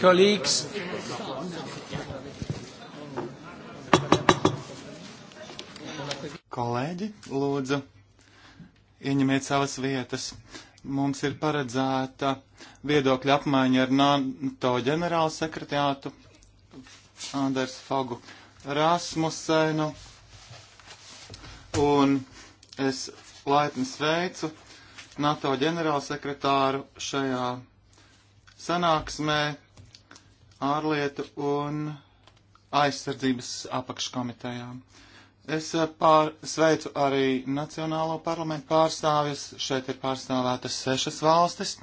Colleagues. Kolēģi, lūdzu, ieņemiet savas vietas. Mums ir paredzēta viedokļa apmaiņa ar NATO ģenerālu sekretātu Anders Fogu Rasmusenu. Un es laipni sveicu NATO ģenerālsekretāru šajā sanāksmē ārlietu un aizsardzības apakškomitejām. Es eh, pār, sveicu arī Nacionālo parlamentu pārstāvjus, šeit ir pārstāvētas sešas valstis,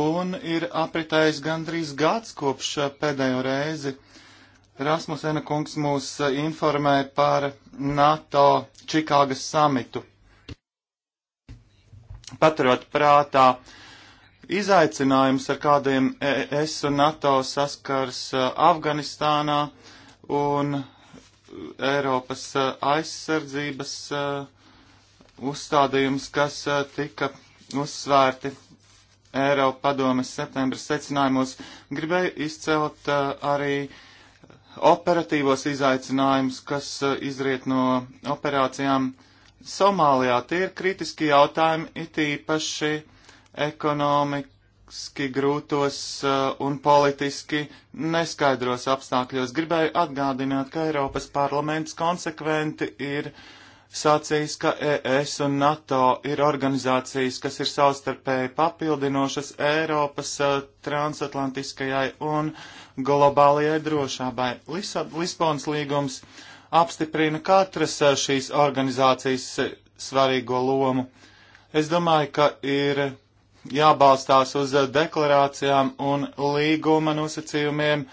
un ir apritējis gandrīz gads kopš eh, pēdējo reizi Rasmusena kungs mūs eh, informēja par NATO Čikāgas samitu. Paturot prātā uh, Izaicinājums, ar kādiem e- ES un NATO saskars e, Afganistānā un Eiropas e, aizsardzības uzstādījums, kas tika uzsvērti Eiropa padomes septembra secinājumos, gribēju izcelt arī operatīvos izaicinājumus, kas izriet no operācijām Somālijā. Tie ir kritiski jautājumi, it īpaši ekonomiski grūtos uh, un politiski neskaidros apstākļos. Gribēju atgādināt, ka Eiropas parlaments konsekventi ir sacījis, ka ES un NATO ir organizācijas, kas ir savstarpēji papildinošas Eiropas uh, transatlantiskajai un globālajai drošībai. Lisbonas līgums apstiprina katras uh, šīs organizācijas svarīgo lomu. Es domāju, ka ir jābalstās uz eh, deklarācijām un līguma nosacījumiem,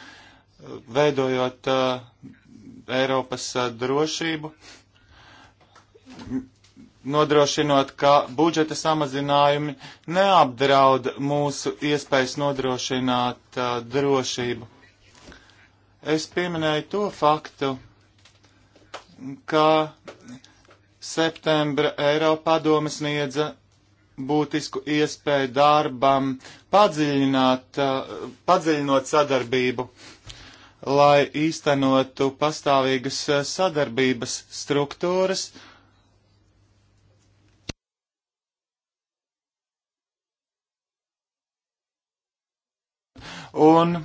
veidojot uh, Eiropas uh, drošību, nodrošinot, ka budžeta samazinājumi neapdraud mūsu iespējas nodrošināt uh, drošību. Es pieminēju to faktu, ka septembra Eiropa padome sniedza būtisku iespēju darbam, padziļināt, eh, padziļinot sadarbību, lai īstenotu pastāvīgas eh, sadarbības struktūras. Un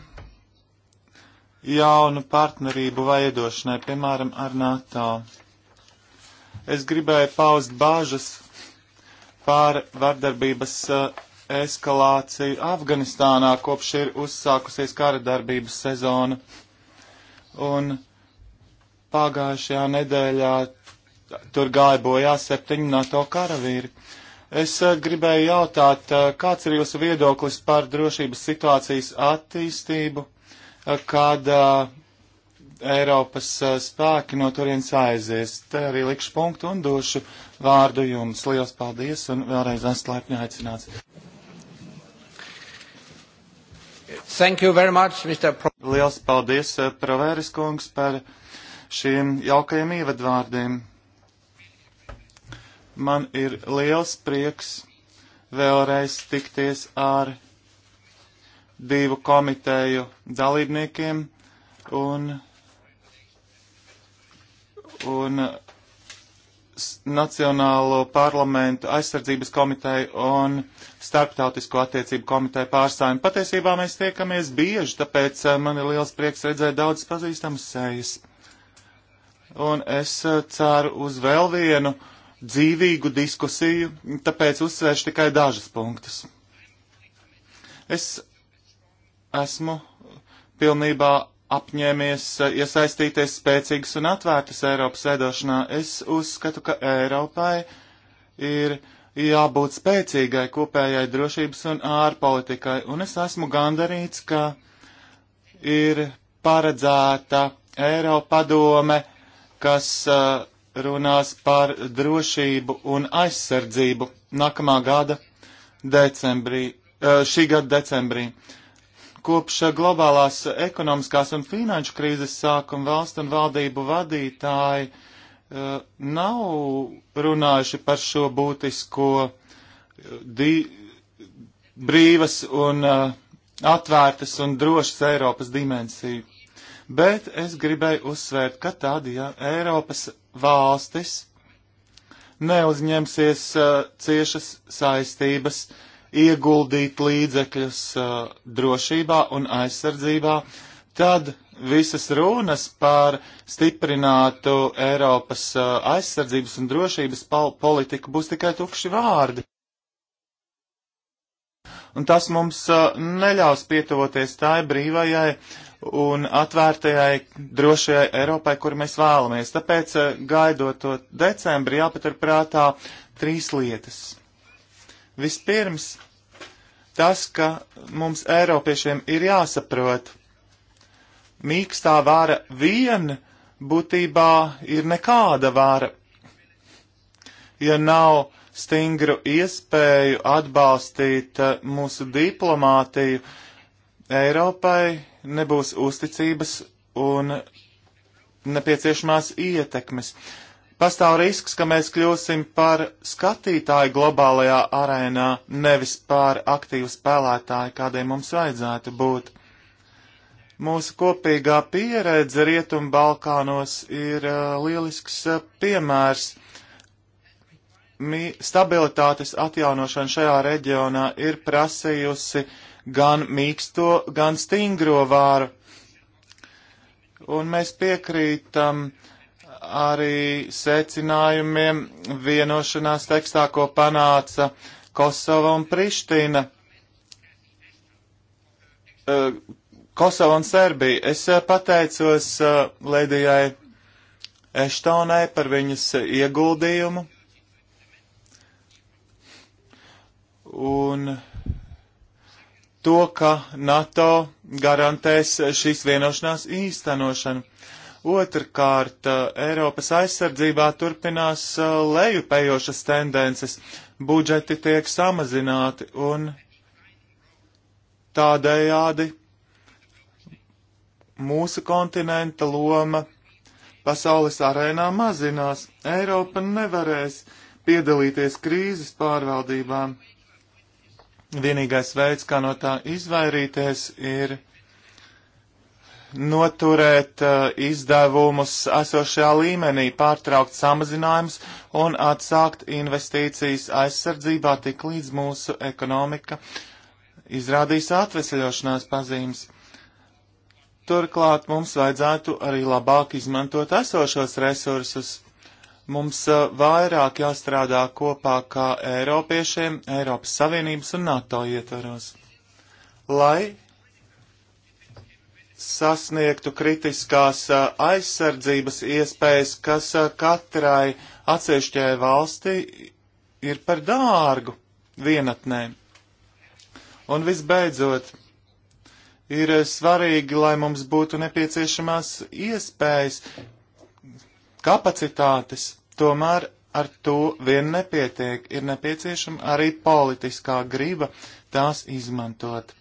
jaunu partnerību veidošanai, piemēram, ar NATO. Es gribēju paust bāžas par vardarbības eh, eskalāciju Afganistānā, kopš ir uzsākusies kara darbības sezona. Un pagājušajā nedēļā tur gāja bojā septiņi NATO karavīri. Es eh, gribēju jautāt, eh, kāds ir jūsu viedoklis par drošības situācijas attīstību, kad Eiropas eh, spēki no turienes aizies. Te arī likšu punktu un došu vārdu jums. Lielas paldies un vēlreiz esat laipni aicināts. Thank you very much, Mr. Pro Liels paldies, eh, Provēris kungs, par šiem jaukajiem ievadvārdiem. Man ir liels prieks vēlreiz tikties ar divu komiteju dalībniekiem un un Nacionālo parlamentu aizsardzības komiteju un Starptautisko attiecību komiteju pārstāvjiem. Patiesībā mēs tiekamies bieži, tāpēc eh, man ir liels prieks redzēt daudz pazīstamas sejas. Un es eh, ceru uz vēl vienu dzīvīgu diskusiju, tāpēc uzsvēršu tikai dažas punktus. Es esmu pilnībā apņēmies eh, iesaistīties spēcīgas un atvērtas Eiropas veidošanā. Es uzskatu, ka Eiropai ir jābūt spēcīgai kopējai drošības un ārpolitikai, un es esmu gandarīts, ka ir paredzēta Eiropadome, kas uh, runās par drošību un aizsardzību nākamā gada decembrī, uh, šī gada decembrī. Uh, Kopš eh, globālās eh, ekonomiskās un finanšu krīzes sākuma valstu un valdību vadītāji uh, nav runājuši par šo būtisko di brīvas un uh, atvērtas un drošas Eiropas dimensiju. Bet es gribēju uzsvērt, ka tad, ja Eiropas valstis neuzņemsies uh, ciešas saistības uh, ieguldīt līdzekļus uh, drošībā un aizsardzībā, tad visas runas par stiprinātu Eiropas uh, aizsardzības un drošības politiku būs tikai tukši vārdi. Un tas mums uh, neļaus pietuvoties tai brīvajai un atvērtajai, drošajai Eiropai, kur mēs vēlamies. Tāpēc, uh, gaidot to decembri, jāpaturprātā trīs lietas. Vispirms, tas, ka mums Eiropiešiem ir jāsaprot, mīkstā vāra vien būtībā ir nekāda vāra, ja nav stingru iespēju atbalstīt eh, mūsu diplomātiju. Eiropai nebūs uzticības un nepieciešamās ietekmes. Uh, pastāv risks, ka mēs kļūsim par skatītāju globālajā arēnā, nevis par aktīvu spēlētāju, kādiem mums vajadzētu būt. Mūsu kopīgā pieredze Rietumu Balkānos ir uh, lielisks uh, piemērs. Mi stabilitātes atjaunošana šajā reģionā ir prasījusi gan mīksto, gan stingro vāru. Un mēs piekrītam uh, arī secinājumiem vienošanās tekstā, ko panāca Kosova un Prištīna. E, Kosova un Serbija. Es e, pateicos e, Lēdijai Eštonai par viņas ieguldījumu. Un to, ka NATO garantēs šīs vienošanās īstenošanu. Otrkārt, eh, Eiropas aizsardzībā turpinās eh, lejupējošas tendences, budžeti tiek samazināti un tādējādi mūsu kontinenta loma pasaules arēnā mazinās. Eiropa nevarēs piedalīties krīzes pārvaldībām. Vienīgais veids, kā no tā izvairīties, ir noturēt uh, izdevumus esošajā līmenī, pārtraukt samazinājumus un atsākt investīcijas aizsardzībā tik līdz mūsu ekonomika izrādīs atvesļošanās pazīmes. Turklāt mums vajadzētu arī labāk izmantot esošos resursus. Mums uh, vairāk jāstrādā kopā kā Eiropiešiem, Eiropas Savienības un NATO ietvaros, lai sasniegtu kritiskās aizsardzības iespējas, kas katrai atsevišķai valstī ir par dārgu vienatnē. Un visbeidzot, ir svarīgi, lai mums būtu nepieciešamās iespējas, kapacitātes, tomēr ar to vien nepietiek, ir nepieciešama arī politiskā griba tās izmantot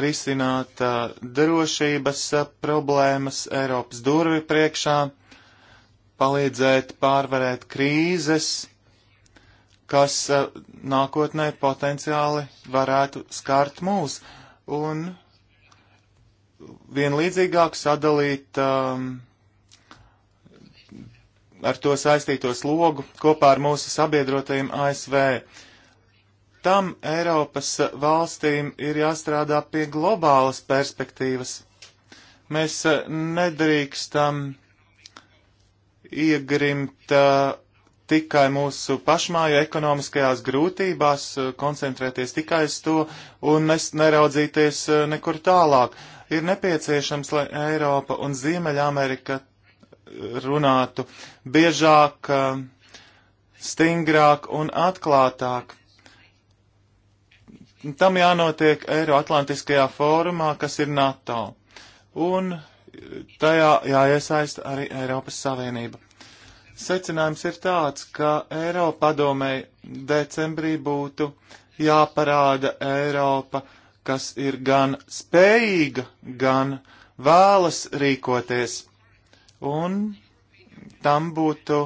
risināt uh, drošības uh, problēmas Eiropas durvi priekšā, palīdzēt pārvarēt krīzes, kas uh, nākotnē potenciāli varētu skart mūs, un vienlīdzīgāk sadalīt um, ar to saistītos logu kopā ar mūsu sabiedrotajiem ASV. Uh, tam Eiropas valstīm ir jāstrādā pie globālas perspektīvas. Mēs eh, nedrīkstam iegrimt eh, tikai mūsu pašmāju ekonomiskajās grūtībās, eh, koncentrēties tikai uz to un neraudzīties nekur tālāk. Ir nepieciešams, lai Eiropa un Ziemeļamerika runātu biežāk, stingrāk un atklātāk Tam jānotiek Eiroatlantiskajā fórumā, kas ir NATO. Un tajā jāiesaista arī Eiropas Savienība. Secinājums ir tāds, ka Eiropa padomēji decembrī būtu jāparāda Eiropa, kas ir gan spējīga, gan vēlas rīkoties. Un tam būtu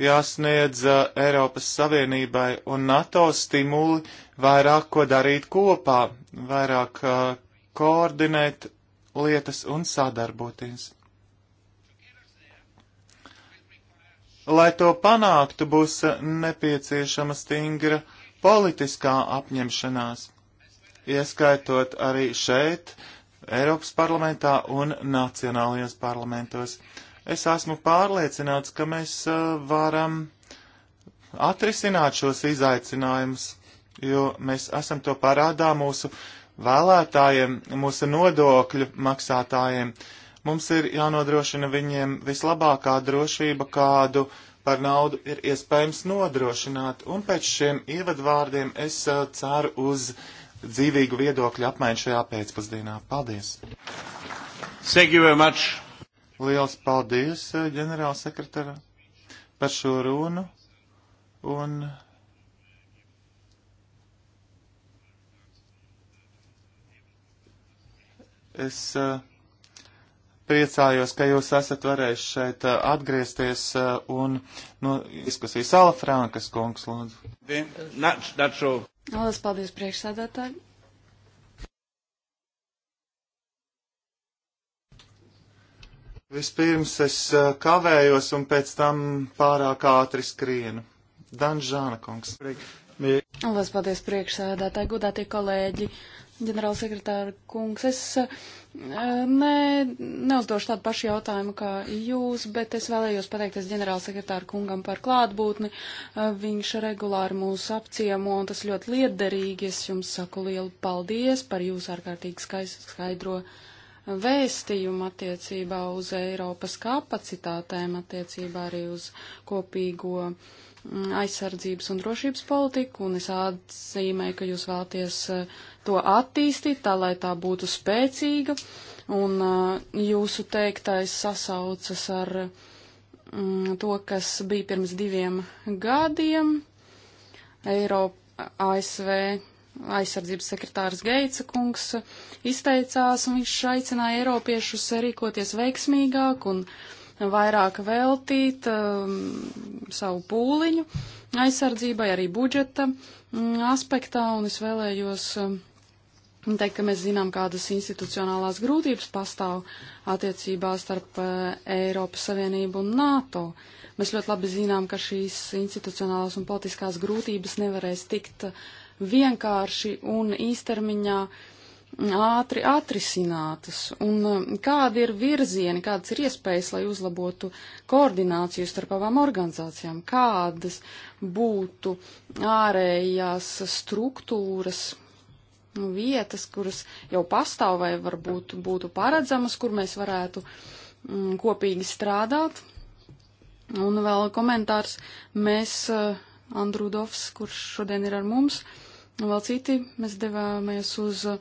jāsniedz uh, Eiropas Savienībai un NATO stimuli vairāk ko darīt kopā, vairāk uh, koordinēt lietas un sadarboties. Lai to panāktu, būs uh, nepieciešama stingra politiskā apņemšanās, ieskaitot arī šeit, Eiropas parlamentā un nacionālajos parlamentos. Es esmu pārliecināts, ka mēs uh, varam atrisināt šos izaicinājumus, jo mēs esam to parādā mūsu vēlētājiem, mūsu nodokļu maksātājiem. Mums ir jānodrošina viņiem vislabākā drošība, kādu par naudu ir iespējams nodrošināt. Un pēc šiem ievadvārdiem es uh, ceru uz dzīvīgu viedokļu apmaiņu šajā pēcpusdienā. Paldies! Thank you very much. Liels paldies, eh, ģenerālsekretara, par šo runu un es eh, priecājos, ka jūs esat varējuši šeit eh, atgriezties un no diskusijas Alfrānkas kungs, lūdzu. Lielas paldies priekšsādātāji. Vispirms es eh, kavējos un pēc tam pārāk ātri skrienu. Danžāna kungs. Lielas paldies priekšsēdētāji, godātie kolēģi, ģenerālsekretāra kungs. Es eh, ne, neuzdošu tādu pašu jautājumu kā jūs, bet es vēlējos pateikties ģenerālsekretāra kungam par klātbūtni. Eh, viņš regulāri mūs apciemo un tas ļoti liederīgi. Es jums saku lielu paldies par jūsu ārkārtīgi skaidro. Skais, vēstījumu attiecībā uz Eiropas kapacitātēm, attiecībā arī uz kopīgo mm, aizsardzības un drošības politiku, un es atzīmēju, ka jūs vēlaties eh, to attīstīt tā, lai tā būtu spēcīga, un eh, jūsu teiktais sasaucas ar mm, to, kas bija pirms diviem gadiem Eiropa, ASV aizsardzības sekretārs Geica kungs izteicās, un viņš aicināja Eiropiešus rīkoties veiksmīgāk un vairāk veltīt um, savu pūliņu aizsardzībai, arī budžeta um, aspektā, un es vēlējos um, teikt, ka mēs zinām, kādas institucionālās grūtības pastāv attiecībā starp uh, Eiropas Savienību un NATO. Mēs ļoti labi zinām, ka šīs institucionālās un politiskās grūtības nevarēs tikt uh, vienkārši un īstermiņā ātri atrisinātas, un um, kādi ir virzieni, kādas ir iespējas, lai uzlabotu koordināciju starp abām organizācijām, kādas būtu ārējās struktūras, vietas, kuras jau pastāv vai varbūt būtu paredzamas, kur mēs varētu mm, kopīgi strādāt. Un vēl komentārs mēs, uh, Andrūdovs, kurš šodien ir ar mums, uh, Vēl citi mēs devāmies uz uh,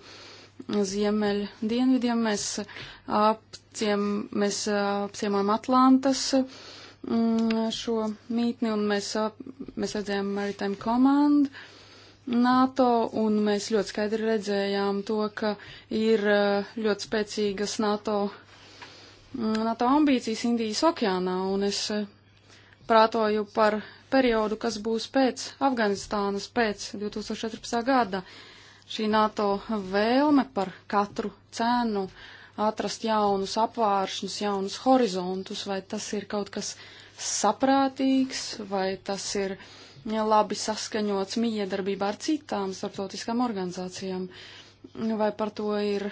ziemeļu dienvidiem, mēs, uh, apciem, mēs uh, apciemām Atlantas mm, šo mītni un mēs, mēs redzējām Maritime komandu. NATO, un mēs ļoti skaidri redzējām to, ka ir ļoti spēcīgas NATO, mm, NATO ambīcijas Indijas okeānā, un es prātoju par periodu, kas būs pēc Afganistānas, pēc 2014. gada. Šī NATO vēlme par katru cenu atrast jaunus apvāršņus, jaunus horizontus, vai tas ir kaut kas saprātīgs, vai tas ir labi saskaņots miedarbībā ar citām starptautiskām organizācijām, vai par to ir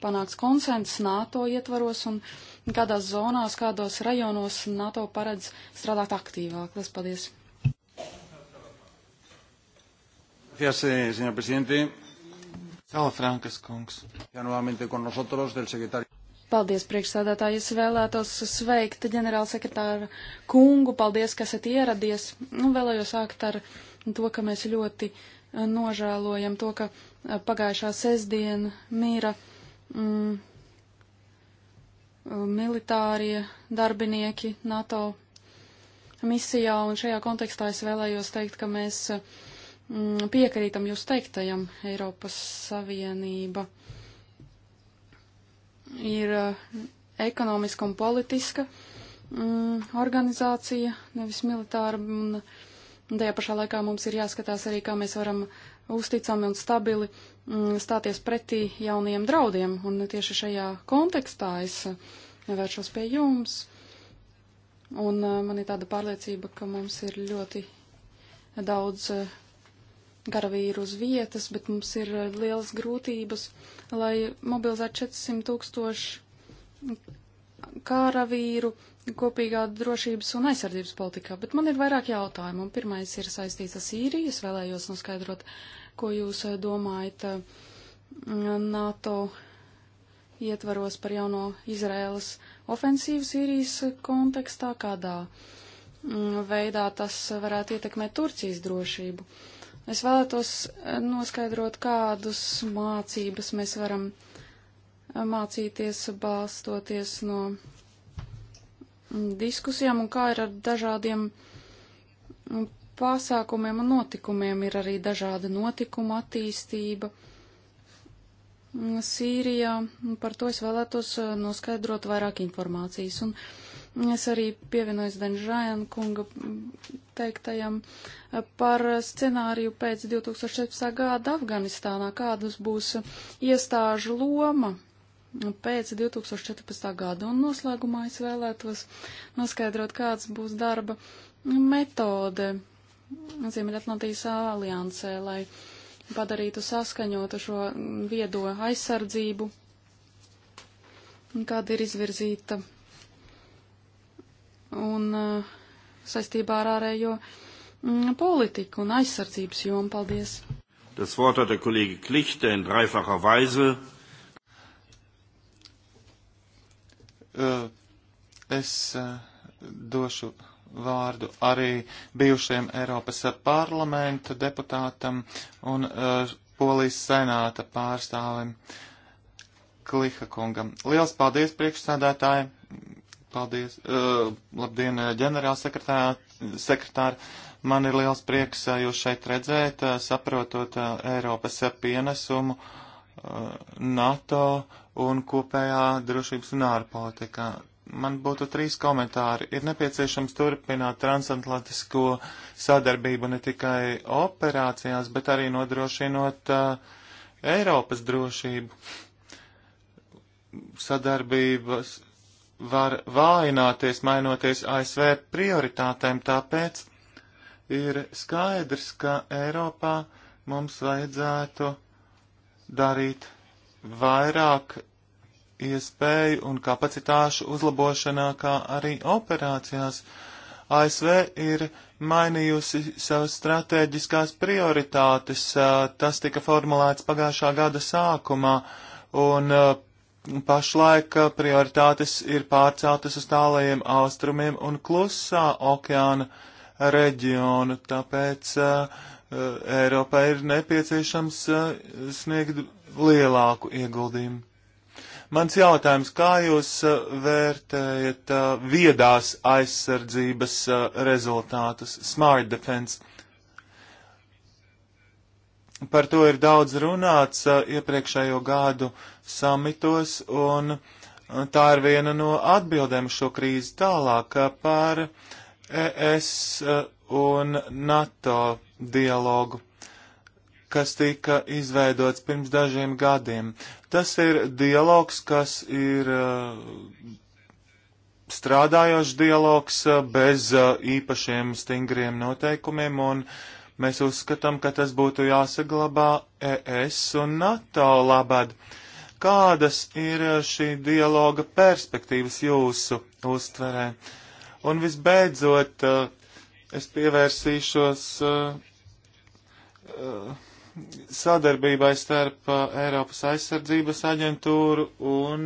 panāks konsens NATO ietvaros un kādās zonās, kādos rajonos NATO paredz strādāt aktīvāk. Lies paldies! Gracias, eh, señor presidente. Sala Frankas kungs. Ja nuevamente con nosotros del secretario. Paldies, priekšsādātāji. Es vēlētos sveikt ģenerālsekretāru kungu. Paldies, ka esat ieradies. Nu, vēlējos sākt ar to, ka mēs ļoti eh, nožēlojam to, ka eh, pagājušā sestdiena mīra mm, eh, militārie darbinieki NATO misijā, un šajā kontekstā es vēlējos teikt, ka mēs uh, Mm, piekrītam jūs teiktajam, Eiropas Savienība ir eh, ekonomiska un politiska mm, organizācija, nevis militāra. Un tajā pašā laikā mums ir jāskatās arī, kā mēs varam uzticami un stabili mm, stāties pretī jauniem draudiem. Un tieši šajā kontekstā es eh, vēršos pie jums. Un eh, man ir tāda pārliecība, ka mums ir ļoti daudz karavīru uz vietas, bet mums ir eh, lielas grūtības, lai mobilizētu 400 tūkstoši karavīru kopīgā drošības un aizsardzības politikā. Bet man ir vairāk jautājumu, un pirmais ir saistīts ar Sīriju. Es vēlējos noskaidrot, ko jūs eh, domājat eh, NATO ietvaros par jauno Izraēlas ofensīvu Sīrijas kontekstā, kādā mm, veidā tas varētu ietekmēt Turcijas drošību. Uh, Es vēlētos eh, noskaidrot, kādus mācības mēs varam eh, mācīties balstoties no mm, diskusijām un kā ir ar dažādiem mm, pasākumiem un notikumiem. Ir arī dažāda notikuma attīstība. Mm, Sīrijā, par to es vēlētos eh, noskaidrot vairāk informācijas. Un Es arī pievienojos Denžājana kunga teiktajam par scenāriju pēc 2014. gada Afganistānā, kādas būs iestāžu loma pēc 2014. gada. Un noslēgumā es vēlētos noskaidrot, kāds būs darba metode Ziemeļatlantijas aliansē, lai padarītu saskaņotu šo viedo aizsardzību, kāda ir izvirzīta un eh, saistībā ar ārējo mm, politiku un aizsardzības jomu. Paldies! Das Wort hat der Kollege Klichte in dreifacher Weise. Äh, es äh, došu vārdu arī bijušajam Eiropas parlamenta deputātam un uh, Polijas senāta pārstāvim Kliha kungam. Liels paldies priekšsādātāji! Paldies. Uh, labdien, eh, ģenerālsekretāri. Man ir liels prieks uh, jūs šeit redzēt, uh, saprotot uh, Eiropas uh, pienesumu uh, NATO un kopējā drošības un ārpolitikā. Man būtu trīs komentāri. Ir nepieciešams turpināt transatlantisko sadarbību ne tikai operācijās, bet arī nodrošinot uh, Eiropas drošību. Sadarbības var vājināties, mainoties ASV prioritātēm, tāpēc ir skaidrs, ka Eiropā mums vajadzētu darīt vairāk iespēju un kapacitāšu uzlabošanā, kā arī operācijās. ASV ir mainījusi savas strateģiskās prioritātes, tas tika formulēts pagājušā gada sākumā, un pašlaik uh, prioritātes ir pārceltas uz tālajiem austrumiem un klusā okeāna reģionu, tāpēc uh, uh, Eiropai ir nepieciešams uh, sniegt lielāku ieguldījumu. Mans jautājums, kā jūs uh, vērtējat uh, viedās aizsardzības rezultātus, smart defense? Par to ir daudz runāts iepriekšējo gadu uh, samitos, un tā ir viena no atbildēm šo krīzi tālāk par ES e, un NATO dialogu kas tika izveidots pirms dažiem gadiem. Tas ir dialogs, kas ir e, strādājošs dialogs e, bez īpašiem stingriem noteikumiem, un mēs uzskatām, ka tas būtu jāsaglabā ES un NATO labad. Uh, Kādas ir eh, šī dialoga perspektīvas jūsu uztverē? Un visbeidzot, eh, es pievērsīšos eh, sadarbībai starp Eiropas aizsardzības aģentūru un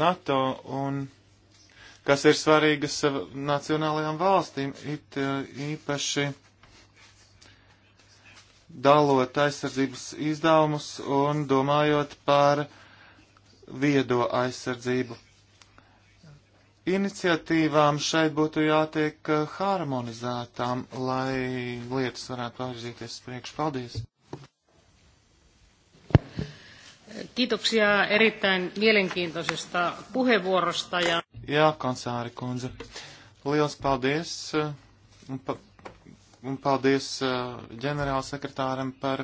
NATO, un kas ir svarīgas nacionālajām valstīm, it īpaši dalot aizsardzības izdevumus un domājot par viedo aizsardzību. Iniciatīvām šeit būtu jātiek eh, harmonizētām, lai lietas varētu pavirzīties priekš. Paldies! Kiitoksia erittäin mielenkiintoisesta puheenvuorosta. Ja... Jā, konsaari kundze. Liels paldies. Eh, pa un paldies uh, ģenerālsekretāram par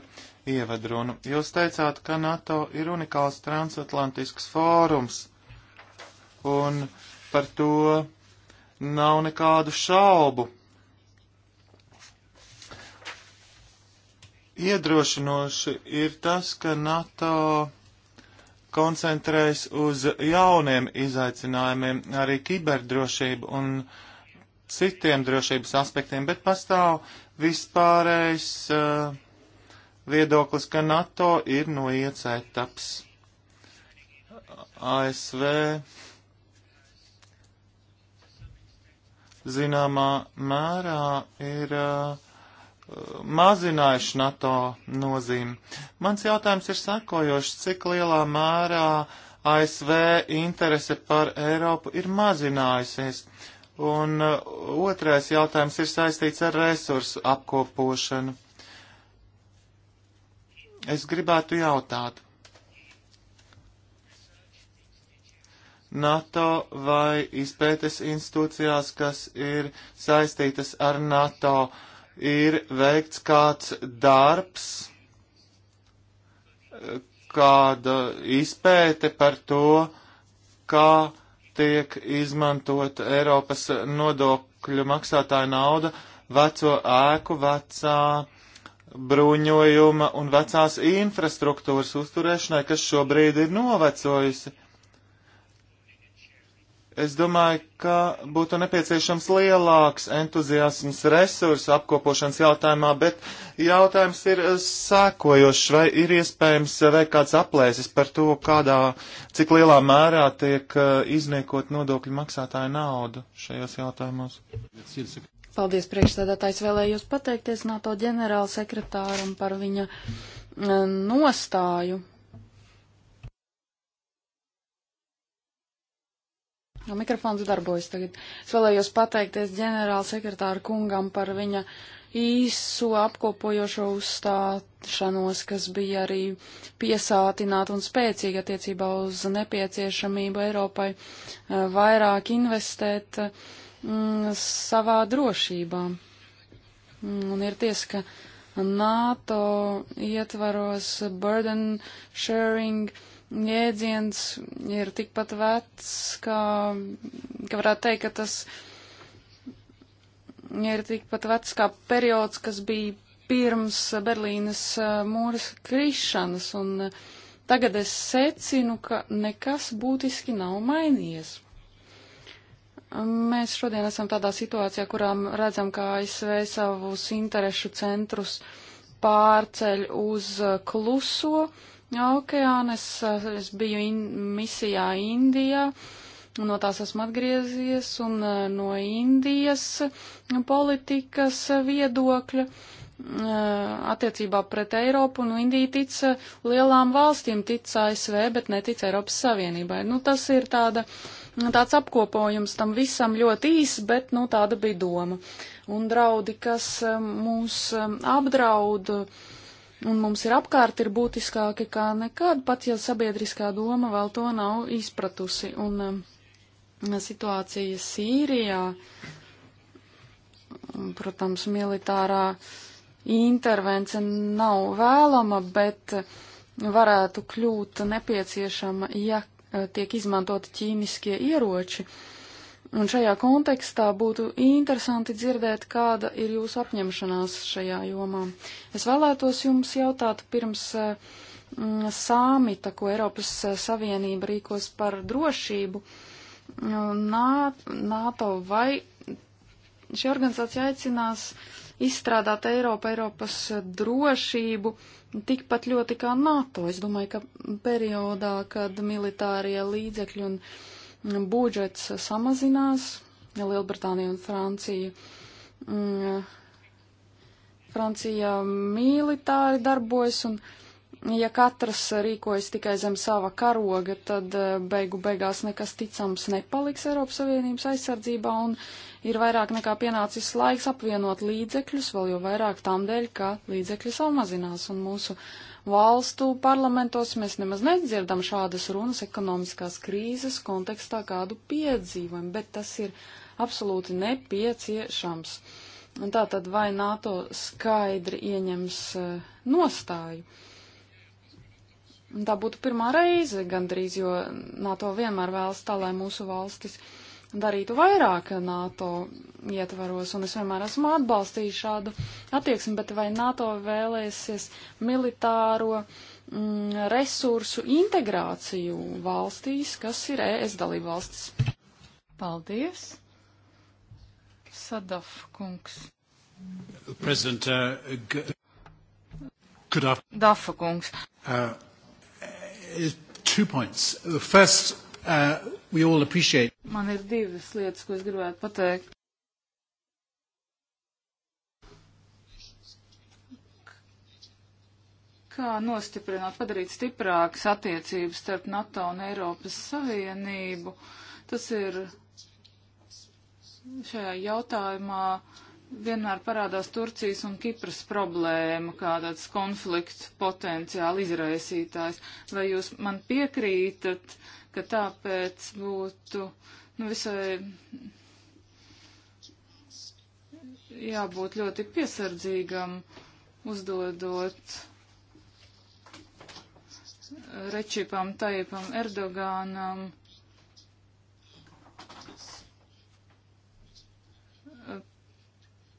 ievadrunu. Jūs teicāt, ka NATO ir unikāls transatlantisks fórums, un par to nav nekādu šaubu. Iedrošinoši ir tas, ka NATO koncentrējas uz jauniem izaicinājumiem, arī kiberdrošību un uh, citiem drošības aspektiem, bet pastāv vispārējs uh, viedoklis, ka NATO ir noiets etaps. ASV zināmā mērā ir uh, mazinājuši NATO nozīmi. Mans jautājums ir sakojošs, cik lielā mērā ASV interese par Eiropu ir mazinājusies. Uh, Un uh, otrais jautājums ir saistīts ar resursu apkopošanu. Es gribētu jautāt. NATO vai izpētes institūcijās, kas ir saistītas ar NATO, ir veikts kāds darbs, kāda izpēte par to, kā tiek izmantot Eiropas nodokļu maksātāja nauda veco ēku, vecā bruņojuma un vecās infrastruktūras uzturēšanai, kas šobrīd ir novecojusi. Es domāju, ka būtu nepieciešams lielāks entuziasms resursu apkopošanas jautājumā, bet jautājums ir eh, sēkojošs, vai ir iespējams eh, veikt kāds aplēsis par to, kādā, cik lielā mērā tiek eh, izniekot nodokļu maksātāju naudu šajos jautājumos. Paldies priekšstādātājs vēlējos pateikties NATO ģenerāla sekretāram par viņa nostāju Mikrofons darbojas tagad. Es vēlējos pateikties ģenerāla sekretāra kungam par viņa īso apkopojošo uzstāšanos, kas bija arī piesātināta un spēcīga attiecībā uz nepieciešamību Eiropai eh, vairāk investēt mm, savā drošībā. Mm, un ir tiesa, ka NATO ietvaros burden sharing. Uh, jēdziens ir tikpat vecs, ka, ka varētu teikt, ka tas ir tikpat vecs kā periods, kas bija pirms Berlīnas mūras krišanas, un tagad es secinu, ka nekas būtiski nav mainījies. Mēs šodien esam tādā situācijā, kurām redzam, kā ASV savus interešu centrus pārceļ uz kluso, uh, okeānes. Es biju in, misijā Indijā, un no tās esmu atgriezies, un eh, no Indijas politikas viedokļa eh, attiecībā pret Eiropu, un Indija tic eh, lielām valstīm, tic ASV, bet netic Eiropas Savienībai. Nu, tas ir tāda, tāds apkopojums tam visam ļoti īs, bet, nu, tāda bija doma. Un draudi, kas mūs apdraud, uh, un mums ir apkārt, ir būtiskāki kā nekad, pat ja sabiedriskā doma vēl to nav izpratusi. Un um, situācija Sīrijā, um, protams, militārā intervence nav vēlama, bet varētu kļūt nepieciešama, ja uh, tiek izmantoti ķīmiskie ieroči. Uh, Un šajā kontekstā būtu interesanti dzirdēt, kāda ir jūsu apņemšanās šajā jomā. Es vēlētos jums jautāt pirms mm, sāmita, ko Eiropas Savienība rīkos par drošību Nā, NATO, vai šī organizācija aicinās izstrādāt Eiropu, Eiropas drošību tikpat ļoti kā NATO. Es domāju, ka periodā, kad militārie līdzekļi un uh, budžets samazinās, Lielbritānija un Francija. Mm, Francija militāri darbojas, un ja katrs rīkojas tikai zem sava karoga, tad eh, beigu beigās nekas ticams nepaliks Eiropas Savienības aizsardzībā, un ir vairāk nekā pienācis laiks apvienot līdzekļus, vēl jau vairāk tam dēļ, ka līdzekļi samazinās, un mūsu uh, valstu parlamentos mēs nemaz nedzirdam šādas runas ekonomiskās krīzes kontekstā, kādu piedzīvojam, bet tas ir absolūti nepieciešams. Un tā tad vai NATO skaidri ieņems eh, nostāju? Un tā būtu pirmā reize gandrīz, jo NATO vienmēr vēlas tā, lai mūsu valstis uh, darītu vairāk NATO ietvaros, un es vienmēr esmu atbalstījis šādu attieksmi, bet vai NATO vēlēsies militāro mm, resursu integrāciju valstīs, kas ir ES dalība valstis? Paldies! Sadaf kungs. President, uh, good afternoon. Dafa kungs. Uh, two points. First, uh, we all appreciate. Man ir divas lietas, ko es gribētu pateikt. Kā nostiprināt, padarīt stiprākas attiecības starp NATO un Eiropas Savienību? Tas ir šajā jautājumā vienmēr parādās Turcijas un Kipras problēma, kā tāds konflikts potenciāli izraisītājs. Vai jūs man piekrītat, ka tāpēc būtu nu, visai jābūt ļoti piesardzīgam, uzdodot Rečipam, Taipam, Erdoganam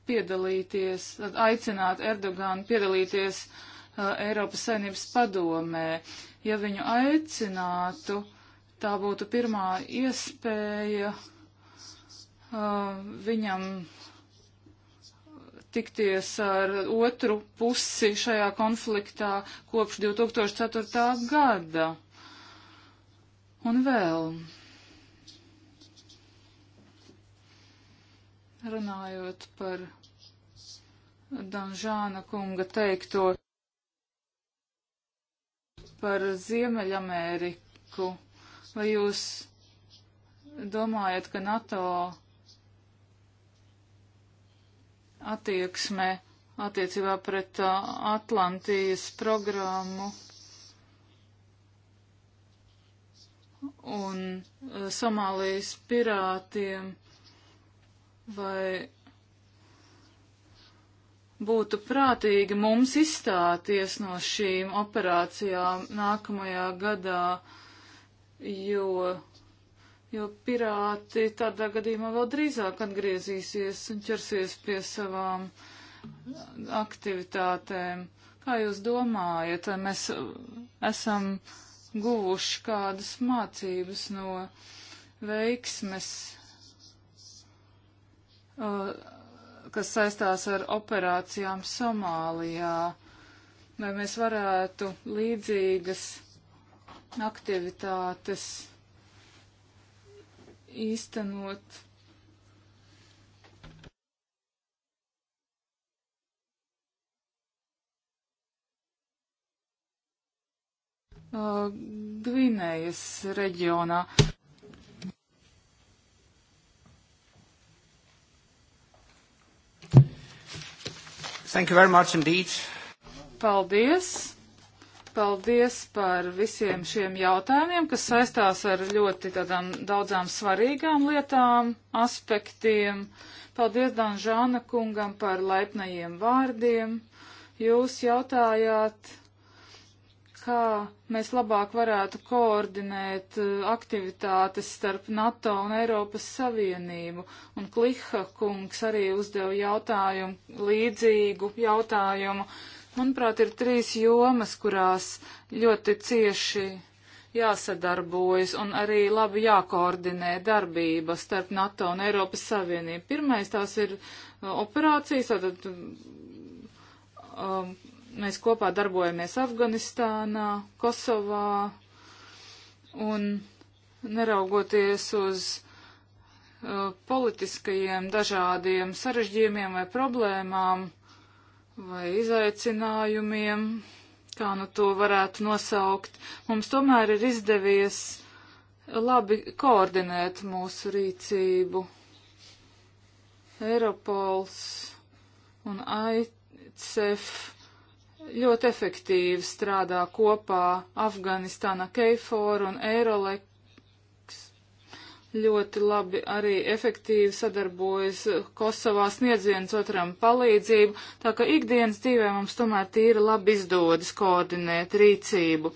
piedalīties, aicināt Erdoganu piedalīties uh, Eiropas saimnības padomē. Ja viņu aicinātu, uh, tā būtu pirmā iespēja uh, viņam tikties ar otru pusi šajā konfliktā kopš 2004. gada. Un vēl. Runājot par Danžāna kunga teikto par Ziemeļameriku Vai jūs domājat, ka NATO attieksme attiecībā pret uh, Atlantijas programmu un uh, Somālijas pirātiem vai būtu prātīgi mums izstāties no šīm operācijām nākamajā gadā? jo, jo pirāti tādā gadījumā vēl drīzāk atgriezīsies un ķersies pie savām aktivitātēm. Kā jūs domājat, vai mēs esam guvuši kādas mācības no veiksmes, uh, kas saistās ar operācijām Somālijā? Vai mēs varētu līdzīgas aktivitātes īstenot. Uh, Gvinējas reģionā. Thank you very much indeed. Paldies. Paldies par visiem šiem jautājumiem, kas saistās ar ļoti tādām daudzām svarīgām lietām, aspektiem. Paldies Danžāna kungam par laipnajiem vārdiem. Jūs jautājāt kā mēs labāk varētu koordinēt uh, aktivitātes starp NATO un Eiropas Savienību. Un Kliha kungs arī uzdeva jautājumu, līdzīgu jautājumu. Manuprāt, ir trīs jomas, kurās ļoti cieši jāsadarbojas un arī labi jākoordinē darbība starp NATO un Eiropas Savienību. Pirmais tās ir uh, operācijas, tātad um, mēs kopā darbojamies Afganistānā, Kosovā un neraugoties uz uh, politiskajiem dažādiem sarežģījumiem vai problēmām, vai izaicinājumiem, kā nu to varētu nosaukt, mums tomēr ir izdevies labi koordinēt mūsu rīcību. Eiropols un AICEF ļoti efektīvi strādā kopā Afganistāna Keifor un Eirolek ļoti labi arī efektīvi sadarbojas Kosovā sniedz viens otram palīdzību, tā ka ikdienas dzīvē mums tomēr tīri labi izdodas koordinēt rīcību.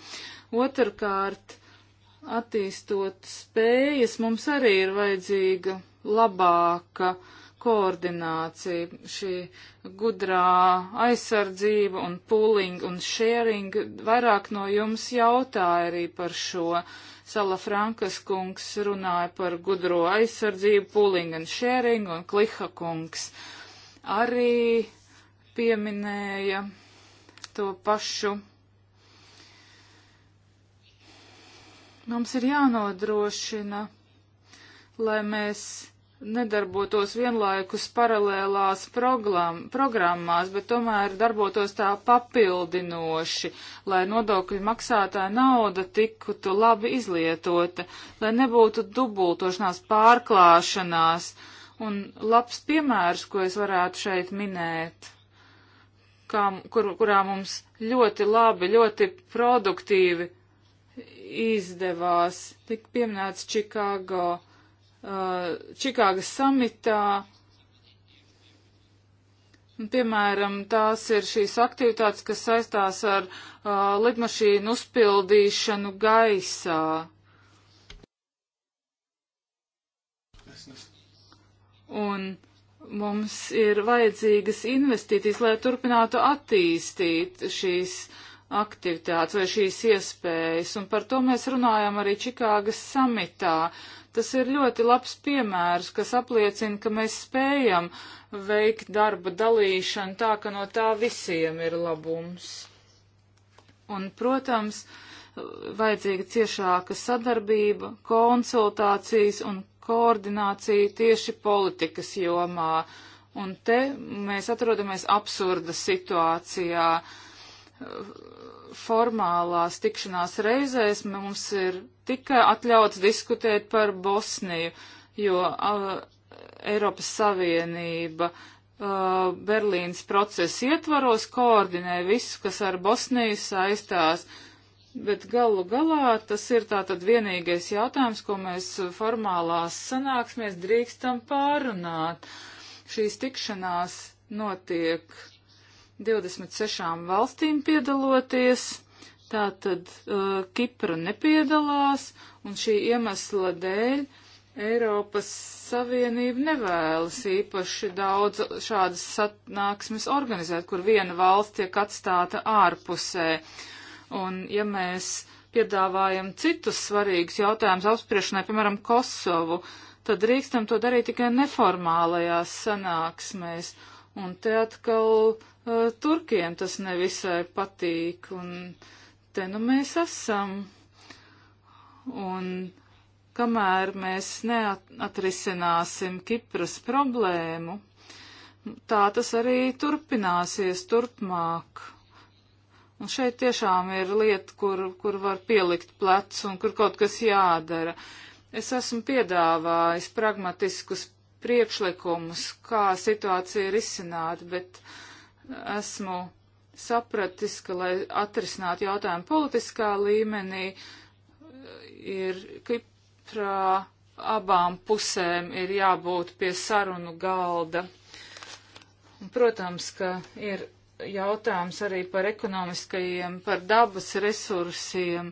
Otrkārt, attīstot spējas, mums arī ir vajadzīga labāka koordinācija, šī gudrā aizsardzība un pooling un sharing. Vairāk no jums jautāja arī par šo Sala Frankas kungs runāja par gudro aizsardzību, pooling and sharing, un Kliha kungs arī pieminēja to pašu. Mums ir jānodrošina, lai mēs nedarbotos vienlaikus paralēlās program, programmās, bet tomēr darbotos tā papildinoši, lai nodokļu maksātāja nauda tiktu labi izlietota, lai nebūtu dubultošanās, pārklāšanās. Un labs piemērs, ko es varētu šeit minēt, kā, kur, kurā mums ļoti labi, ļoti produktīvi izdevās, tik pieminēts Čikāgo Uh, Čikāgas samitā. Un, piemēram, tās ir šīs aktivitātes, kas saistās ar uh, lidmašīnu uzpildīšanu gaisā. Un mums ir vajadzīgas investīcijas, lai turpinātu attīstīt šīs aktivitātes vai šīs iespējas. Un par to mēs runājam arī Čikāgas samitā. Tas ir ļoti labs piemērs, kas apliecina, ka mēs spējam veikt darba dalīšanu tā, ka no tā visiem ir labums. Un, protams, vajadzīga ciešāka sadarbība, konsultācijas un koordinācija tieši politikas jomā. Un te mēs atrodamies absurda situācijā. Formālās tikšanās reizēs mums ir tika atļauts diskutēt par Bosniju, jo uh, Eiropas Savienība uh, Berlīnas procesa ietvaros koordinē visu, kas ar Bosniju saistās. Bet galu galā tas ir tātad vienīgais jautājums, ko mēs formālās sanāksmēs drīkstam pārunāt. Šīs tikšanās notiek 26 valstīm piedaloties Tātad uh, Kipra nepiedalās, un šī iemesla dēļ Eiropas Savienība nevēlas īpaši daudz šādas satnāksmes organizēt, kur viena valsts tiek atstāta ārpusē. Un ja mēs piedāvājam citus svarīgus jautājumus apspriešanai, piemēram, Kosovu, tad drīkstam to darīt tikai neformālajās sanāksmēs. Un te atkal uh, turkiem tas nevisai patīk. Un, uh, te nu mēs esam. Un kamēr mēs neatrisināsim Kipras problēmu, tā tas arī turpināsies turpmāk. Un šeit tiešām ir lieta, kur, kur var pielikt plecu un kur kaut kas jādara. Es esmu piedāvājis pragmatiskus priekšlikumus, kā situācija ir izcināta, bet esmu sapratis, ka, lai atrisinātu jautājumu politiskā līmenī, ir Kiprā abām pusēm ir jābūt pie sarunu galda. Un, protams, ka ir jautājums arī par ekonomiskajiem, par dabas resursiem.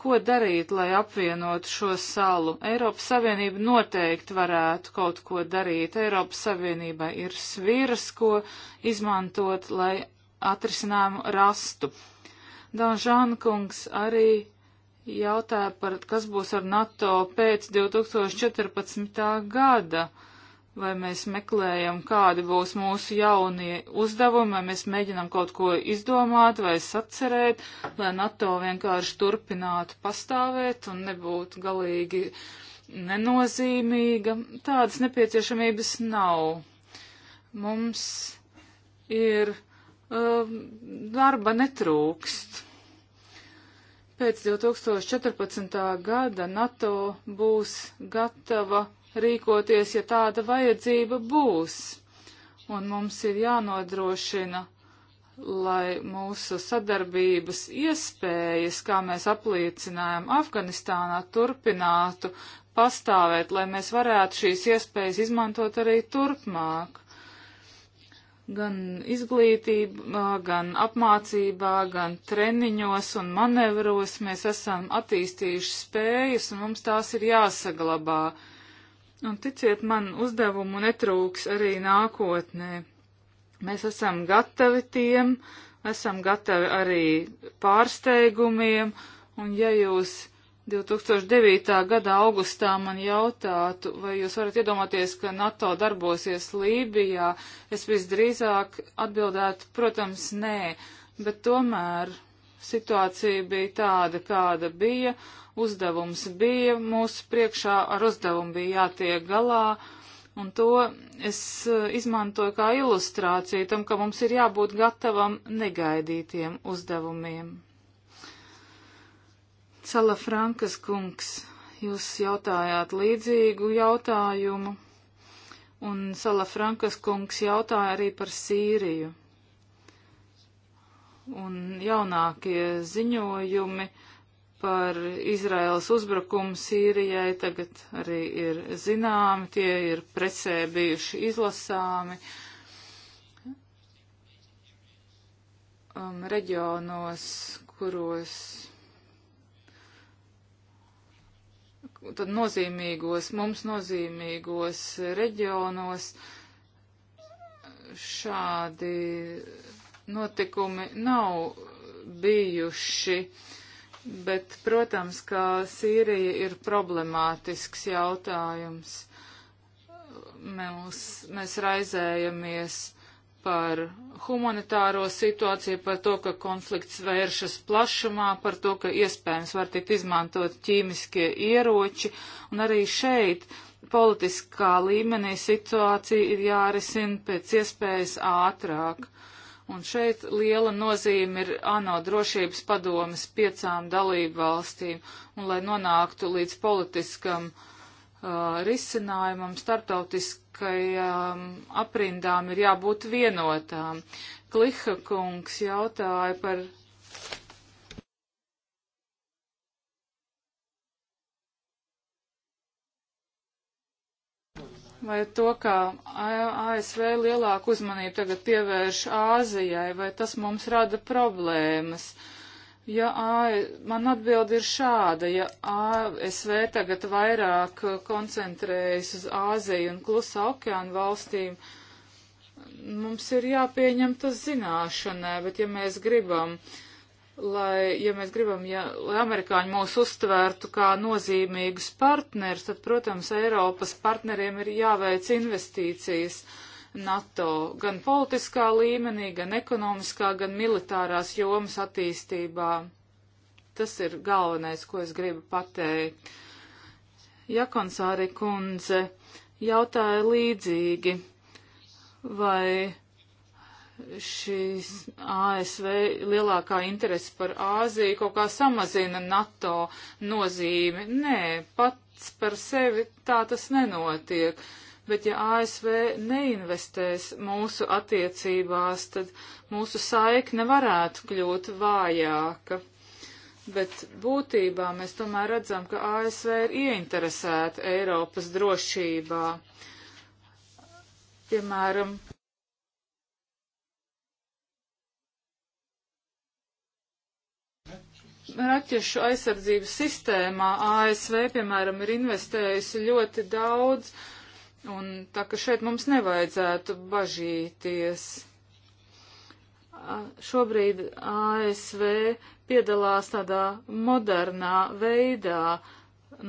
Ko darīt, lai apvienotu šo salu? Eiropas Savienība noteikti varētu kaut ko darīt. Eiropas Savienībai ir sviras, ko izmantot, lai atrisinājumu rastu. Danžāna kungs arī jautāja par, kas būs ar NATO pēc 2014. gada. Vai mēs meklējam, kādi būs mūsu jaunie uzdevumi, vai mēs mēģinam kaut ko izdomāt vai sacerēt, lai NATO vienkārši turpinātu pastāvēt un nebūtu galīgi nenozīmīga. Tādas nepieciešamības nav. Mums ir Um, darba netrūkst. Pēc 2014. gada NATO būs gatava rīkoties, ja tāda vajadzība būs. Un mums ir jānodrošina, lai mūsu sadarbības iespējas, kā mēs apliecinājām Afganistānā, turpinātu pastāvēt, lai mēs varētu šīs iespējas izmantot arī turpmāk gan izglītībā, gan apmācībā, gan treniņos un manevros mēs esam attīstījuši spējas, un mums tās ir jāsaglabā. Un ticiet man, uzdevumu netrūks arī nākotnē. Mēs esam gatavi tiem, esam gatavi arī pārsteigumiem, un ja jūs 2009. gada augustā man jautātu, vai jūs varat iedomāties, ka NATO darbosies Lībijā, es visdrīzāk atbildētu, protams, nē, bet tomēr situācija bija tāda, kāda bija, uzdevums bija, mūsu priekšā ar uzdevumu bija jātiek galā, un to es eh, izmantoju kā ilustrāciju tam, ka mums ir jābūt gatavam negaidītiem uzdevumiem. Sala Frankas kungs, jūs jautājāt līdzīgu jautājumu, un Sala Frankas kungs jautāja arī par Sīriju. Un jaunākie ziņojumi par Izraels uzbrukumu Sīrijai tagad arī ir zināmi, tie ir presē bijuši izlasāmi. Um, reģionos, kuros tad nozīmīgos, mums nozīmīgos reģionos šādi notikumi nav bijuši, bet, protams, kā Sīrija ir problemātisks jautājums. Mēs, mēs raizējamies par humanitāro situāciju, par to, ka konflikts vēršas plašumā, par to, ka iespējams var tikt izmantot ķīmiskie ieroči, un arī šeit politiskā līmenī situācija ir jārisina pēc iespējas ātrāk. Un šeit liela nozīme ir ANO drošības padomas piecām dalību valstīm, un lai nonāktu līdz politiskam uh, risinājumam, starptautisk, politiskajām um, aprindām ir jābūt vienotām. Kliha kungs jautāja par. Vai to, kā ASV lielāku uzmanību tagad pievērš Āzijai, vai tas mums rada problēmas? Uh, Ja A, man atbildi ir šāda, ja ASV tagad vairāk koncentrējas uz Āziju un klusā okeāna valstīm, mums ir jāpieņem tas zināšanai, bet ja mēs gribam, lai, ja mēs gribam, ja, lai amerikāņi mūs uztvērtu kā nozīmīgus partnerus, tad, protams, Eiropas partneriem ir jāveic investīcijas NATO gan politiskā līmenī, gan ekonomiskā, gan militārās jomas attīstībā. Tas ir galvenais, ko es gribu pateikt. Jakonsāri kundze jautāja līdzīgi, vai šīs ASV lielākā interese par Āziju kaut kā samazina NATO nozīmi. Nē, pats par sevi tā tas nenotiek. Uh, bet ja ASV neinvestēs mūsu attiecībās, tad mūsu saikne varētu kļūt vājāka. Bet būtībā mēs tomēr redzam, ka ASV ir ieinteresēta Eiropas drošībā. Piemēram, raķešu aizsardzības sistēmā ASV, piemēram, ir investējusi ļoti daudz uh, Un tā ka šeit mums nevajadzētu bažīties. Šobrīd ASV piedalās tādā modernā veidā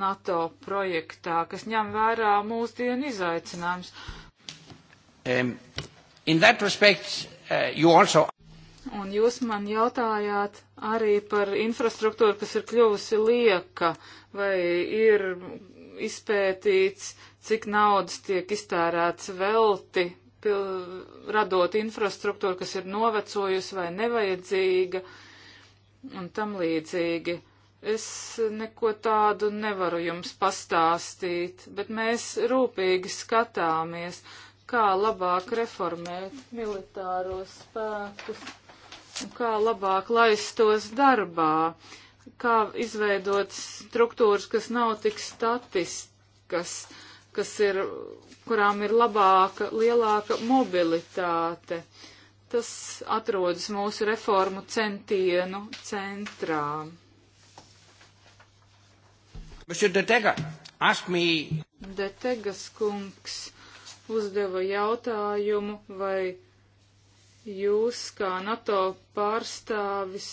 NATO projektā, kas ņem vērā mūsdienu izaicinājums. Um, respect, uh, also... Un jūs man jautājāt arī par infrastruktūru, kas ir kļuvusi lieka, vai ir izpētīts uh, cik naudas tiek iztērēts velti, pil, radot infrastruktūru, kas ir novecojusi vai nevajadzīga un tam līdzīgi. Es neko tādu nevaru jums pastāstīt, bet mēs rūpīgi skatāmies, kā labāk reformēt militāros spēkus un kā labāk laist tos darbā, kā izveidot struktūras, kas nav tik statiskas. Uh, kas ir, kurām ir labāka, lielāka mobilitāte. Tas atrodas mūsu reformu centienu centrā. Detega, Detegas kungs uzdeva jautājumu, vai jūs kā NATO pārstāvis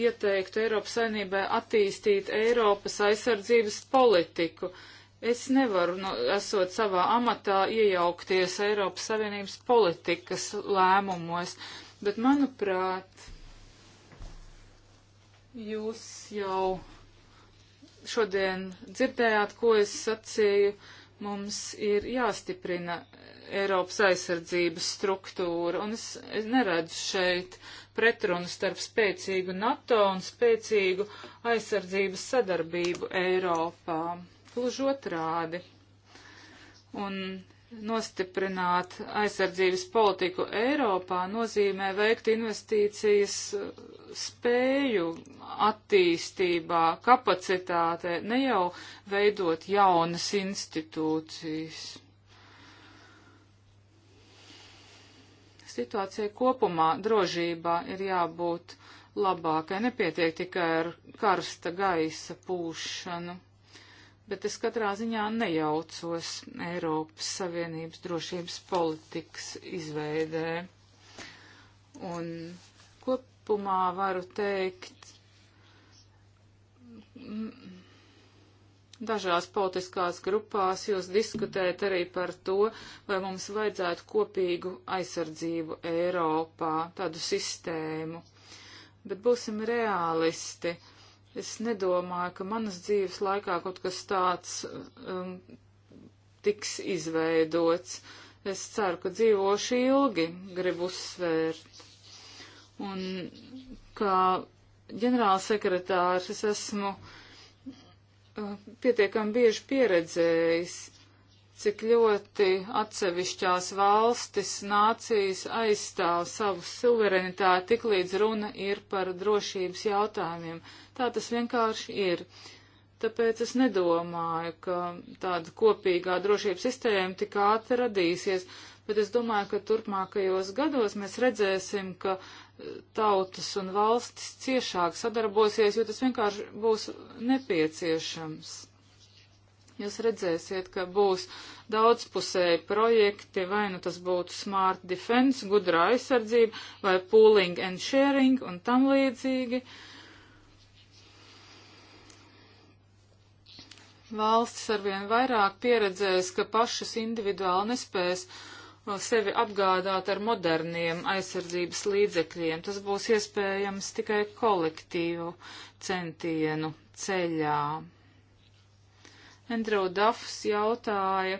ieteiktu Eiropas saimnībai attīstīt Eiropas aizsardzības politiku. Uh, Es nevaru, no, esot savā amatā, iejaukties Eiropas Savienības politikas lēmumos, bet, manuprāt, jūs jau šodien dzirdējāt, ko es sacīju. Mums ir jāstiprina Eiropas aizsardzības struktūra, un es, es neredzu šeit pretrunu starp spēcīgu NATO un spēcīgu aizsardzības sadarbību Eiropā gluži otrādi. Un nostiprināt aizsardzības politiku Eiropā nozīmē veikt investīcijas uh, spēju attīstībā, kapacitātē, ne jau veidot jaunas institūcijas. Situācija kopumā drošībā ir jābūt labākai, nepietiek tikai ar karsta gaisa pūšanu bet es katrā ziņā nejaucos Eiropas Savienības drošības politikas izveidē. Un kopumā varu teikt, dažās politiskās grupās jūs diskutējat arī par to, vai mums vajadzētu kopīgu aizsardzību Eiropā, tādu sistēmu. Bet būsim realisti. Uh, Es nedomāju, ka manas dzīves laikā kaut kas tāds um, tiks izveidots. Es ceru, ka dzīvošu ilgi, gribu uzsvērt. Un kā ģenerālsekretārs es esmu uh, pietiekami bieži pieredzējis cik ļoti atsevišķās valstis, nācijas aizstāv savu suverenitāti, tik līdz runa ir par drošības jautājumiem. Tā tas vienkārši ir. Tāpēc es nedomāju, ka tāda kopīgā drošības sistēma tik ātri radīsies, bet es domāju, ka turpmākajos gados mēs redzēsim, ka e, tautas un valstis ciešāk sadarbosies, jo tas vienkārši būs nepieciešams jūs redzēsiet, ka būs daudzpusēji projekti, vai nu tas būtu smart defense, gudra aizsardzība, vai pooling and sharing un tam līdzīgi. Valstis arvien vairāk pieredzēs, ka pašas individuāli nespēs uh, sevi apgādāt ar moderniem aizsardzības līdzekļiem. Tas būs iespējams tikai kolektīvu centienu ceļā. Andrew Duffs jautāja,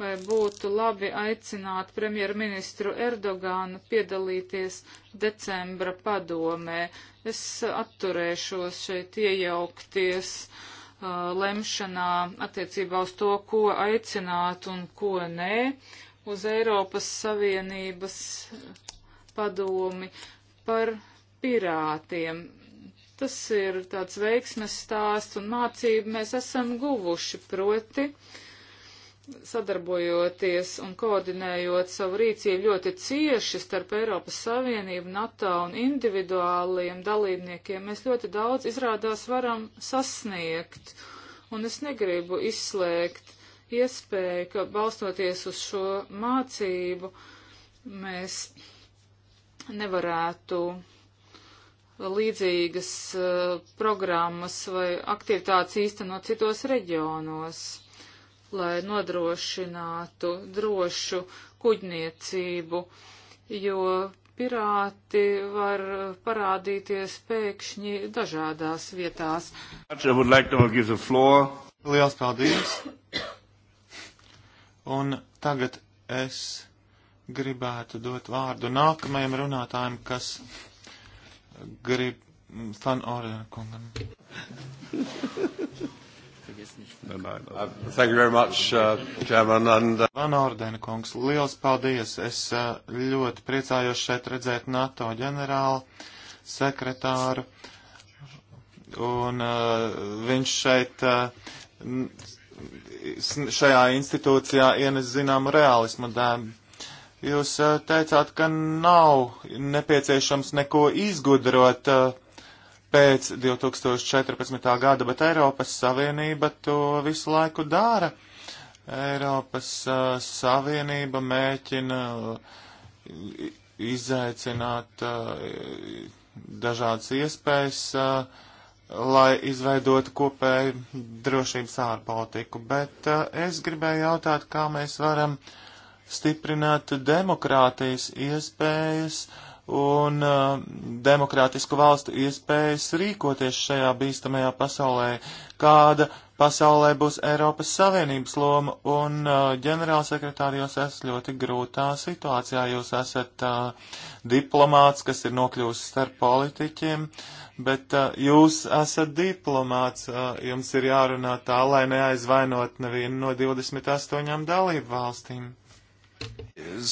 vai būtu labi aicināt premjerministru Erdogānu piedalīties decembra padomē. Es atturēšos šeit iejaukties uh, lemšanā attiecībā uz to, ko aicināt un ko nē uz Eiropas Savienības padomi par pirātiem. Tas ir tāds veiksmes stāsts un mācību mēs esam guvuši proti sadarbojoties un koordinējot savu rīcību ļoti cieši starp Eiropas Savienību, NATO un individuāliem dalībniekiem, mēs ļoti daudz izrādās varam sasniegt. Un es negribu izslēgt iespēju, ka balstoties uz šo mācību mēs nevarētu līdzīgas uh, programmas vai aktivitātes īstenot citos reģionos, lai nodrošinātu drošu kuģniecību, jo pirāti var parādīties pēkšņi dažādās vietās. Liels paldies! Un tagad es gribētu dot vārdu nākamajam runātājam, kas grib mm, Fan Ordena kungam. Uh, thank you very much, uh, Chairman. And, uh... Van Ordena kungs, liels paldies. Es uh, ļoti priecājos šeit redzēt NATO ģenerālu sekretāru. Un uh, viņš šeit uh, šajā institūcijā ienes zināmu realismu dēmu. Jūs teicāt, ka nav nepieciešams neko izgudrot pēc 2014. gada, bet Eiropas Savienība to visu laiku dara. Eiropas Savienība mēķina izaicināt dažādas iespējas, lai izveidotu kopēju drošības ārpolitiku. Bet es gribēju jautāt, kā mēs varam uh, stiprināt demokrātijas iespējas un uh, demokrātisku valstu iespējas rīkoties šajā bīstamajā pasaulē, kāda pasaulē būs Eiropas Savienības loma, un uh, ģenerālsekretāri jūs esat ļoti grūtā situācijā. Jūs esat uh, diplomāts, kas ir nokļūst starp politiķiem, bet uh, jūs esat diplomāts, uh, jums ir jārunā tā, lai neaizvainot nevienu no 28 dalību valstīm. Uh,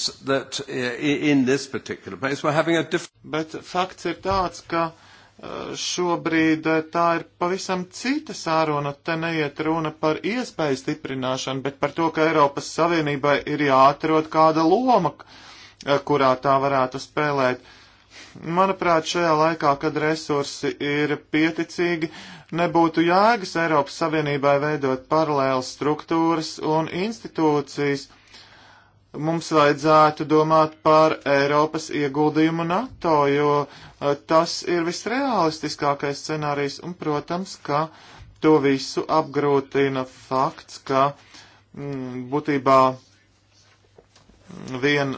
bet fakts ir tāds, ka uh, šobrīd uh, tā ir pavisam cita sāruna. Te neiet runa par iespēju stiprināšanu, bet par to, ka Eiropas Savienībai ir jāatrod kāda loma, kurā tā varētu spēlēt. Manuprāt, šajā laikā, kad resursi ir pieticīgi, nebūtu jēgas Eiropas Savienībai veidot paralēlas struktūras un institūcijas mums vajadzētu domāt par Eiropas ieguldījumu NATO, jo e, tas ir visreālistiskākais scenārijs, un, protams, ka to visu apgrūtina fakts, ka mm, būtībā vien,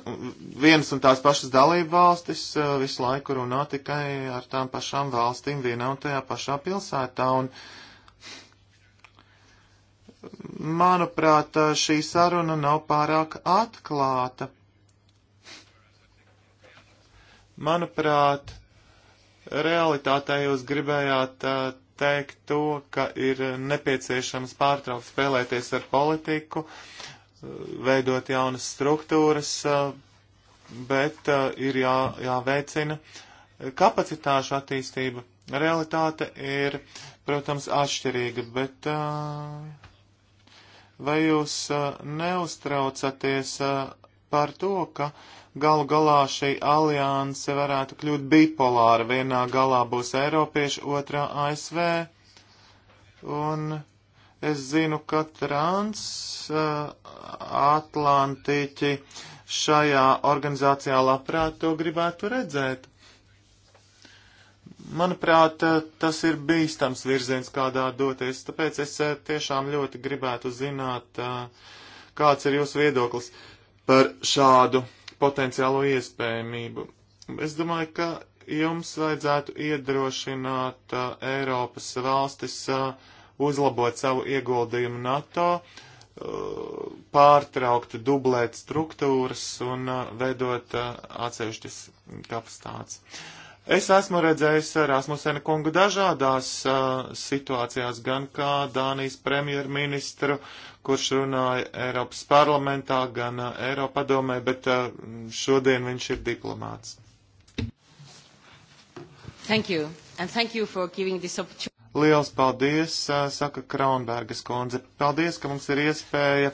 vienas un tās pašas dalība valstis e, visu laiku runā tikai ar tām pašām valstīm vienā un tajā pašā pilsētā, un manuprāt, šī saruna nav pārāk atklāta. Manuprāt, realitātē jūs gribējāt teikt to, ka ir nepieciešams pārtraukt spēlēties ar politiku, veidot jaunas struktūras, bet ir jā, jāveicina kapacitāšu attīstība. Realitāte ir, protams, atšķirīga, bet uh, Vai jūs neuztraucaties par to, ka galu galā šī alianse varētu kļūt bipolāra? Vienā galā būs Eiropieši, otrā ASV. Un es zinu, ka transatlantiķi šajā organizācijā labprāt to gribētu redzēt. Manuprāt, eh, tas ir bīstams virziens, kādā doties, tāpēc es eh, tiešām ļoti gribētu zināt, eh, kāds ir jūsu viedoklis par šādu potenciālo iespējamību. Es domāju, ka jums vajadzētu iedrošināt Eiropas valstis uzlabot savu ieguldījumu NATO, pārtraukt, dublēt struktūras un veidot atsevišķas kapacitātes. Es esmu redzējis Rasmusena kungu dažādās uh, situācijās, gan kā Dānijas premjerministru, kurš runāja Eiropas parlamentā, gan uh, Eiropadomē, bet uh, šodien viņš ir diplomāts. Thank you. And thank you for giving this opportunity. Liels paldies, uh, saka Kraunbergas kundze. Paldies, ka mums ir iespēja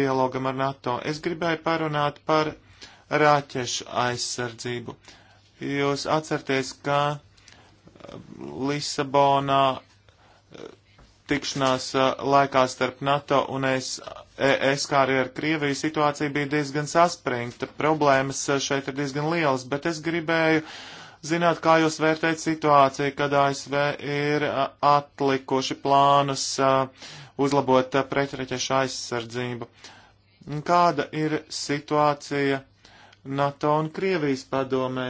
dialogam ar NATO. Es gribēju parunāt par rāķešu aizsardzību. Uh, Jūs atcerieties, ka um, Lisabonā uh, tikšanās uh, laikā starp NATO un es, e, es kā arī ar Krieviju situācija bija diezgan saspringta. Problēmas uh, šeit ir diezgan lielas, bet es gribēju zināt, kā jūs vērtējat situāciju, kad ASV ir atlikuši plānus uzlabot pretraķešu aizsardzību. Kāda ir situācija NATO un Krievijas padomē.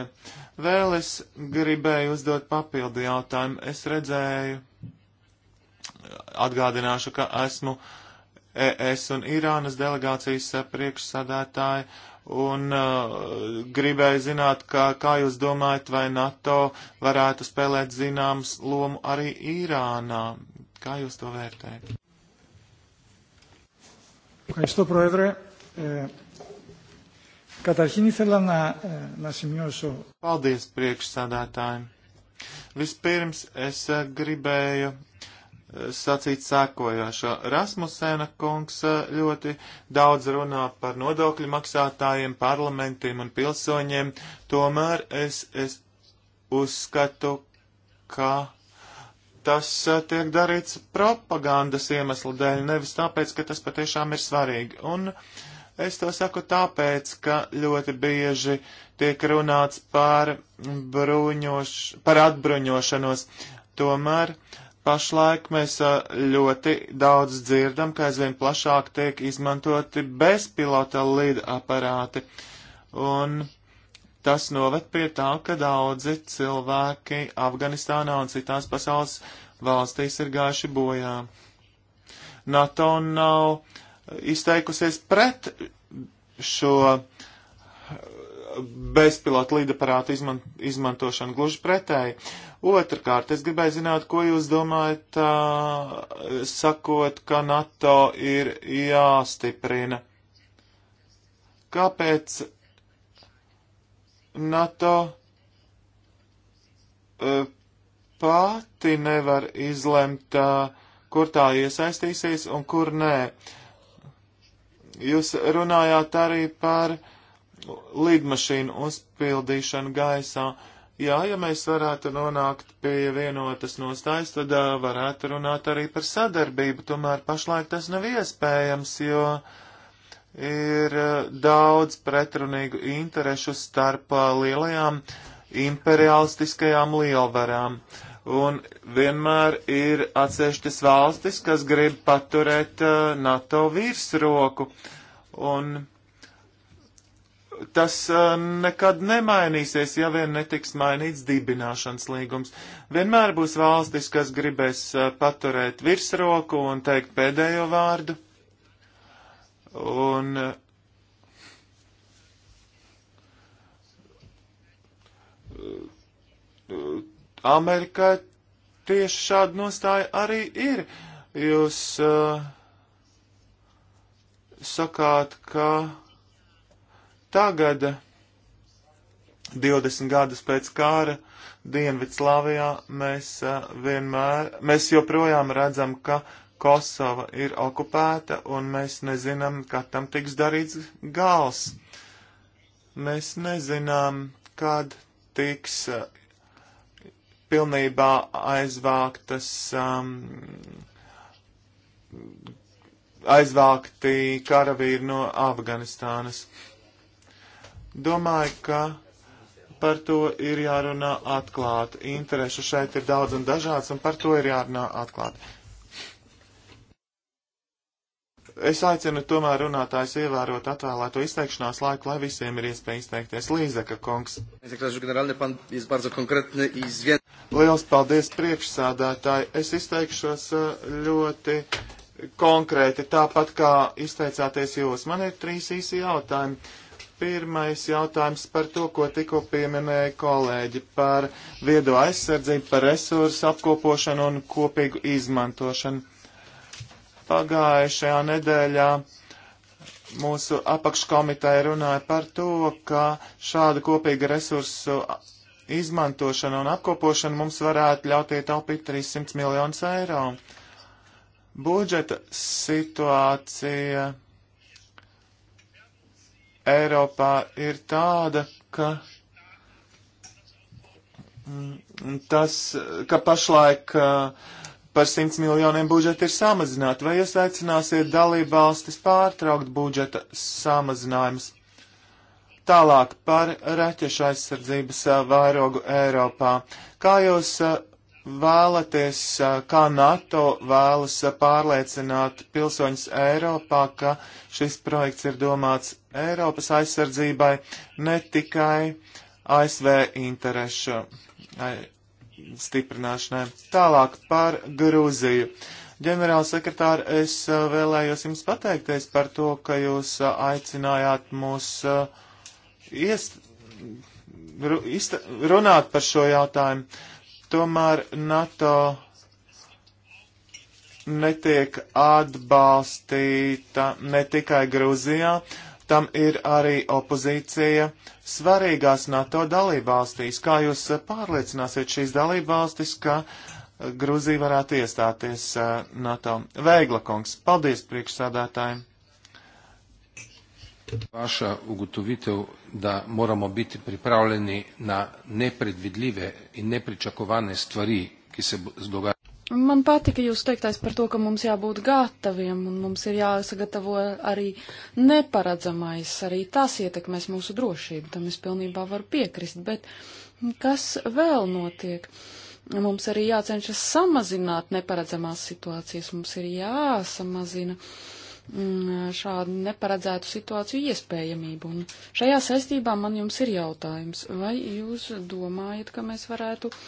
Vēl es gribēju uzdot papildu jautājumu. Es redzēju, atgādināšu, ka esmu ES un Irānas delegācijas priekšsādātāji un uh, gribēju zināt, kā, kā jūs domājat, vai NATO varētu spēlēt zināms lomu arī Irānā. Kā jūs to vērtējat? Ευχαριστώ, Πρόεδρε. Ε, Καταρχήν ήθελα να, να σημειώσω. Paldies priekšsādātājiem. Vispirms es gribēju sacīt sēkojošo. Rasmusēna kungs ļoti daudz runā par nodokļu maksātājiem, parlamentiem un pilsoņiem. Tomēr es, es uzskatu, ka tas e, tiek darīts propagandas iemeslu dēļ, nevis tāpēc, ka tas patiešām ir svarīgi. Un uh, Es to saku tāpēc, ka ļoti bieži tiek runāts par, bruņoš, par atbruņošanos. Tomēr pašlaik mēs ļoti daudz dzirdam, ka aizvien plašāk tiek izmantoti bezpilota līda aparāti. Un tas noved pie tā, ka daudzi cilvēki Afganistānā un citās pasaules valstīs ir gājuši bojā. NATO nav izteikusies pret šo bezpilotu lidaparātu izman, izmantošanu gluži pretēji. Otrakārt, es gribēju zināt, ko jūs domājat, uh, sakot, ka NATO ir jāstiprina. Kāpēc NATO uh, pati nevar izlemt, uh, kur tā iesaistīsies un kur nē? Uh, Jūs runājāt arī par lidmašīnu uzpildīšanu gaisā. Jā, ja mēs varētu nonākt pie vienotas nostājas, tad varētu runāt arī par sadarbību, tomēr pašlaik tas nav iespējams, jo ir daudz pretrunīgu interešu starp lielajām imperialistiskajām lielvarām. Uh, un vienmēr ir atsevišķas valstis, kas grib paturēt uh, NATO virsroku, un tas uh, nekad nemainīsies, ja vien netiks mainīts dibināšanas līgums. Vienmēr būs valstis, kas gribēs uh, paturēt virsroku un teikt pēdējo vārdu, un uh, Amerikā tieši šāda nostāja arī ir. Jūs uh, sakāt, ka tagad, 20 gadus pēc kāra, Dienvidslāvijā mēs uh, vienmēr, mēs joprojām redzam, ka Kosova ir okupēta un mēs nezinām, kā tam tiks darīts gals. Mēs nezinām, kad tiks uh, pilnībā aizvāktas, um, aizvākti karavīri no Afganistānas. Domāju, ka par to ir jārunā atklāti. Interešu šeit ir daudz un dažāds, un par to ir jārunā atklāti. Es aicinu tomēr runātājs ievērot atvēlēto izteikšanās laiku, lai visiem ir iespēja izteikties. Līdzeka kungs. Liels paldies priekšsādātāji. Es izteikšos uh, ļoti konkrēti, tāpat kā izteicāties jūs. Man ir trīs īsi jautājumi. Pirmais jautājums par to, ko tikko pieminēja kolēģi par viedo aizsardzību, par resursu apkopošanu un kopīgu izmantošanu Pagājušajā nedēļā mūsu apakškomiteja runāja par to, ka šāda kopīga resursu izmantošana un apkopošana mums varētu ļaut ietaupīt 300 miljonus eiro. Budžeta situācija Eiropā ir tāda, ka mm, tas, ka pašlaik uh, par 100 miljoniem budžeta ir samazināta. Vai jūs aicināsiet dalību valstis pārtraukt budžeta samazinājumus? Tālāk par raķešu aizsardzības vairogu Eiropā. Kā jūs vēlaties, kā NATO vēlas pārliecināt pilsoņus Eiropā, ka šis projekts ir domāts Eiropas aizsardzībai, ne tikai ASV interešu stiprināšanai. Tālāk par Grūziju. Ģenerāla sekretāra, es eh, vēlējos jums pateikties par to, ka jūs eh, aicinājāt mūs eh, iest, ru, ista, runāt par šo jautājumu. Tomēr NATO netiek atbalstīta ne tikai Grūzijā, uh, Tam ir arī opozīcija svarīgās NATO dalībvalstīs. Kā jūs eh, pārliecināsiet šīs dalībvalstis, ka eh, Grūzija varētu iestāties eh, NATO? Vēgla kungs, paldies priekšsādātājiem! Vaša ugotovitev, da moramo biti pripravljeni na nepredvidljive in nepričakovane stvari, ki se dogajajo. Man patika jūs teiktais par to, ka mums jābūt gataviem un mums ir jāsagatavo arī neparedzamais, arī tas ietekmēs mūsu drošību, tam es pilnībā varu piekrist, bet kas vēl notiek? Mums arī jācenšas samazināt neparedzamās situācijas, mums ir jāsamazina mm, šādu neparedzētu situāciju iespējamību. Un šajā saistībā man jums ir jautājums, vai jūs domājat, ka mēs varētu uh,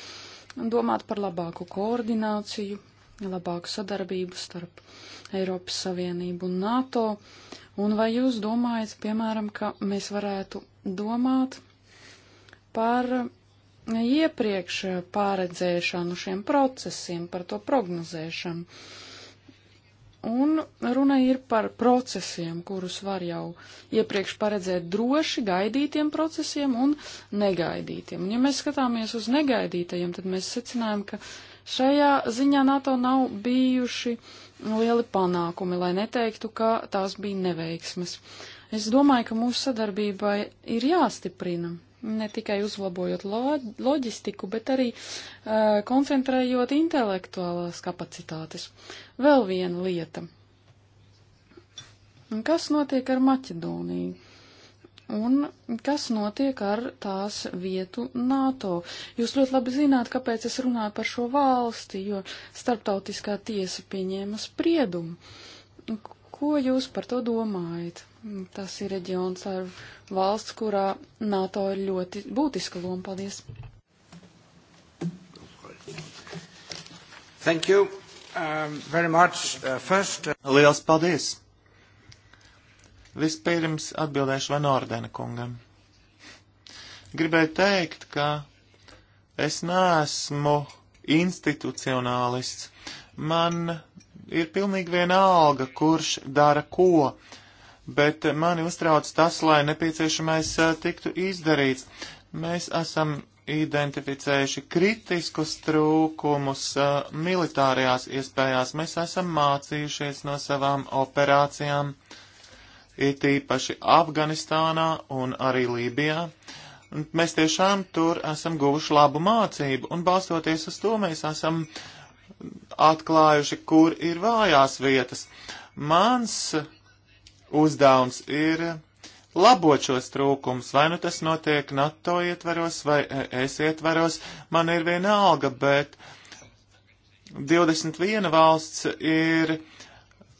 un domāt par labāku koordināciju, labāku sadarbību starp Eiropas Savienību un NATO. Un vai jūs domājat, piemēram, ka mēs varētu domāt par iepriekš pāredzēšanu šiem procesiem, par to prognozēšanu? Un runa ir par procesiem, kurus var jau iepriekš paredzēt droši gaidītiem procesiem un negaidītiem. Un ja mēs skatāmies uz negaidītajiem, tad mēs secinājam, ka šajā ziņā NATO nav bijuši lieli panākumi, lai neteiktu, ka tās bija neveiksmes. Es domāju, ka mūsu sadarbībai ir jāstiprina ne tikai uzlabojot loģistiku, bet arī uh, koncentrējot intelektuālās kapacitātes. Vēl viena lieta. Kas notiek ar Maķedoniju? Un kas notiek ar tās vietu NATO? Jūs ļoti labi zināt, kāpēc es runāju par šo valsti, jo starptautiskā tiesa pieņēma spriedumu, Ko jūs par to domājat? Tas ir reģions ar valsts, kurā NATO ir ļoti būtiska loma. Paldies! Thank you um, very much. Uh, first, uh... Liels paldies! Vispirms atbildēšu Van Ordena kungam. Gribēju teikt, ka es neesmu institucionālists. Man ir pilnīgi vienalga, kurš dara ko, bet mani uztrauc tas, lai nepieciešamais tiktu izdarīts. Mēs esam identificējuši kritiskus trūkumus militārajās iespējās. Mēs esam mācījušies no savām operācijām, it īpaši Afganistānā un arī Lībijā. Mēs tiešām tur esam guvuši labu mācību, un balstoties uz to mēs esam uh, atklājuši, kur ir vājās vietas. Mans uzdevums ir labot šos trūkums, vai nu tas notiek NATO ietvaros vai es ietvaros, man ir viena alga, bet 21 valsts ir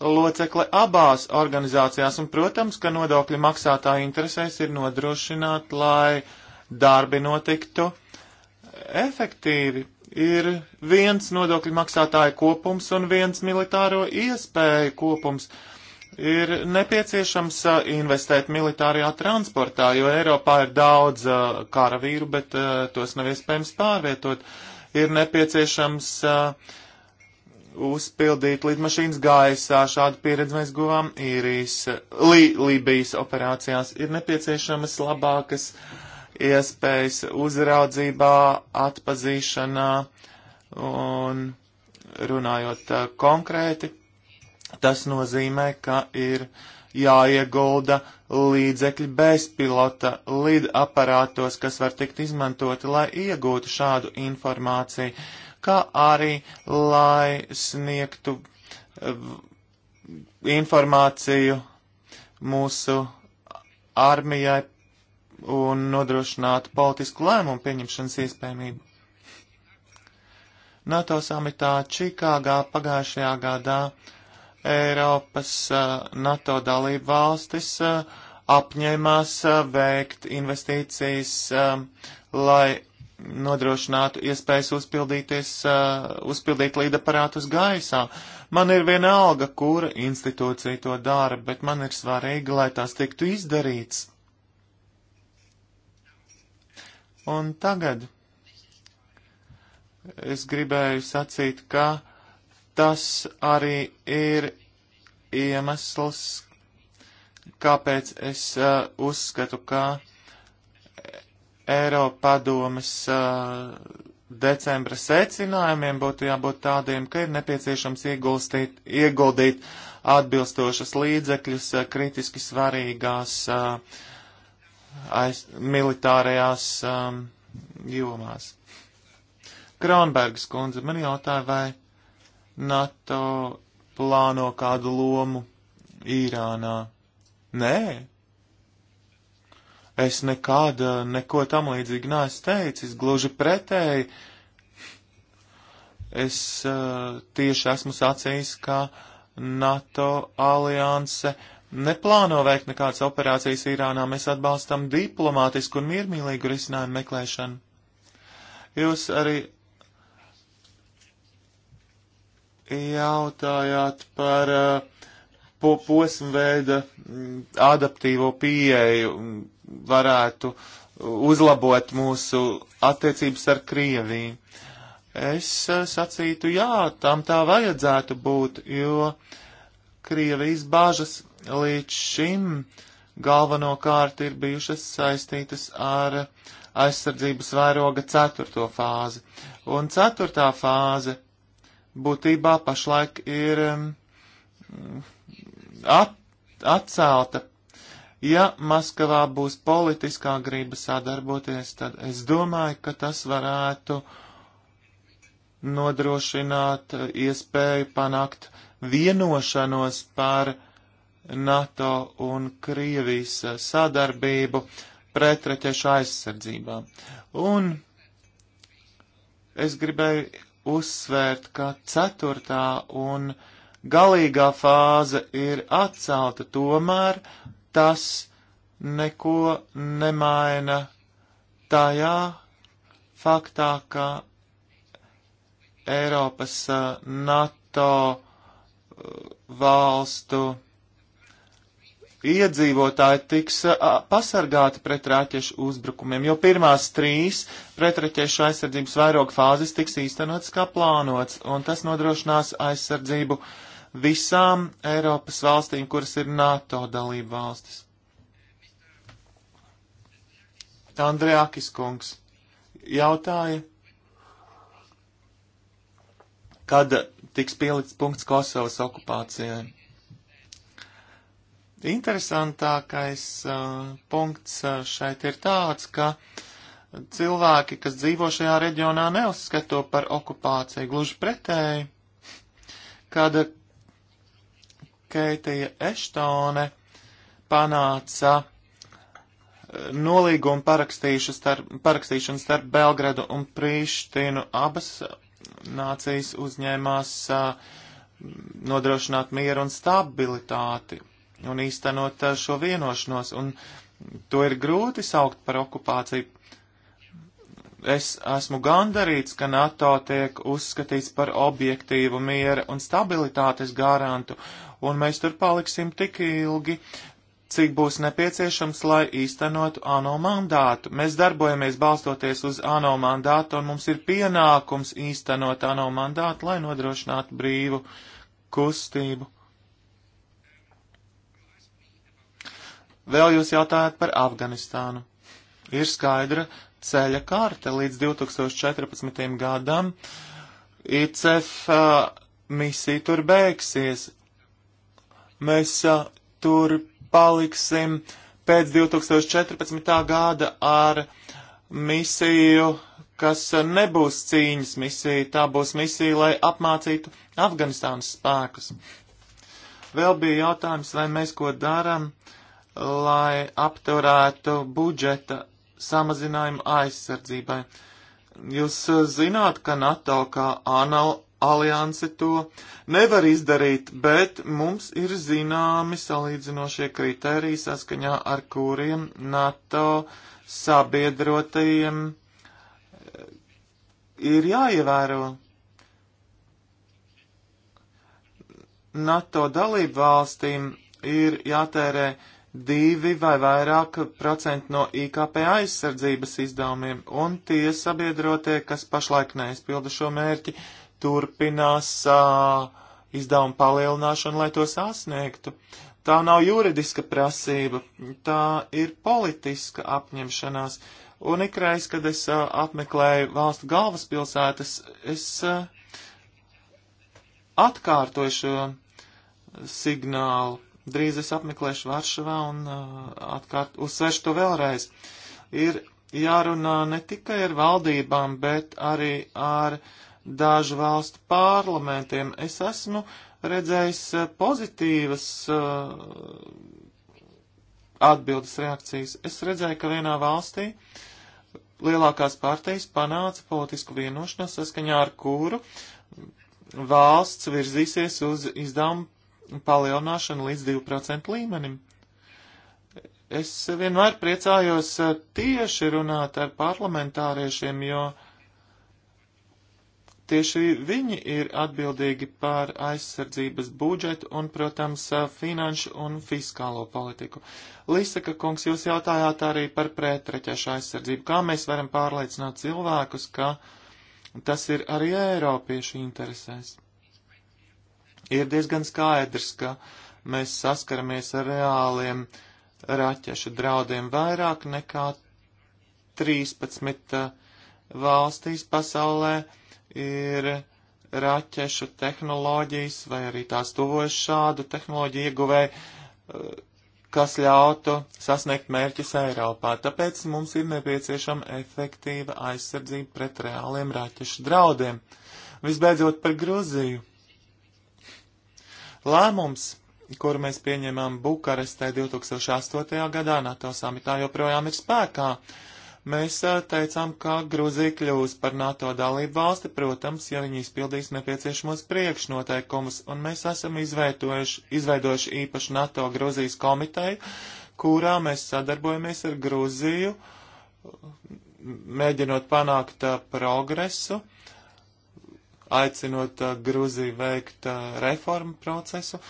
locekle abās organizācijās, un, protams, ka nodokļu maksātāju interesēs ir nodrošināt, lai darbi notiktu efektīvi ir viens nodokļu maksātāju kopums un viens militāro iespēju kopums. Ir nepieciešams uh, investēt militārajā transportā, jo Eiropā ir daudz uh, karavīru, bet uh, tos nav iespējams pārvietot. Ir nepieciešams uh, uzpildīt lidmašīnas gaisā. Šādu pieredzi mēs guvām īrijas, li, Lībijas operācijās. Ir nepieciešamas labākas uh, iespējas uzraudzībā, atpazīšanā un runājot uh, konkrēti, tas nozīmē, ka ir jāiegulda līdzekļi bezpilota lidaparātos, kas var tikt izmantoti, lai iegūtu šādu informāciju, kā arī lai sniegtu uh, informāciju mūsu armijai un nodrošinātu politisku lēmumu pieņemšanas iespējamību. NATO samitā Čikāgā pagājušajā gadā Eiropas NATO dalību valstis apņēmās veikt investīcijas, lai nodrošinātu iespējas uzpildīties, uzpildīt līdaparātus gaisā. Man ir viena alga, kura institūcija to dara, bet man ir svarīgi, lai tās tiktu izdarīts. Un tagad es gribēju sacīt, ka tas arī ir iemesls, kāpēc es uh, uzskatu, ka Eiropadomes uh, decembra secinājumiem būtu jābūt tādiem, ka ir nepieciešams iegulstīt, ieguldīt atbilstošas līdzekļus uh, kritiski svarīgās uh, aiz, militārajās um, jomās. Kronbergs kundze man jautāja, vai NATO plāno kādu lomu Īrānā. Nē, es nekad uh, neko tam līdzīgi neesmu teicis, gluži pretēji. Es uh, tieši esmu sacījis, ka NATO alianse uh, neplāno veikt nekādas operācijas Irānā, mēs atbalstam diplomātisku un miermīlīgu risinājumu meklēšanu. Jūs arī jautājāt par uh, po posmu veida mm, adaptīvo pieeju mm, varētu uzlabot mūsu attiecības ar Krieviju. Es uh, sacītu, jā, tam tā vajadzētu būt, jo uh, Krievijas bāžas līdz šim galvenokārt ir bijušas saistītas ar aizsardzības vairoga ceturto fāzi. Un ceturtā fāze būtībā pašlaik ir mm, at, atcelta. Ja Maskavā būs politiskā grība sadarboties, tad es domāju, ka tas varētu nodrošināt eh, iespēju panākt uh, vienošanos par NATO un Krievijas sadarbību pretraķešu aizsardzībā. Un es gribēju uzsvērt, ka ceturtā un galīgā fāze ir atcelta, tomēr tas neko nemaina tajā faktā, ka Eiropas uh, NATO valstu iedzīvotāji tiks pasargāti pret raķešu uzbrukumiem, jo pirmās trīs pretraķešu aizsardzības vairoga fāzes tiks īstenotas kā plānots, un tas nodrošinās aizsardzību visām Eiropas valstīm, kuras ir NATO dalība valstis. Andrejākis kungs jautāja, kad tiks pielikts punkts Kosovas okupācijai. Interesantākais uh, punkts uh, šeit ir tāds, ka cilvēki, kas dzīvo šajā reģionā, neuzskato par okupāciju. Gluži pretēji, kad Keitija Eštone panāca uh, nolīgumu parakstīšanu starp, parakstīšanu starp Belgradu un Prīštinu. Abas nācijas uzņēmās nodrošināt mieru un stabilitāti un īstenot šo vienošanos, un to ir grūti saukt par okupāciju. Es esmu gandarīts, ka NATO tiek uzskatīts par objektīvu miera un stabilitātes garantu, un mēs tur paliksim tik ilgi, uh, cik būs nepieciešams, lai īstenotu ANO mandātu. Mēs darbojamies balstoties uz ANO mandātu, un mums ir pienākums īstenot ANO mandātu, lai nodrošinātu brīvu kustību. Vēl jūs jautājat par Afganistānu. Ir skaidra ceļa kārta līdz 2014. gadam. ICF uh, misija tur beigsies. Mēs uh, tur paliksim pēc 2014. gada ar misiju, kas nebūs cīņas misija, tā būs misija, lai apmācītu Afganistānas spēkus. Vēl bija jautājums, vai mēs ko darām, lai apturētu budžeta samazinājumu aizsardzībai. Jūs zināt, ka NATO kā anal alianse to nevar izdarīt, bet mums ir zināmi salīdzinošie kriteriji saskaņā ar kuriem NATO sabiedrotajiem eh, ir jāievēro. NATO dalību valstīm ir jātērē divi vai vairāk procenti no IKP aizsardzības izdevumiem, un tie sabiedrotie, kas pašlaik neizpilda šo mērķi, uh, turpinās uh, izdevuma palielināšanu, lai to sasniegtu. Tā nav juridiska prasība, tā ir politiska apņemšanās. Un ikreiz, kad es uh, apmeklēju valstu galvaspilsētas, es uh, atkārtoju šo signālu. Drīz es apmeklēšu Varšavā un uh, atkārt, uzsveršu to vēlreiz. Ir jārunā ne tikai ar valdībām, bet arī ar uh, dažu valstu parlamentiem. Es esmu redzējis eh, pozitīvas eh, atbildes reakcijas. Es redzēju, ka vienā valstī lielākās partijas panāca politisku vienošanos, saskaņā ar kuru valsts virzīsies uz izdevumu palielināšanu līdz 2% līmenim. Es vienmēr priecājos eh, tieši runāt ar parlamentāriešiem, jo uh, Tieši viņi ir atbildīgi par aizsardzības budžetu un, protams, finanšu un fiskālo politiku. Līsaka kungs, jūs jautājāt arī par pretraķešu aizsardzību. Kā mēs varam pārliecināt cilvēkus, ka tas ir arī Eiropiešu interesēs? Ir diezgan skaidrs, ka mēs saskaramies ar reāliem raķešu draudiem vairāk nekā 13 valstīs pasaulē ir raķešu tehnoloģijas vai arī tās tuvojas šādu tehnoloģiju ieguvēju, eh, kas ļautu sasniegt mērķus Eiropā. Tāpēc mums ir nepieciešama efektīva aizsardzība pret reāliem raķešu draudiem. Visbeidzot par Gruziju. Lēmums, kuru mēs pieņemam Bukarestē 2008. gadā NATO samitā, joprojām ir spēkā. Uh, Mēs teicām, ka Grūzija kļūs par NATO dalību valsti, protams, ja viņi izpildīs nepieciešamos priekšnoteikumus, un mēs esam izveidojuši īpašu NATO Grūzijas komiteju, kurā mēs sadarbojamies ar Grūziju, mēģinot panākt uh, progresu, aicinot uh, Grūziju veikt uh, reformu procesu,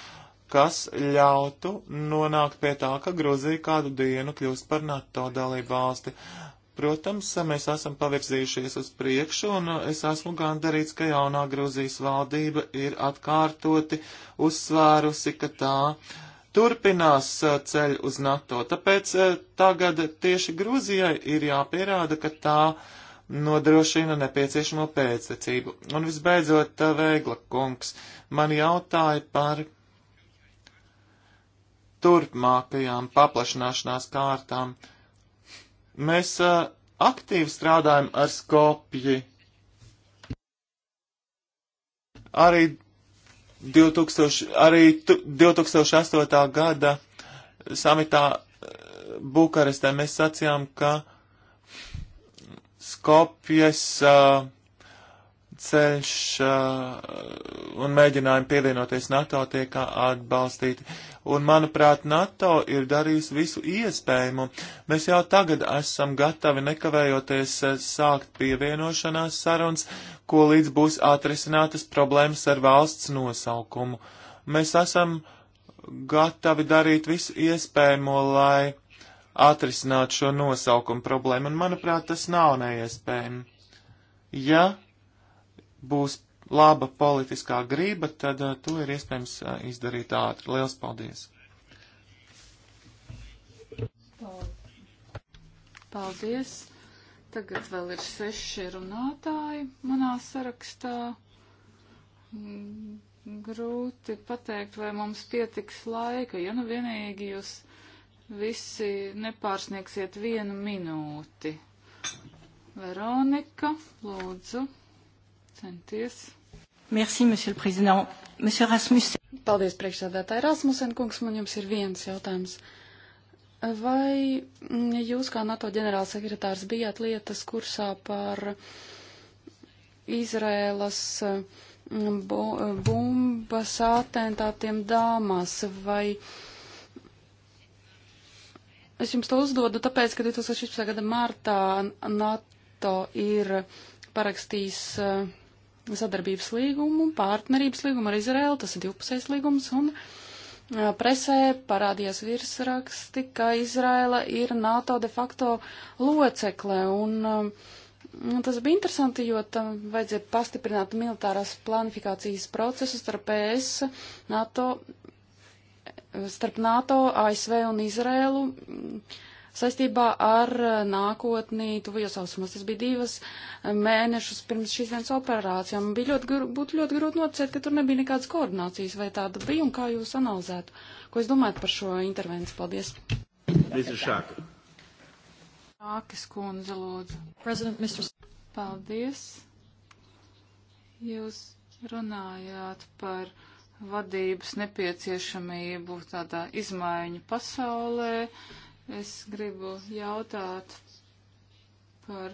kas ļautu nonākt pie tā, ka Grūzija kādu dienu kļūst par NATO dalību valsti. Uh, Protams, mēs esam pavirzījušies uz priekšu, un es esmu gandarīts, ka jaunā Grūzijas valdība ir atkārtoti uzsvērusi, ka tā turpinās eh, ceļu uz NATO. Tāpēc eh, tagad tieši Grūzijai ir jāpierāda, ka tā nodrošina nepieciešamo pēctecību. Un visbeidzot, eh, Vēgla kungs man jautāja par turpmākajām paplašanāšanās kārtām. Uh, Mēs uh, aktīvi strādājam ar Skopji. Arī, 2000, arī tu, 2008. gada samitā Bukarestē mēs sacījām, ka Skopjes uh, ceļš un mēģinājumi pievienoties NATO tiek atbalstīti. Un, manuprāt, NATO ir darījusi visu iespējumu. Mēs jau tagad esam gatavi nekavējoties sākt pievienošanās sarunas, ko līdz būs atrisinātas problēmas ar valsts nosaukumu. Mēs esam gatavi darīt visu iespējamo, lai atrisinātu šo nosaukumu problēmu, un, manuprāt, tas nav neiespējami. Ja būs laba politiskā grība, tad uh, to ir iespējams uh, izdarīt ātri. Lielas paldies! Paldies! Tagad vēl ir seši runātāji manā sarakstā. Mm, grūti pateikt, vai mums pietiks laika, ja nu vienīgi jūs visi nepārsniegsiet vienu minūti. Veronika, lūdzu centies. Merci, monsieur le président. Monsieur Rasmus. Paldies, priekšsēdētāji. Rasmussen kungs, man jums ir viens jautājums. Vai mm, jūs kā NATO ģenerālsekretārs bijāt lietas kursā par Izrēlas mm, bu bumbas atentātiem dāmās? Vai es jums to uzdodu, tāpēc, ka 2016. gada martā NATO ir parakstījis sadarbības līgumu, partnerības līgumu ar Izraēlu, tas ir divpusējs līgums, un presē parādījās virsraksti, ka Izraela ir NATO de facto locekle, un, un tas bija interesanti, jo tam vajadzēja pastiprināt militārās planifikācijas procesus starp ES, NATO, starp NATO, ASV un Izraēlu saistībā ar eh, nākotnī tuvajos ausmos. Tas bija divas eh, mēnešus pirms šīs dienas operācijām. Bija ļoti, grū, būtu ļoti grūti noticēt, ka tur nebija nekādas koordinācijas vai tāda bija un kā jūs analizētu. Ko jūs domājat par šo intervenciju? Paldies. Mr. Šāka. Šākas kundze, lūdzu. President, Mr. Paldies. Jūs runājāt par vadības nepieciešamību tādā izmaiņu pasaulē. Uh, Es gribu jautāt par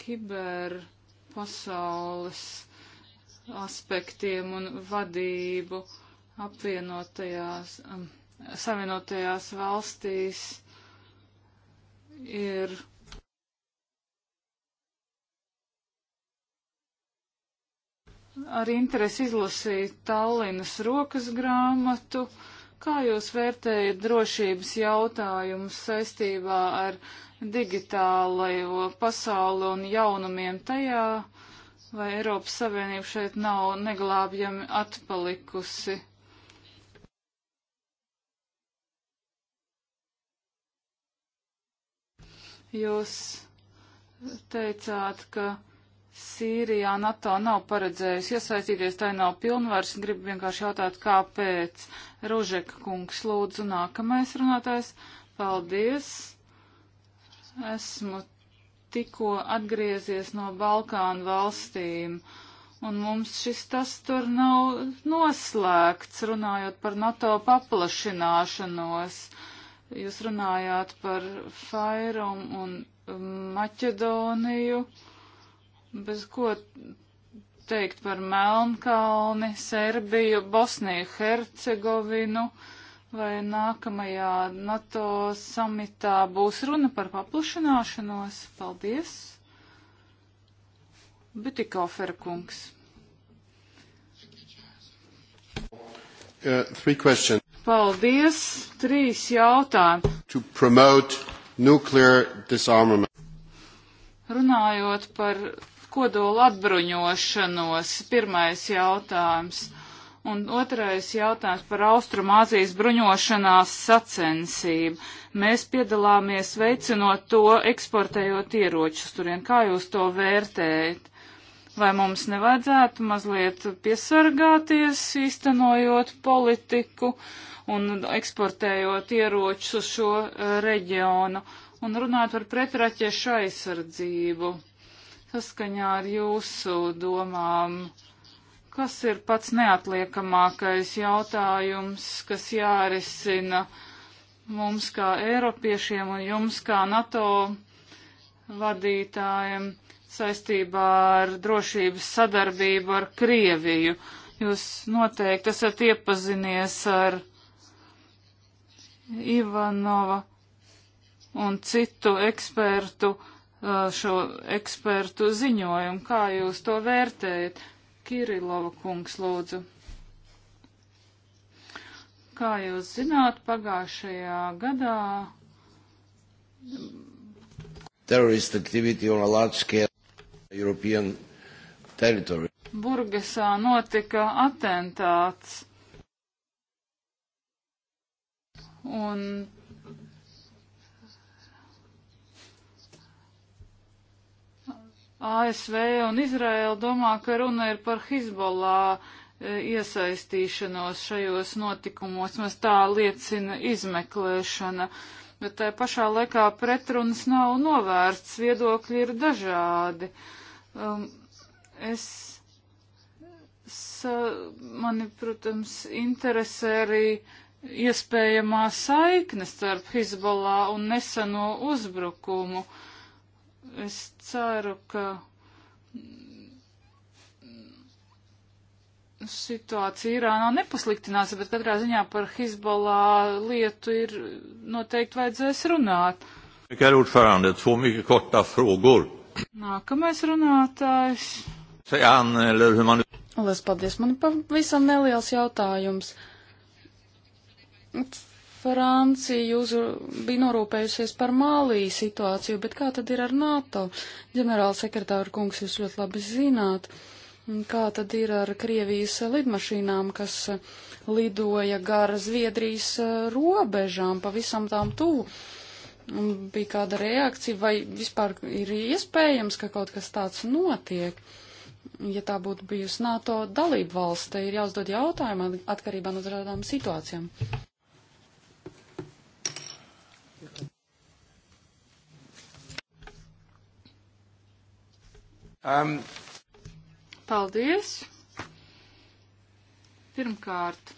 kiber pasaules aspektiem un vadību apvienotajās, um, savienotajās valstīs ir. Ar interesi izlasīju Tallinas rokas grāmatu. Uh, Kā jūs vērtējat drošības jautājumus saistībā ar digitālajo pasauli un jaunumiem tajā, vai Eiropas Savienība šeit nav neglābjami atpalikusi? Jūs teicāt, ka Sīrijā NATO nav paredzējusi iesaistīties, tai nav pilnvars, gribu vienkārši jautāt, kāpēc. Ružeka kungs, lūdzu, nākamais runātājs. Paldies! Esmu tikko atgriezies no Balkānu valstīm, un mums šis tas tur nav noslēgts, runājot par NATO paplašināšanos. Jūs runājāt par Fairum un Maķedoniju. Uh, Bez ko teikt par Melnkalni, Serbiju, Bosniju, Hercegovinu vai nākamajā NATO samitā būs runa par paplašināšanos. Paldies! Bitikofer kungs. Uh, Paldies! Trīs jautājumi. Runājot par kodola atbruņošanos, pirmais jautājums. Un otrais jautājums par Austrumāzijas bruņošanās sacensību. Mēs piedalāmies veicinot to, eksportējot ieročus turien. Kā jūs to vērtējat? Vai mums nevajadzētu mazliet piesargāties, īstenojot politiku un eksportējot ieročus uz šo uh, reģionu un runāt par pretraķiešu aizsardzību? saskaņā ar jūsu domām, kas ir pats neatliekamākais jautājums, kas jārisina mums kā Eiropiešiem un jums kā NATO vadītājiem saistībā ar drošības sadarbību ar Krieviju. Jūs noteikti esat iepazinies ar Ivanova un citu ekspertu uh, Uh, šo ekspertu ziņojumu. Kā jūs to vērtējat? Kirilova kungs, lūdzu. Kā jūs zināt, pagājušajā gadā. Terrorist activity on a large scale European territory. Burgesā notika atentāts. Un ASV un Izraela domā, ka runa ir par Hizbollah e, iesaistīšanos šajos notikumos, maz tā liecina izmeklēšana, bet tai pašā laikā pretrunas nav novērsts, viedokļi ir dažādi. Um, es, sa, mani, protams, interesē arī iespējamā saikne starp Hizbollah un neseno uzbrukumu. Uh, es ceru, ka situācija Irānā nepasliktinās, bet katrā ziņā par Hizbollah lietu ir noteikti vajadzēs runāt. Herr ordförande, två mycket korta frågor. Nākamais runātājs. Lielas paldies, man pavisam neliels jautājums. Francija jūs bija norūpējusies par Māliju situāciju, bet kā tad ir ar NATO? Ģenerāla sekretāra kungs, jūs ļoti labi zināt, kā tad ir ar Krievijas lidmašīnām, kas lidoja gara Zviedrijas eh, robežām, pavisam tām tuvu. Bija kāda reakcija, vai vispār ir iespējams, ka kaut kas tāds notiek? ja tā būtu bijusi NATO dalība valsts, te ir jāuzdod jautājumu atkarībā no dažādām situācijām. Um. Paldies! Pirmkārt,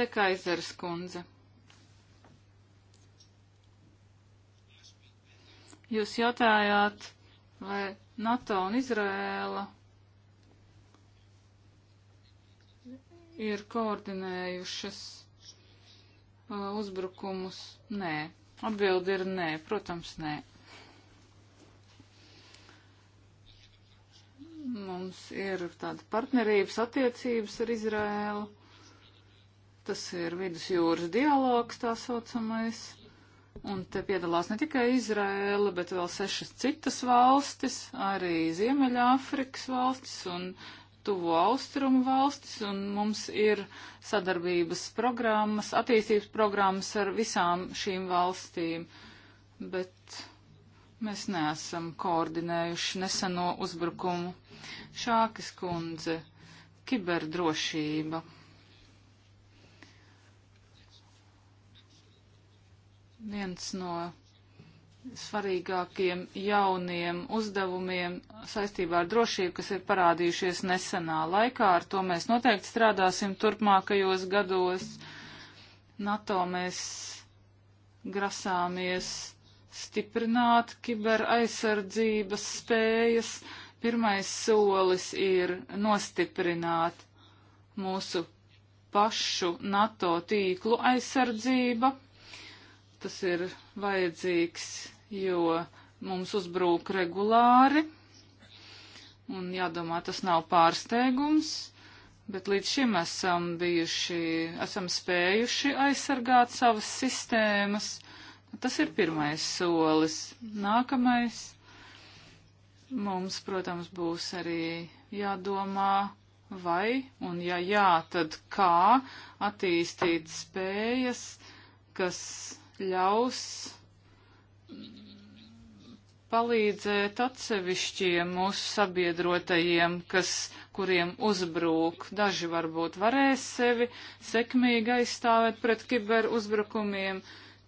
Dekaizeres kundze. Jūs jautājāt, vai NATO un Izrēla ir koordinējušas uh, uzbrukumus? Nē. Atbildi ir nē, protams, nē. Mums ir tāda partnerības attiecības ar Izraēlu. Tas ir vidusjūras dialogs tā saucamais. Un te piedalās ne tikai Izraela, bet vēl sešas citas valstis, arī Ziemeļāfrikas valstis un tuvo austrumu valstis, un mums ir sadarbības programmas, attīstības programmas ar visām šīm valstīm. Bet Mēs neesam koordinējuši neseno uzbrukumu. Šākas kundze, kiberdrošība. Viens no svarīgākiem jauniem uzdevumiem saistībā ar drošību, kas ir parādījušies nesenā laikā. Ar to mēs noteikti strādāsim turpmākajos gados. NATO mēs grasāmies stiprināt kiberaizsardzības spējas. Pirmais solis ir nostiprināt mūsu pašu NATO tīklu aizsardzība. Tas ir vajadzīgs, jo mums uzbrūk regulāri. Un jādomā, tas nav pārsteigums, bet līdz šim esam bijuši, esam spējuši aizsargāt savas sistēmas. Tas ir pirmais solis. Nākamais mums, protams, būs arī jādomā, vai un ja jā, tad kā attīstīt spējas, kas ļaus palīdzēt atsevišķiem mūsu sabiedrotajiem, kas, kuriem uzbrūk. Daži varbūt varēs sevi sekmīgi aizstāvēt pret kiberuzbrukumiem, uzbrukumiem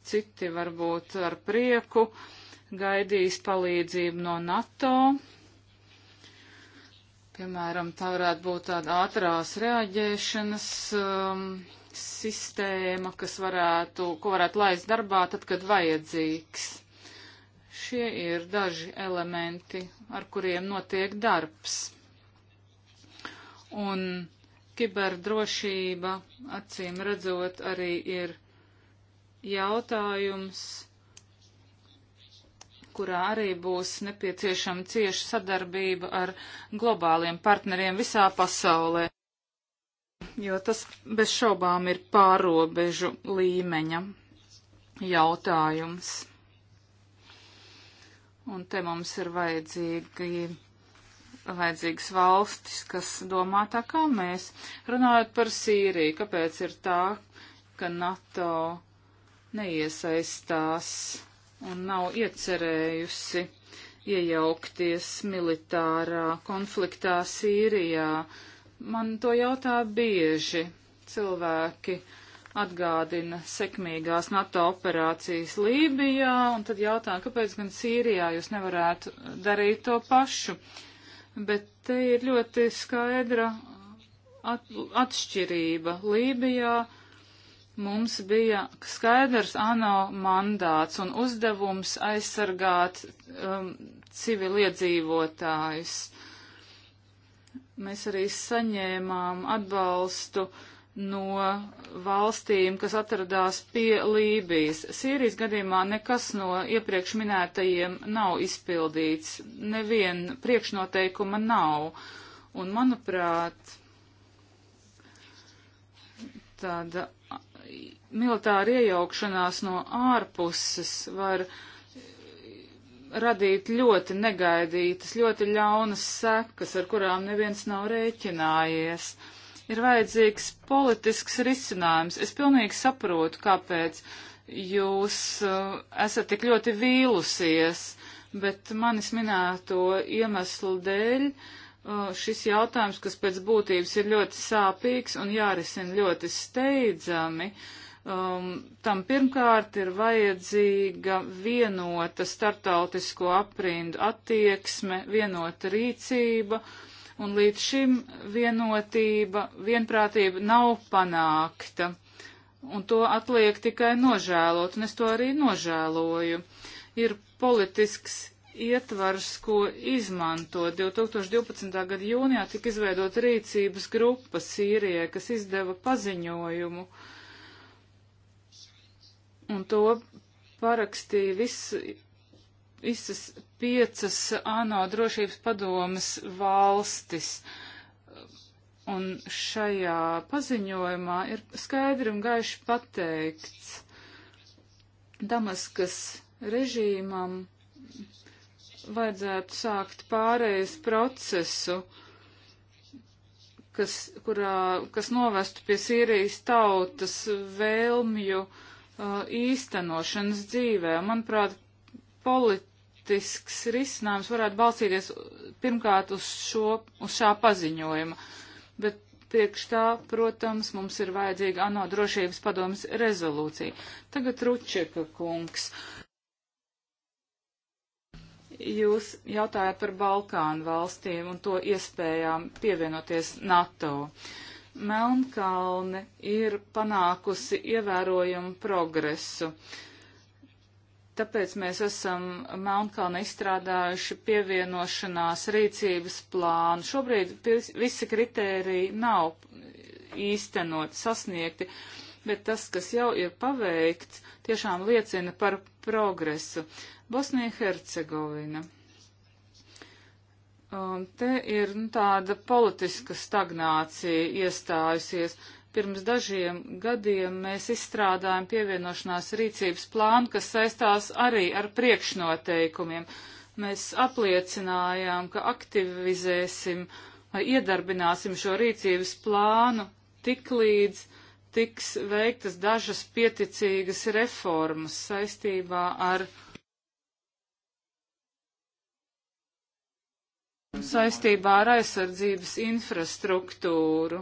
citi varbūt ar prieku gaidīs palīdzību no NATO. Piemēram, tā varētu būt tāda ātrās reaģēšanas um, sistēma, kas varētu, ko varētu laist darbā tad, kad vajadzīgs. Šie ir daži elementi, ar kuriem notiek darbs. Un kiberdrošība, acīm redzot, arī ir jautājums, kurā arī būs nepieciešama cieša sadarbība ar globāliem partneriem visā pasaulē, jo tas bez šaubām ir pārobežu līmeņa jautājums. Un te mums ir vajadzīgi vajadzīgas valstis, kas domā tā kā mēs. Runājot par Sīriju, kāpēc ir tā, ka NATO neiesaistās un nav iecerējusi iejaukties militārā konfliktā Sīrijā. Man to jautā bieži cilvēki atgādina sekmīgās NATO operācijas Lībijā, un tad jautā, kāpēc gan Sīrijā jūs nevarētu darīt to pašu. Bet te ir ļoti skaidra at, atšķirība. Lībijā mums bija skaidrs ANO mandāts un uzdevums aizsargāt um, civiliedzīvotājus. Mēs arī saņēmām atbalstu no valstīm, kas atradās pie Lībijas. Sīrijas gadījumā nekas no iepriekš minētajiem nav izpildīts, neviena priekšnoteikuma nav. Un, manuprāt, tāda militāra iejaukšanās no ārpuses var radīt ļoti negaidītas, ļoti ļaunas sekas, ar kurām neviens nav rēķinājies. Ir vajadzīgs politisks risinājums. Es pilnīgi saprotu, kāpēc jūs uh, esat tik ļoti vīlusies, bet manis minēto iemeslu dēļ uh, Uh, šis jautājums, kas pēc būtības ir ļoti sāpīgs un jārisina ļoti steidzami, um, tam pirmkārt ir vajadzīga vienota startautisko aprindu attieksme, vienota rīcība, un līdz šim vienotība, vienprātība nav panākta. Un to atliek tikai nožēlot, un es to arī nožēloju. Ir politisks ietvars, ko izmanto. 2012. gada jūnijā tika izveidot rīcības grupa Sīrijai, kas izdeva paziņojumu. Un to parakstīja viss, visas piecas ANO drošības padomas valstis. Un šajā paziņojumā ir skaidri un gaiši pateikts Damaskas režīmam vajadzētu sākt pārējais procesu, kas, kurā, kas novestu pie Sīrijas tautas vēlmju uh, īstenošanas dzīvē. Manuprāt, politisks risinājums varētu balstīties pirmkārt uz, šo, uz šā paziņojuma, bet priekš tā, protams, mums ir vajadzīga ANO drošības padomas rezolūcija. Tagad Ručeka kungs. Uh, Jūs jautājat par Balkānu valstīm un to iespējām pievienoties NATO. Melnkalne ir panākusi ievērojumu progresu. Tāpēc mēs esam Melnkalne izstrādājuši pievienošanās rīcības plānu. Šobrīd visi kritēriji nav īstenot, sasniegti, bet tas, kas jau ir paveikts, tiešām liecina par progresu. Bosnija Hercegovina. Um, te ir nu, tāda politiska stagnācija iestājusies. Pirms dažiem gadiem mēs izstrādājam pievienošanās rīcības plānu, kas saistās arī ar priekšnoteikumiem. Mēs apliecinājām, ka aktivizēsim vai iedarbināsim šo rīcības plānu tik līdz tiks veiktas dažas pieticīgas reformas saistībā ar saistībā ar aizsardzības infrastruktūru.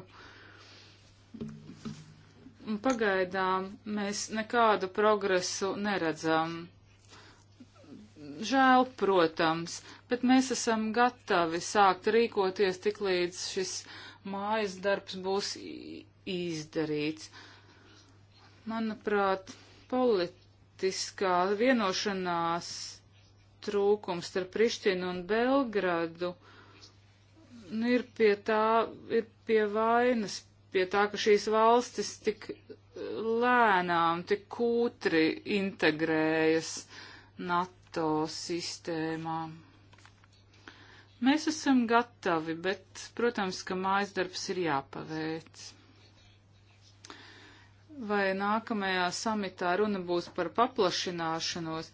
Un pagaidām mēs nekādu progresu neredzam. Žēl, protams, bet mēs esam gatavi sākt rīkoties tik līdz šis mājas darbs būs izdarīts. Manuprāt, politiskā vienošanās trūkums starp Prištinu un Belgradu nu, ir pie tā, ir pie vainas, pie tā, ka šīs valstis tik lēnām, tik kūtri integrējas NATO sistēmā. Mēs esam gatavi, bet, protams, ka mājas darbs ir jāpaveic. Vai nākamajā samitā runa būs par paplašināšanos?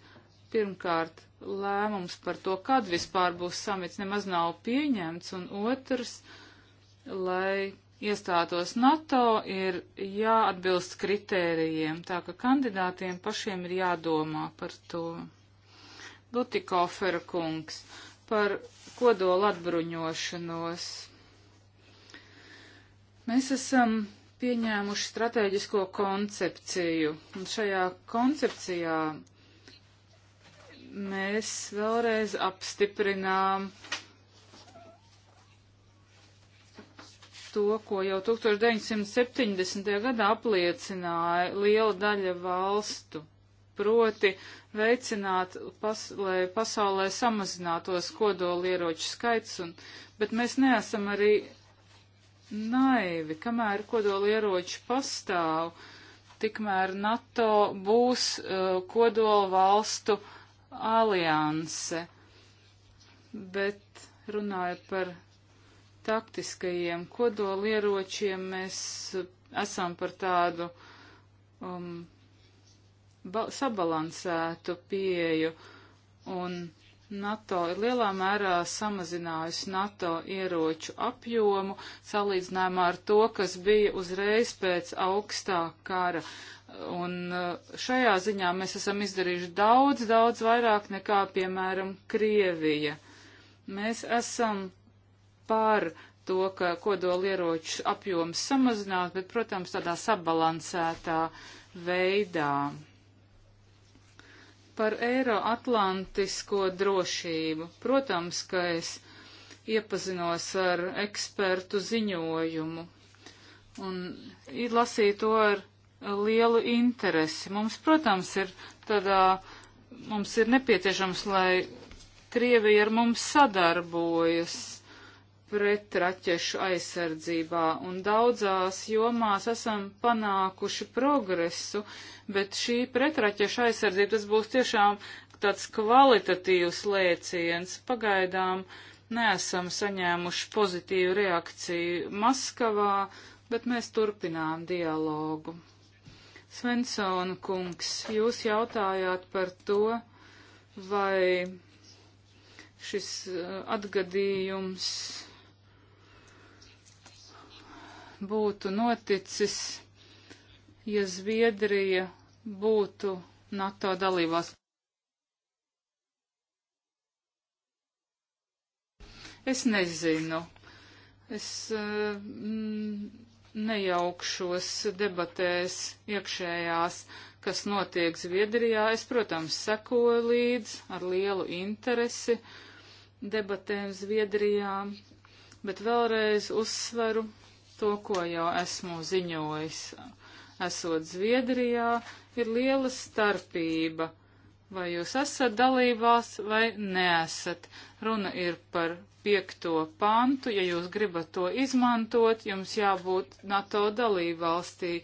Pirmkārt, lēmums par to, kad vispār būs samits, nemaz nav pieņemts, un otrs, lai iestātos NATO, ir jāatbilst kritērijiem, tā ka kandidātiem pašiem ir jādomā par to. Butikofera kungs par kodola atbruņošanos. Mēs esam pieņēmuši strateģisko koncepciju, un šajā koncepcijā mēs vēlreiz apstiprinām to, ko jau 1970. gadā apliecināja liela daļa valstu, proti veicināt, pas, lai pasaulē samazinātos kodolieroču skaits, un, bet mēs neesam arī naivi, kamēr kodolieroči pastāv, tikmēr NATO būs uh, kodola valstu uh, alianse, bet runāju par taktiskajiem kodolieročiem, mēs eh, esam par tādu um, sabalansētu pieju, un NATO ir lielā mērā samazinājusi NATO ieroču apjomu salīdzinājumā ar to, kas bija uzreiz pēc augstā kara. Un uh, šajā ziņā mēs esam izdarījuši daudz, daudz vairāk nekā, piemēram, Krievija. Mēs esam par to, ka kodolieroču apjoms samazināt, bet, protams, tādā sabalansētā veidā. Par Eiroatlantisko drošību. Protams, ka es iepazinos ar ekspertu ziņojumu un lasīju to ar lielu interesi. Mums, protams, ir tādā, mums ir nepieciešams, lai Krievija ar mums sadarbojas pret raķešu aizsardzībā, un daudzās jomās esam panākuši progresu, bet šī pretraķešu aizsardzība tas būs tiešām tāds kvalitatīvs lēciens. Pagaidām neesam saņēmuši pozitīvu reakciju Maskavā, bet mēs turpinām dialogu. Svensona kungs, jūs jautājāt par to, vai šis uh, atgadījums būtu noticis, ja Zviedrija būtu NATO dalībās. Es nezinu. Es uh, mm, nejaukšos debatēs iekšējās, kas notiek Zviedrijā. Es, protams, sekoju līdz ar lielu interesi debatēm Zviedrijā, bet vēlreiz uzsveru to, ko jau esmu ziņojis. Esot Zviedrijā, ir liela starpība vai jūs esat dalībās vai neesat. Runa ir par piekto pantu, ja jūs gribat to izmantot, jums jābūt NATO dalībvalstī,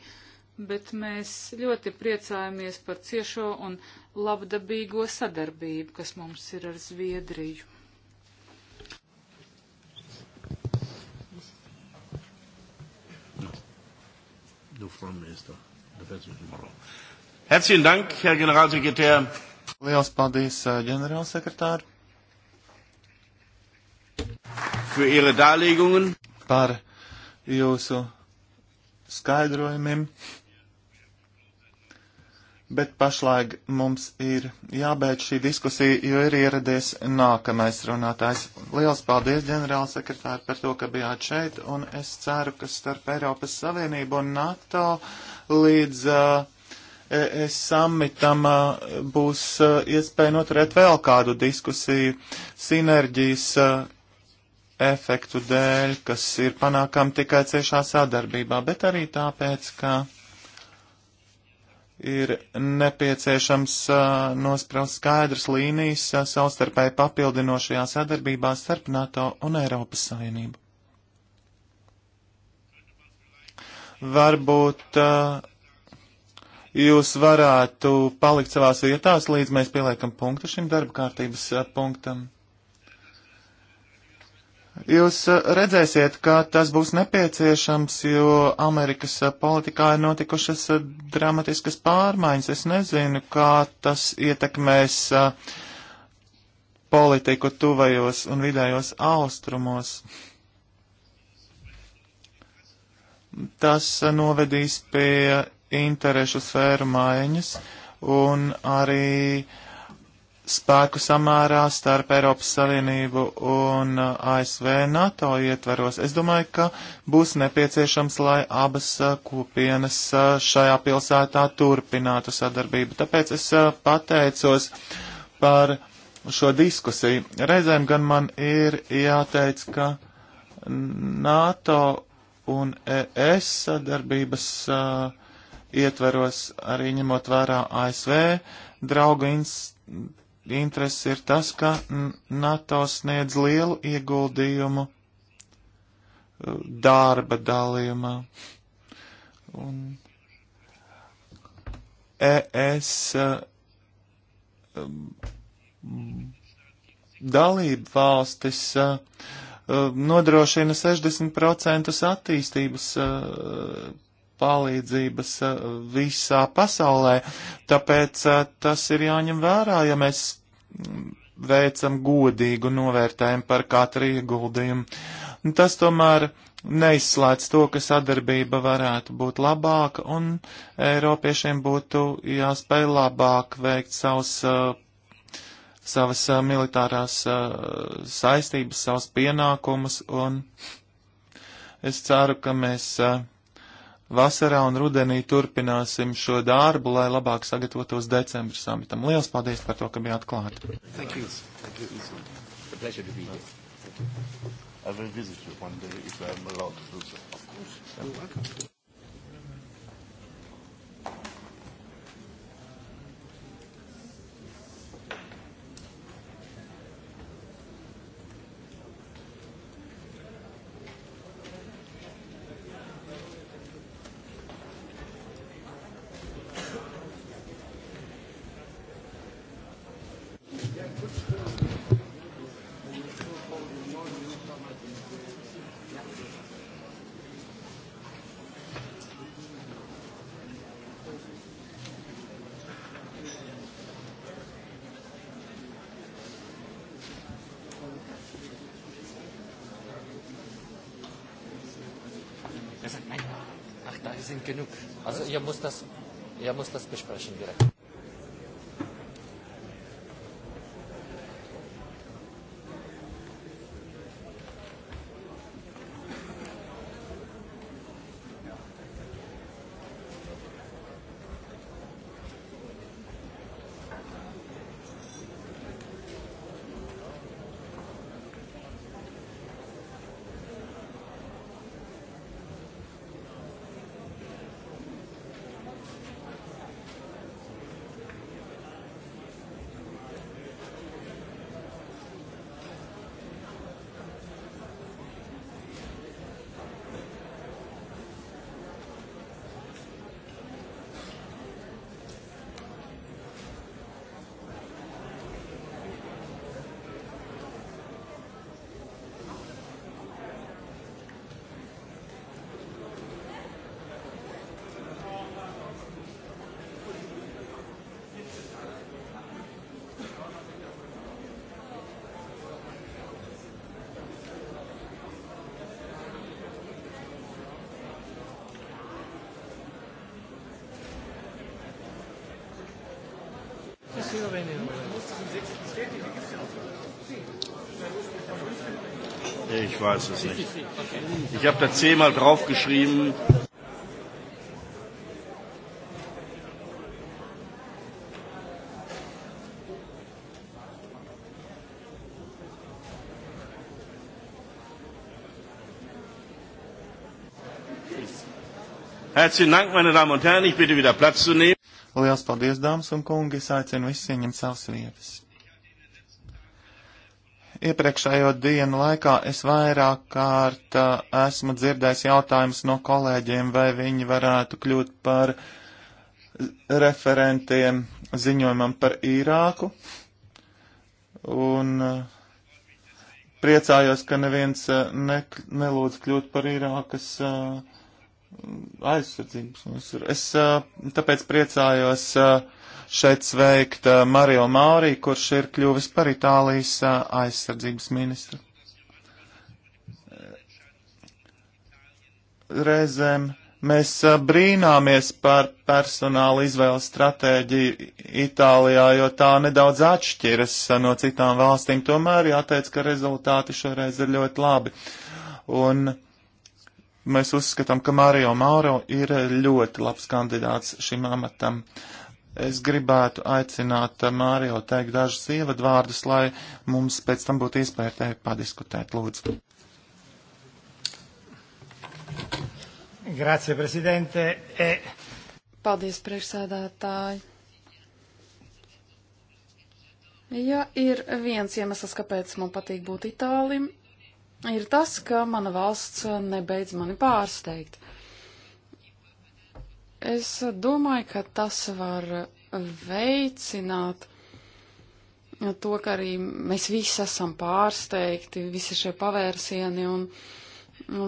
bet mēs ļoti priecājamies par ciešo un labdabīgo sadarbību, kas mums ir ar Zviedriju. du Foreign Minister. Herzlichen Dank, Herr Generalsekretär. Liels paldies, ģenerālsekretāri! Par jūsu skaidrojumiem, bet pašlaik mums ir jābeidz šī diskusija, jo ir ieradies nākamais runātājs. Liels paldies, ģenerāla sekretāri, par to, ka bijāt šeit, un es ceru, ka starp Eiropas Savienību un NATO līdz uh, ES samitam būs iespēja noturēt vēl kādu diskusiju sinerģijas efektu dēļ, kas ir panākam tikai ciešā sadarbībā, bet arī tāpēc, ka ir nepieciešams nospraust skaidrs līnijas savstarpēji papildinošajā sadarbībā starp NATO un Eiropas Savienību. Varbūt uh, jūs varētu palikt savās vietās, līdz mēs pieliekam punktu šim darba kārtības punktam. Jūs redzēsiet, ka tas būs nepieciešams, jo Amerikas politikā ir notikušas dramatiskas pārmaiņas. Es nezinu, kā tas ietekmēs politiku tuvajos un vidējos austrumos. Tas novedīs pie interešu sfēru maiņas un arī spēku samērā starp Eiropas Savienību un uh, ASV NATO ietveros. Es domāju, ka būs nepieciešams, lai abas uh, kopienas uh, šajā pilsētā turpinātu sadarbību. Tāpēc es pateicos par šo diskusiju. Reizēm gan man ir jāteic, ka NATO un ES sadarbības uh, ietveros, arī ņemot vērā ASV draugu interesi, ir tas, ka NATO sniedz lielu ieguldījumu uh, darba dalījumā. Un ES uh, um, dalību valstis uh, nodrošina 60% attīstības palīdzības eh, visā pasaulē, tāpēc eh, tas ir jāņem vērā, ja mēs mm, veicam godīgu novērtējumu par katru ieguldījumu. Nu, tas tomēr neizslēdz to, ka sadarbība varētu būt labāka un Eiropiešiem būtu jāspēj labāk veikt savus, eh, savas militārās saistības, savus pienākumus un es ceru, ka mēs Vasarā un rudenī turpināsim šo darbu, lai labāk sagatavotos decembra samitam. Lielas paldies par to, ka bijāt klāt. Thank you. Thank you. A pleasure to be here. Thank you. I will visit you one day if I am allowed to do so. Of course. You're welcome. genug. Also ihr müsst das, ihr müsst das besprechen direkt. Ich weiß es nicht. Ich habe da zehnmal draufgeschrieben. Herzlichen Dank, meine Damen und Herren. Ich bitte wieder Platz zu nehmen. Lielas paldies, dāmas un kungi. Es aicinu visus ieņemt savas vietas. Iepriekšējo dienu laikā es vairāk kārt uh, esmu dzirdējis jautājumus no kolēģiem, vai viņi varētu kļūt par referentiem ziņojumam par Īrāku. Un uh, priecājos, ka neviens uh, ne, nelūdz kļūt par Īrākas uh, aizsardzības ministru. Es uh, tāpēc priecājos uh, šeit sveikt uh, Mario Maurī, kurš ir kļuvis par Itālijas aizsardzības ministru. Reizēm mēs brīnāmies par personāla izvēles stratēģiju Itālijā, jo tā nedaudz atšķiras no citām valstīm. Tomēr jāteic, ka rezultāti šoreiz ir ļoti labi. Un uh, Mēs uzskatām, ka Mario Mauro ir ļoti labs kandidāts šim amatam. Es gribētu aicināt Mārio teikt dažus ievadvārdus, lai mums pēc tam būtu iespēja padiskutēt, lūdzu. Grazie, prezidente. E... Paldies, priekšsēdētāji. Ja ir viens iemesls, kāpēc man patīk būt Itālim, ir tas, ka mana valsts nebeidz mani pārsteigt. Es domāju, ka tas var veicināt to, ka arī mēs visi esam pārsteigti, visi šie pavērsieni un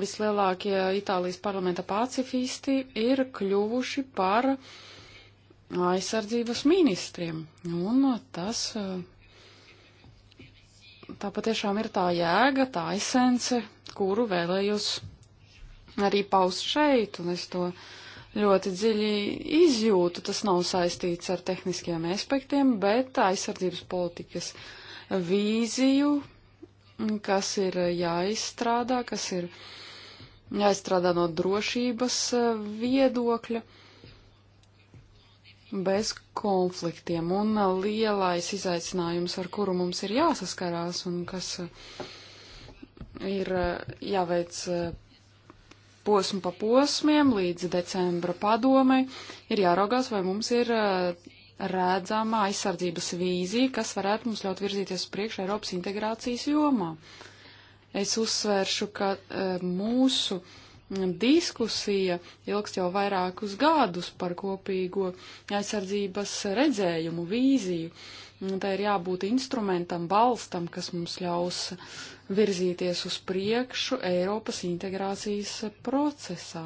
vislielākie Itālijas parlamenta pacifisti ir kļuvuši par aizsardzības ministriem. Un tas tā patiešām ir tā jēga, tā esence, kuru vēlējos arī paust šeit, un es to ļoti dziļi izjūtu. Tas nav saistīts ar tehniskiem aspektiem, bet aizsardzības politikas vīziju, kas ir jāizstrādā, kas ir jāizstrādā no drošības viedokļa bez konfliktiem. Un uh, lielais izaicinājums, ar kuru mums ir jāsaskarās un kas uh, ir uh, jāveic posmu pa posmiem līdz decembra padomei, ir jāraugās, vai mums ir redzama aizsardzības vīzija, kas varētu mums ļaut virzīties priekš Eiropas integrācijas jomā. Es uzsvēršu, ka mūsu uh, diskusija ilgst jau vairākus gadus par kopīgo aizsardzības redzējumu, vīziju. Tā ir jābūt instrumentam, balstam, kas mums ļaus virzīties uz priekšu Eiropas integrācijas procesā.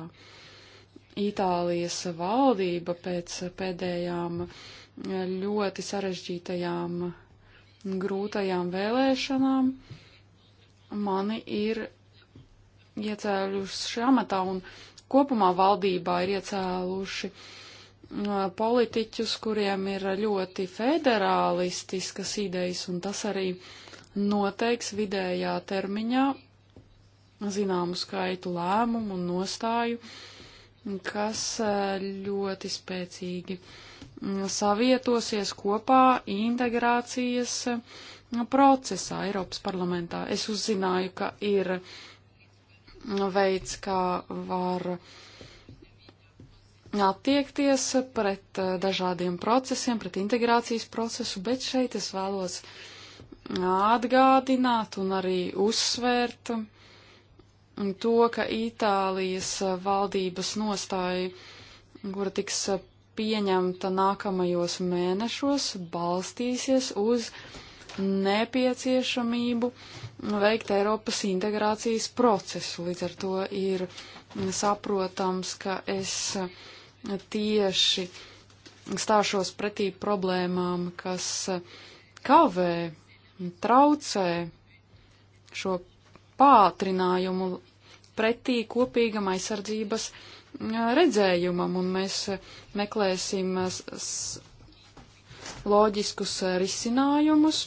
Itālijas valdība pēc pēdējām ļoti sarežģītajām, grūtajām vēlēšanām mani ir iecēluši amatā un kopumā valdībā ir iecēluši politiķus, kuriem ir ļoti federālistiskas idejas, un tas arī noteiks vidējā termiņā zināmu skaitu lēmumu un nostāju, kas e, ļoti spēcīgi savietosies kopā integrācijas procesā Eiropas parlamentā. Es uzzināju, ka ir uh, veids, kā var attiekties pret eh, dažādiem procesiem, pret integrācijas procesu, bet šeit es vēlos atgādināt un arī uzsvērt to, ka Itālijas valdības nostāja, kura tiks pieņemta nākamajos mēnešos, balstīsies uz nepieciešamību veikt Eiropas integrācijas procesu. Līdz ar to ir saprotams, ka es tieši stāšos pretī problēmām, kas kavē, traucē šo pātrinājumu pretī kopīgam aizsardzības redzējumam, un mēs meklēsim loģiskus risinājumus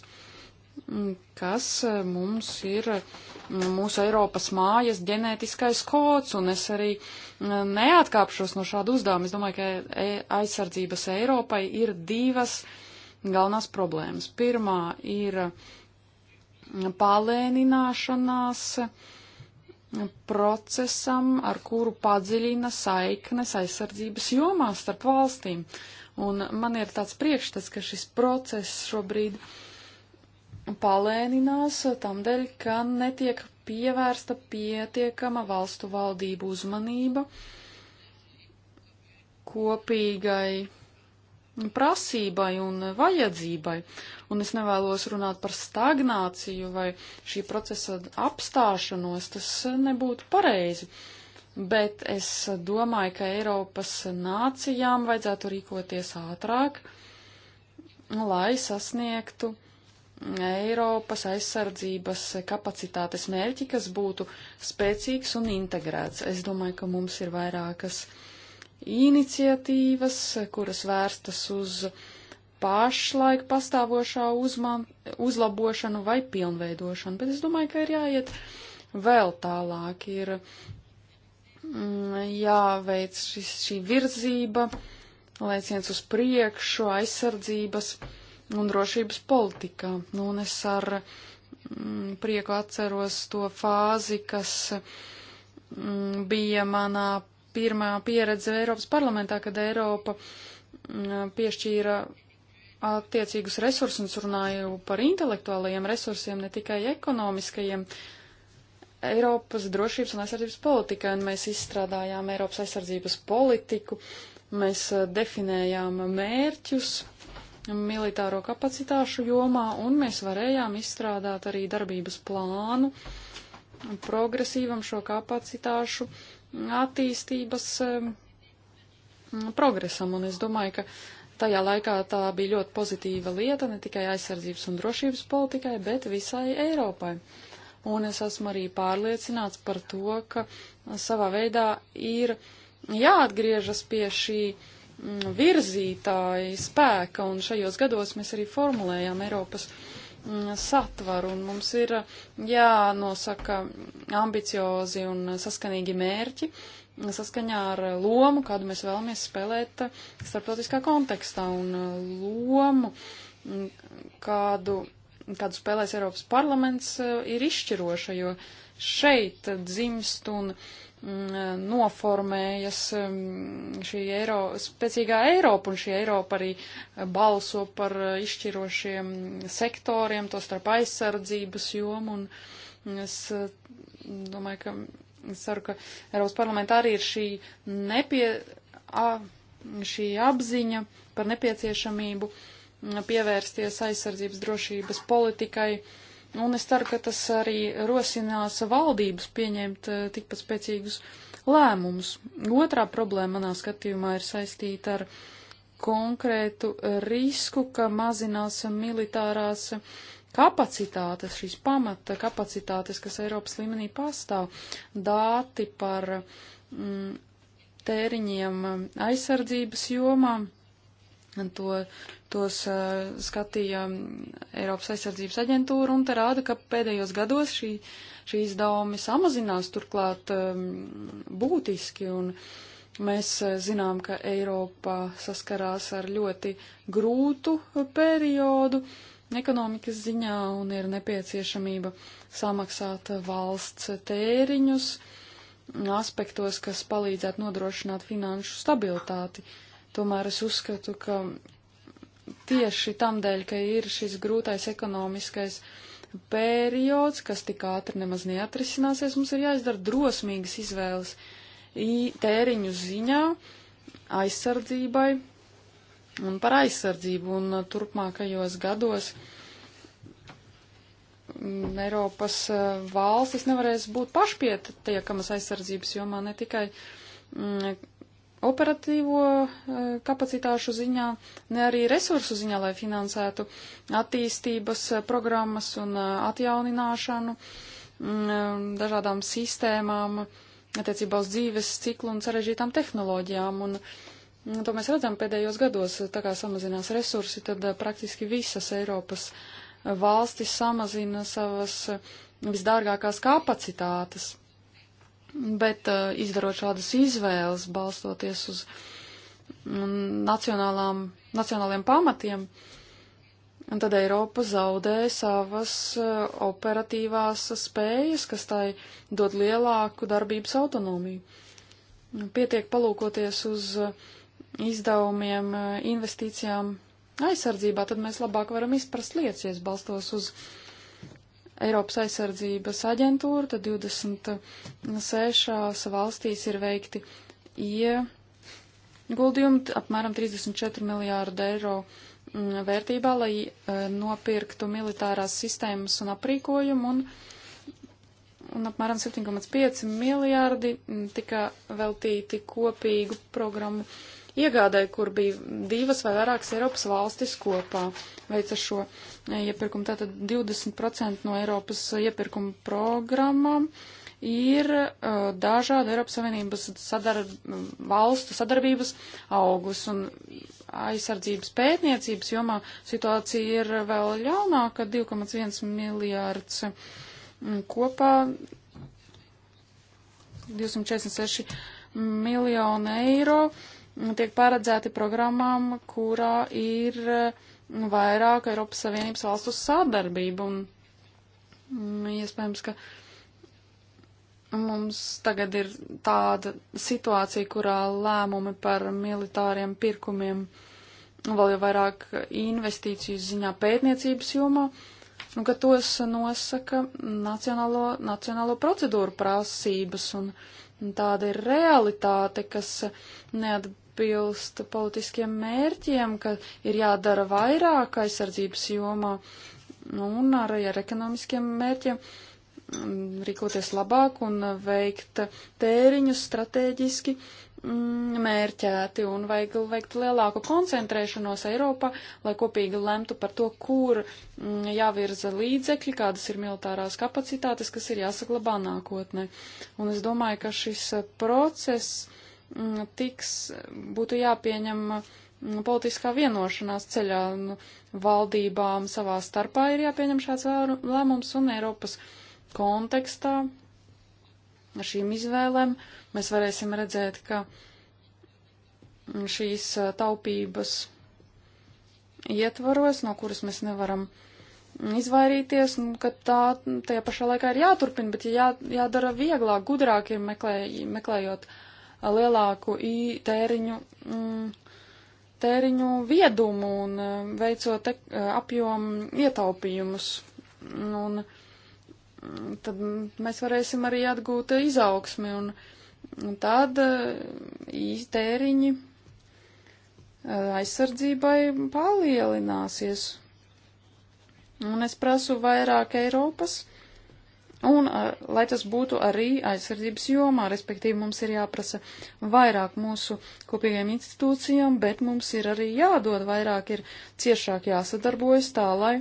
Mm, kas e, mums ir mm, mūsu Eiropas mājas ģenētiskais kods, un es arī mm, neatkāpšos no šāda uzdevuma. Es domāju, ka e, aizsardzības Eiropai ir divas galvenās problēmas. Pirmā ir palēnināšanās procesam, ar kuru padziļina saiknes aizsardzības jomā starp valstīm. Un man ir tāds priekšstats, ka šis process šobrīd uh, palēninās eh, tamdēļ, ka netiek pievērsta pietiekama valstu valdību uzmanība kopīgai prasībai un vajadzībai. Un es nevēlos runāt par stagnāciju vai šī procesa apstāšanos, tas eh, nebūtu pareizi. Bet es domāju, ka Eiropas nācijām vajadzētu rīkoties ātrāk, lai sasniegtu Eiropas aizsardzības kapacitātes mērķi, kas būtu spēcīgs un integrēts. Es domāju, ka mums ir vairākas iniciatīvas, kuras vērstas uz pašlaik pastāvošā uzmā, uzlabošanu vai pilnveidošanu, bet es domāju, ka ir jāiet vēl tālāk, ir mm, jāveic šis, šī virzība, lēciens uz priekšu, aizsardzības. Uh, un drošības politikā. Nu, un es ar mm, prieku atceros to fāzi, kas mm, bija manā pirmā pieredze Eiropas parlamentā, kad Eiropa mm, piešķīra attiecīgus resursus un runāju par intelektuālajiem resursiem, ne tikai ekonomiskajiem. Eiropas drošības un aizsardzības politikai, un mēs izstrādājām Eiropas aizsardzības politiku, mēs eh, definējām mērķus, militāro kapacitāšu jomā, un mēs varējām izstrādāt arī darbības plānu progresīvam šo kapacitāšu attīstības progresam, un es domāju, ka tajā laikā tā bija ļoti pozitīva lieta ne tikai aizsardzības un drošības politikai, bet visai Eiropai. Un es esmu arī pārliecināts par to, ka savā veidā ir jāatgriežas pie šī uh, Nu, virzītāji spēka, un šajos gados mēs arī formulējām Eiropas mm, satvaru, un mums ir mm, jānosaka ambiciozi un saskanīgi mērķi, mm, saskaņā ar lomu, kādu mēs vēlamies spēlēt starptautiskā kontekstā, un lomu, kādu kādu spēlēs Eiropas parlaments, eh, ir izšķiroša, jo šeit dzimst un mm, noformējas mm, šī Eiro, spēcīgā Eiropa, un šī Eiropa arī balso par izšķirošiem sektoriem, to starp aizsardzības jomu, un es mm, domāju, ka es ceru, ka Eiropas parlamentā arī ir šī nepie, a, šī apziņa par nepieciešamību uh, pievērsties aizsardzības drošības politikai. Un es ceru, ka tas arī rosinās valdības pieņemt eh, tikpat spēcīgus lēmumus. Otrā problēma manā skatījumā ir saistīta ar konkrētu risku, ka mazinās militārās kapacitātes, šīs pamata kapacitātes, kas Eiropas līmenī pastāv, dāti par mm, tēriņiem aizsardzības jomām To, tos uh, skatīja Eiropas aizsardzības aģentūra un te rāda, ka pēdējos gados šī, šī izdevumi samazinās turklāt um, būtiski un mēs uh, zinām, ka Eiropa saskarās ar ļoti grūtu periodu ekonomikas ziņā un ir nepieciešamība samaksāt valsts tēriņus aspektos, kas palīdzētu nodrošināt finanšu stabilitāti. Uh, Tomēr es uzskatu, ka tieši tam dēļ, ka ir šis grūtais ekonomiskais periods, kas tik ātri nemaz neatrisināsies, mums ir jāizdara drosmīgas izvēles tēriņu ziņā, aizsardzībai un par aizsardzību un uh, turpmākajos gados. Mm, Eiropas uh, valstis nevarēs būt pašpietiekamas aizsardzības jomā ne tikai mm, operatīvo e, kapacitāšu ziņā, ne arī resursu ziņā, lai finansētu attīstības e, programmas un e, atjaunināšanu mm, dažādām sistēmām attiecībā uz dzīves ciklu un sarežģītām tehnoloģijām. Un, un mm, to mēs redzam pēdējos gados, tā kā samazinās resursi, tad praktiski visas Eiropas valstis samazina savas visdārgākās kapacitātes bet uh, izdarot šādas izvēles, balstoties uz mm, nacionālām, nacionāliem pamatiem, un tad Eiropa zaudē savas uh, operatīvās spējas, kas tai dod lielāku darbības autonomiju. Pietiek palūkoties uz uh, izdevumiem, uh, investīcijām aizsardzībā, tad mēs labāk varam izprast lietas, balstos uz uh, Eiropas aizsardzības aģentūru, tad 26 valstīs ir veikti ieguldījumi apmēram 34 miljārdu eiro mm, vērtībā, lai e, nopirktu militārās sistēmas un aprīkojumu, un, un apmēram 7,5 miljārdi mm, tika veltīti kopīgu programmu iegādai, kur bija divas vai vairākas Eiropas valstis kopā veica šo uh, iepirkumu. Tātad 20% no Eiropas iepirkumu programmām ir uh, dažādi Eiropas Savienības sadar valstu sadarbības augus. Un aizsardzības pētniecības jomā situācija ir vēl ļaunāka - 2,1 miljārds mm, kopā 246 miljonu eiro tiek paredzēti programmām, kurā ir uh, vairāk Eiropas Savienības valstu sadarbību. Un mm, iespējams, ka mums tagad ir tāda situācija, kurā lēmumi par militāriem pirkumiem vēl jau vairāk investīciju ziņā pētniecības jomā, nu, ka tos nosaka nacionālo, nacionālo procedūru prasības un tāda ir realitāte, kas neatbalsta neatbilst politiskiem mērķiem, ka ir jādara vairāk aizsardzības jomā un arī ar ekonomiskiem mērķiem mm, rīkoties labāk un veikt tēriņus strateģiski mm, mērķēti un vajag veikt lielāku koncentrēšanos Eiropā, lai kopīgi lemtu par to, kur mm, jāvirza līdzekļi, kādas ir militārās kapacitātes, kas ir jāsaglabā nākotnē. Un es domāju, ka šis process Mm, tiks, būtu jāpieņem mm, politiskā vienošanās ceļā nu, valdībām savā starpā ir jāpieņem šāds lēmums un Eiropas kontekstā ar šīm izvēlēm mēs varēsim redzēt, ka šīs eh, taupības ietvaros, no kuras mēs nevaram izvairīties, un ka tā tajā pašā laikā ir jāturpina, bet jā, jādara vieglāk, gudrāk ir meklē, meklējot uh, lielāku tēriņu, mm, tēriņu viedumu un mm, veicot eh, apjomu ietaupījumus. Un mm, tad mēs varēsim arī atgūt izaugsmi un, un tad īstēriņi eh, eh, aizsardzībai palielināsies. Un es prasu vairāk Eiropas un eh, lai tas būtu arī aizsardzības jomā, respektīvi mums ir jāprasa vairāk mūsu kopīgajiem institūcijām, bet mums ir arī jādod vairāk, ir ciešāk jāsadarbojas tā, lai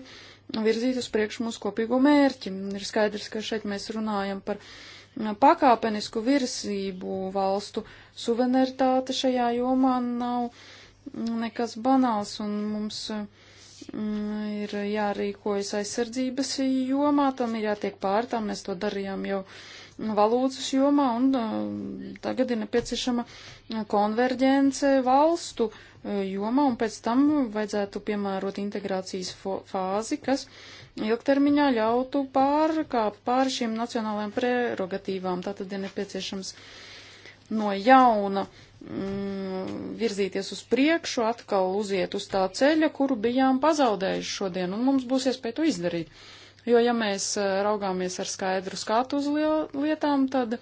virzīt uz priekšu mūsu kopīgo mērķi. Ir skaidrs, ka šeit mēs runājam par eh, pakāpenisku virsību valstu suverenitāte šajā jomā nav nekas banāls un mums uh, Mm, ir jārīkojas aizsardzības jomā, tam ir jātiek pārtām, mēs to darījām jau valūtas jomā, un um, tagad ir nepieciešama konverģence valstu uh, jomā, un pēc tam vajadzētu piemērot integrācijas fāzi, kas ilgtermiņā ļautu pārkāpt pāri šīm nacionālajām prerogatīvām. Tātad ir nepieciešams no jauna uh, mm, virzīties uz priekšu, atkal uziet uz tā ceļa, kuru bijām pazaudējuši šodien, un mums būs iespēja to izdarīt. Jo, ja mēs eh, raugāmies ar skaidru skatu uz lietām, tad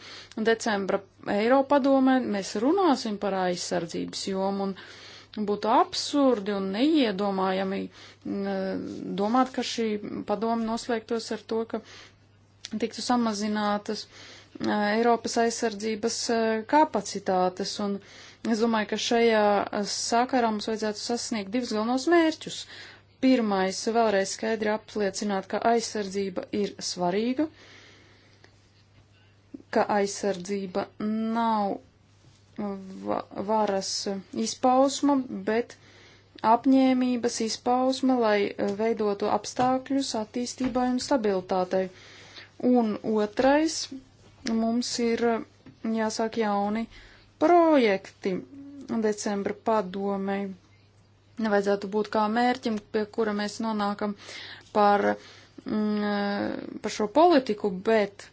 decembra Eiropadomē mēs runāsim par aizsardzības jomu, un būtu absurdi un neiedomājami mm, eh, domāt, ka šī padoma noslēgtos ar to, ka tiktu samazinātas uh, Eiropas aizsardzības kapacitātes, un es domāju, ka šajā sakarā mums vajadzētu sasniegt divus galvenos mērķus. Pirmais - vēlreiz skaidri apliecināt, ka aizsardzība ir svarīga, ka aizsardzība nav va varas izpausma, bet apņēmības izpausme, lai veidotu apstākļus attīstībai un stabilitātei. Un otrais mums ir jāsāk jauni projekti decembra padomei. Nevajadzētu būt kā mērķim, pie kura mēs nonākam par, mm, par šo politiku, bet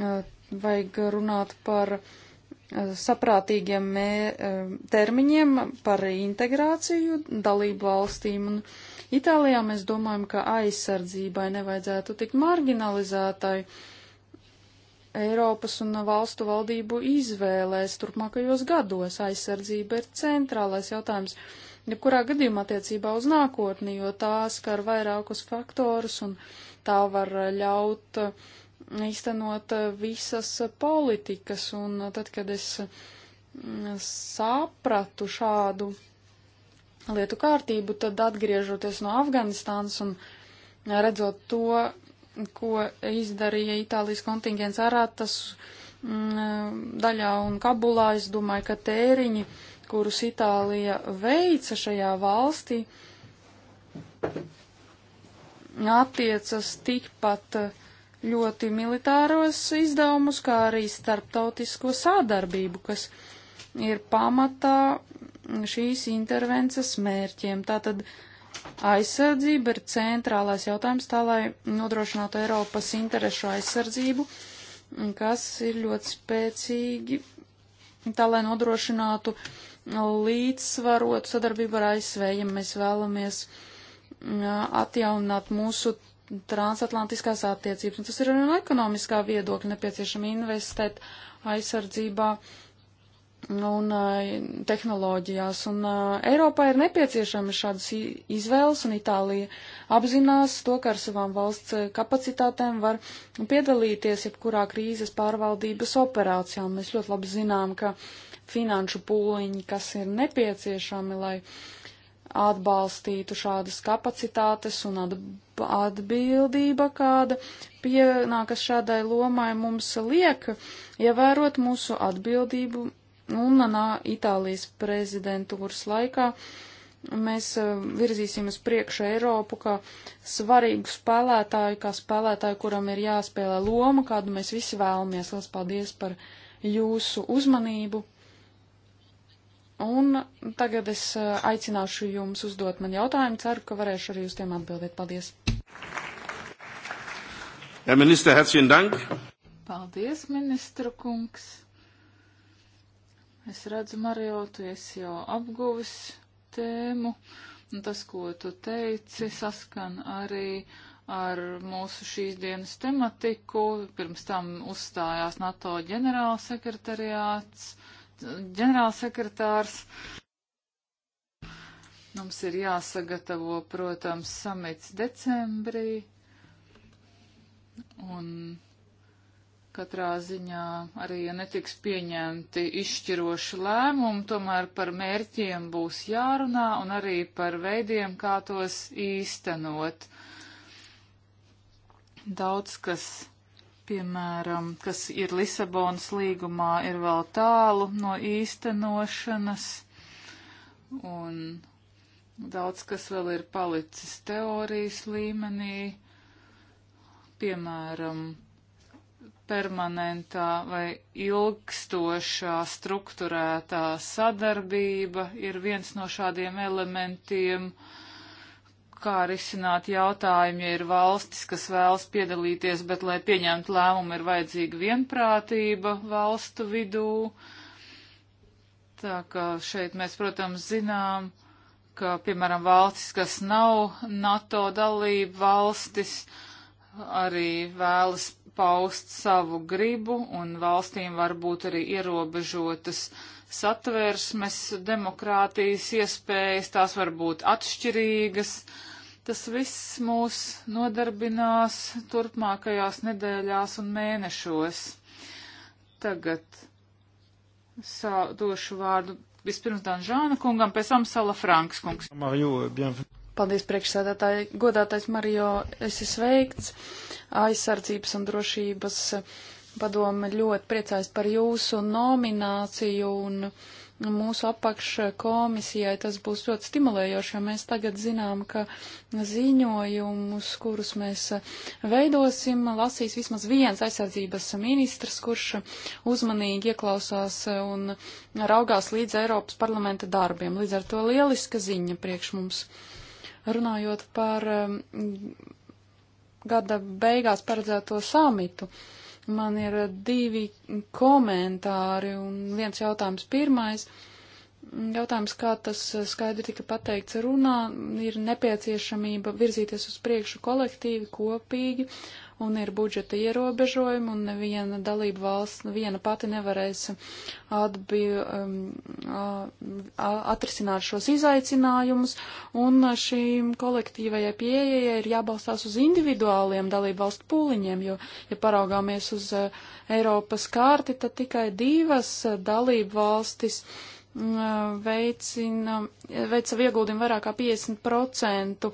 uh, vajag runāt par uh, saprātīgiem mē, uh, termiņiem, par integrāciju dalību valstīm. Un Itālijā mēs domājam, ka aizsardzībai nevajadzētu tik marginalizētai. Uh, Eiropas un valstu valdību izvēlēs turpmākajos gados. Aizsardzība ir centrālais jautājums, jebkurā ja gadījumā attiecībā uz nākotni, jo tā skar vairākus faktorus un tā var ļaut īstenot visas politikas. Un tad, kad es mm, sapratu šādu lietu kārtību, tad atgriežoties no Afganistānas un redzot to, ko izdarīja Itālijas kontingents Aratas mm, daļā un Kabulā. Es domāju, ka tēriņi, kurus Itālija veica šajā valstī, attiecas tikpat ļoti militāros izdevumus, kā arī starptautisko sadarbību, kas ir pamatā šīs intervences mērķiem. Tātad aizsardzība ir centrālais jautājums tā, lai nodrošinātu Eiropas interešu aizsardzību, kas ir ļoti spēcīgi, tā, lai nodrošinātu līdzsvarotu sadarbību ar ASV, ja mēs vēlamies atjaunāt mūsu transatlantiskās attiecības. Un tas ir arī no ekonomiskā viedokļa nepieciešami investēt aizsardzībā un eh, tehnoloģijās. Un eh, Eiropā ir nepieciešama šādas izvēles, un Itālija apzinās to, ka ar savām valsts eh, kapacitātēm var piedalīties jebkurā krīzes pārvaldības operācijā. Un mēs ļoti labi zinām, ka finanšu pūliņi, kas ir nepieciešami, lai atbalstītu šādas kapacitātes un atbildība, kāda pienākas šādai lomai, mums liek ievērot mūsu atbildību Un manā Itālijas prezidentūras laikā mēs e, virzīsim uz priekšu Eiropu kā svarīgu spēlētāju, kā spēlētāju, kuram ir jāspēlē loma, kādu mēs visi vēlamies. Lielas paldies par jūsu uzmanību. Un tagad es e, aicināšu jums uzdot man jautājumu. Ceru, ka varēšu arī uz tiem atbildēt. Paldies! Herr Minister, herzlichen Dank! Paldies, ministra kungs! Es redzu, Mario, tu esi jau apguvis tēmu, un tas, ko tu teici, saskan arī ar mūsu šīs dienas tematiku. Pirms tam uzstājās NATO ģenerālsekretariāts, ģenerālsekretārs. Mums ir jāsagatavo, protams, samits decembrī. Un Katrā ziņā arī ja netiks pieņemti izšķiroši lēmumi, tomēr par mērķiem būs jārunā un arī par veidiem, kā tos īstenot. Daudz kas piemēram, kas ir Lisabonas līgumā, ir vēl tālu no īstenošanas, un daudz kas vēl ir palicis teorijas līmenī, piemēram, permanentā vai ilgstošā struktūrētā sadarbība ir viens no šādiem elementiem, kā risināt jautājumu, ja ir valstis, kas vēlas piedalīties, bet, lai pieņemtu lēmumu, ir vajadzīga vienprātība valstu vidū. Tā kā šeit mēs, protams, zinām, ka, piemēram, valstis, kas nav NATO dalība valstis, arī vēlas paust savu gribu, un valstīm var būt arī ierobežotas satversmes, demokrātijas iespējas, tās var būt atšķirīgas. Tas viss mūs nodarbinās turpmākajās nedēļās un mēnešos. Tagad sā, došu vārdu vispirms Danžāna kungam, pēc tam Sala Franks kungs. Mario, bienvenu. Paldies, priekšsēdētāji. Godātais Mario, esi sveikts. Aizsardzības un drošības padome ļoti priecājas par jūsu nomināciju un mūsu apakškomisijai tas būs ļoti stimulējoši, jo mēs tagad zinām, ka ziņojumus, kurus mēs veidosim, lasīs vismaz viens aizsardzības ministrs, kurš uzmanīgi ieklausās un raugās līdz Eiropas parlamenta darbiem. Līdz ar to lieliska ziņa priekš mums runājot par um, gada beigās paredzēto samitu. Man ir divi komentāri un viens jautājums. Pirmais jautājums, kā tas skaidri tika pateikts runā, ir nepieciešamība virzīties uz priekšu kolektīvi, kopīgi un ir budžeta ierobežojumi, un neviena dalība valsts, viena pati nevarēs atbi, um, atrisināt šos izaicinājumus, un šīm kolektīvajai pieejai ir jābalstās uz individuāliem dalību valstu pūliņiem, jo, ja paraugāmies uz uh, Eiropas kārti, tad tikai divas uh, dalību valstis veicina, veic savu ieguldījumu vairāk kā 50%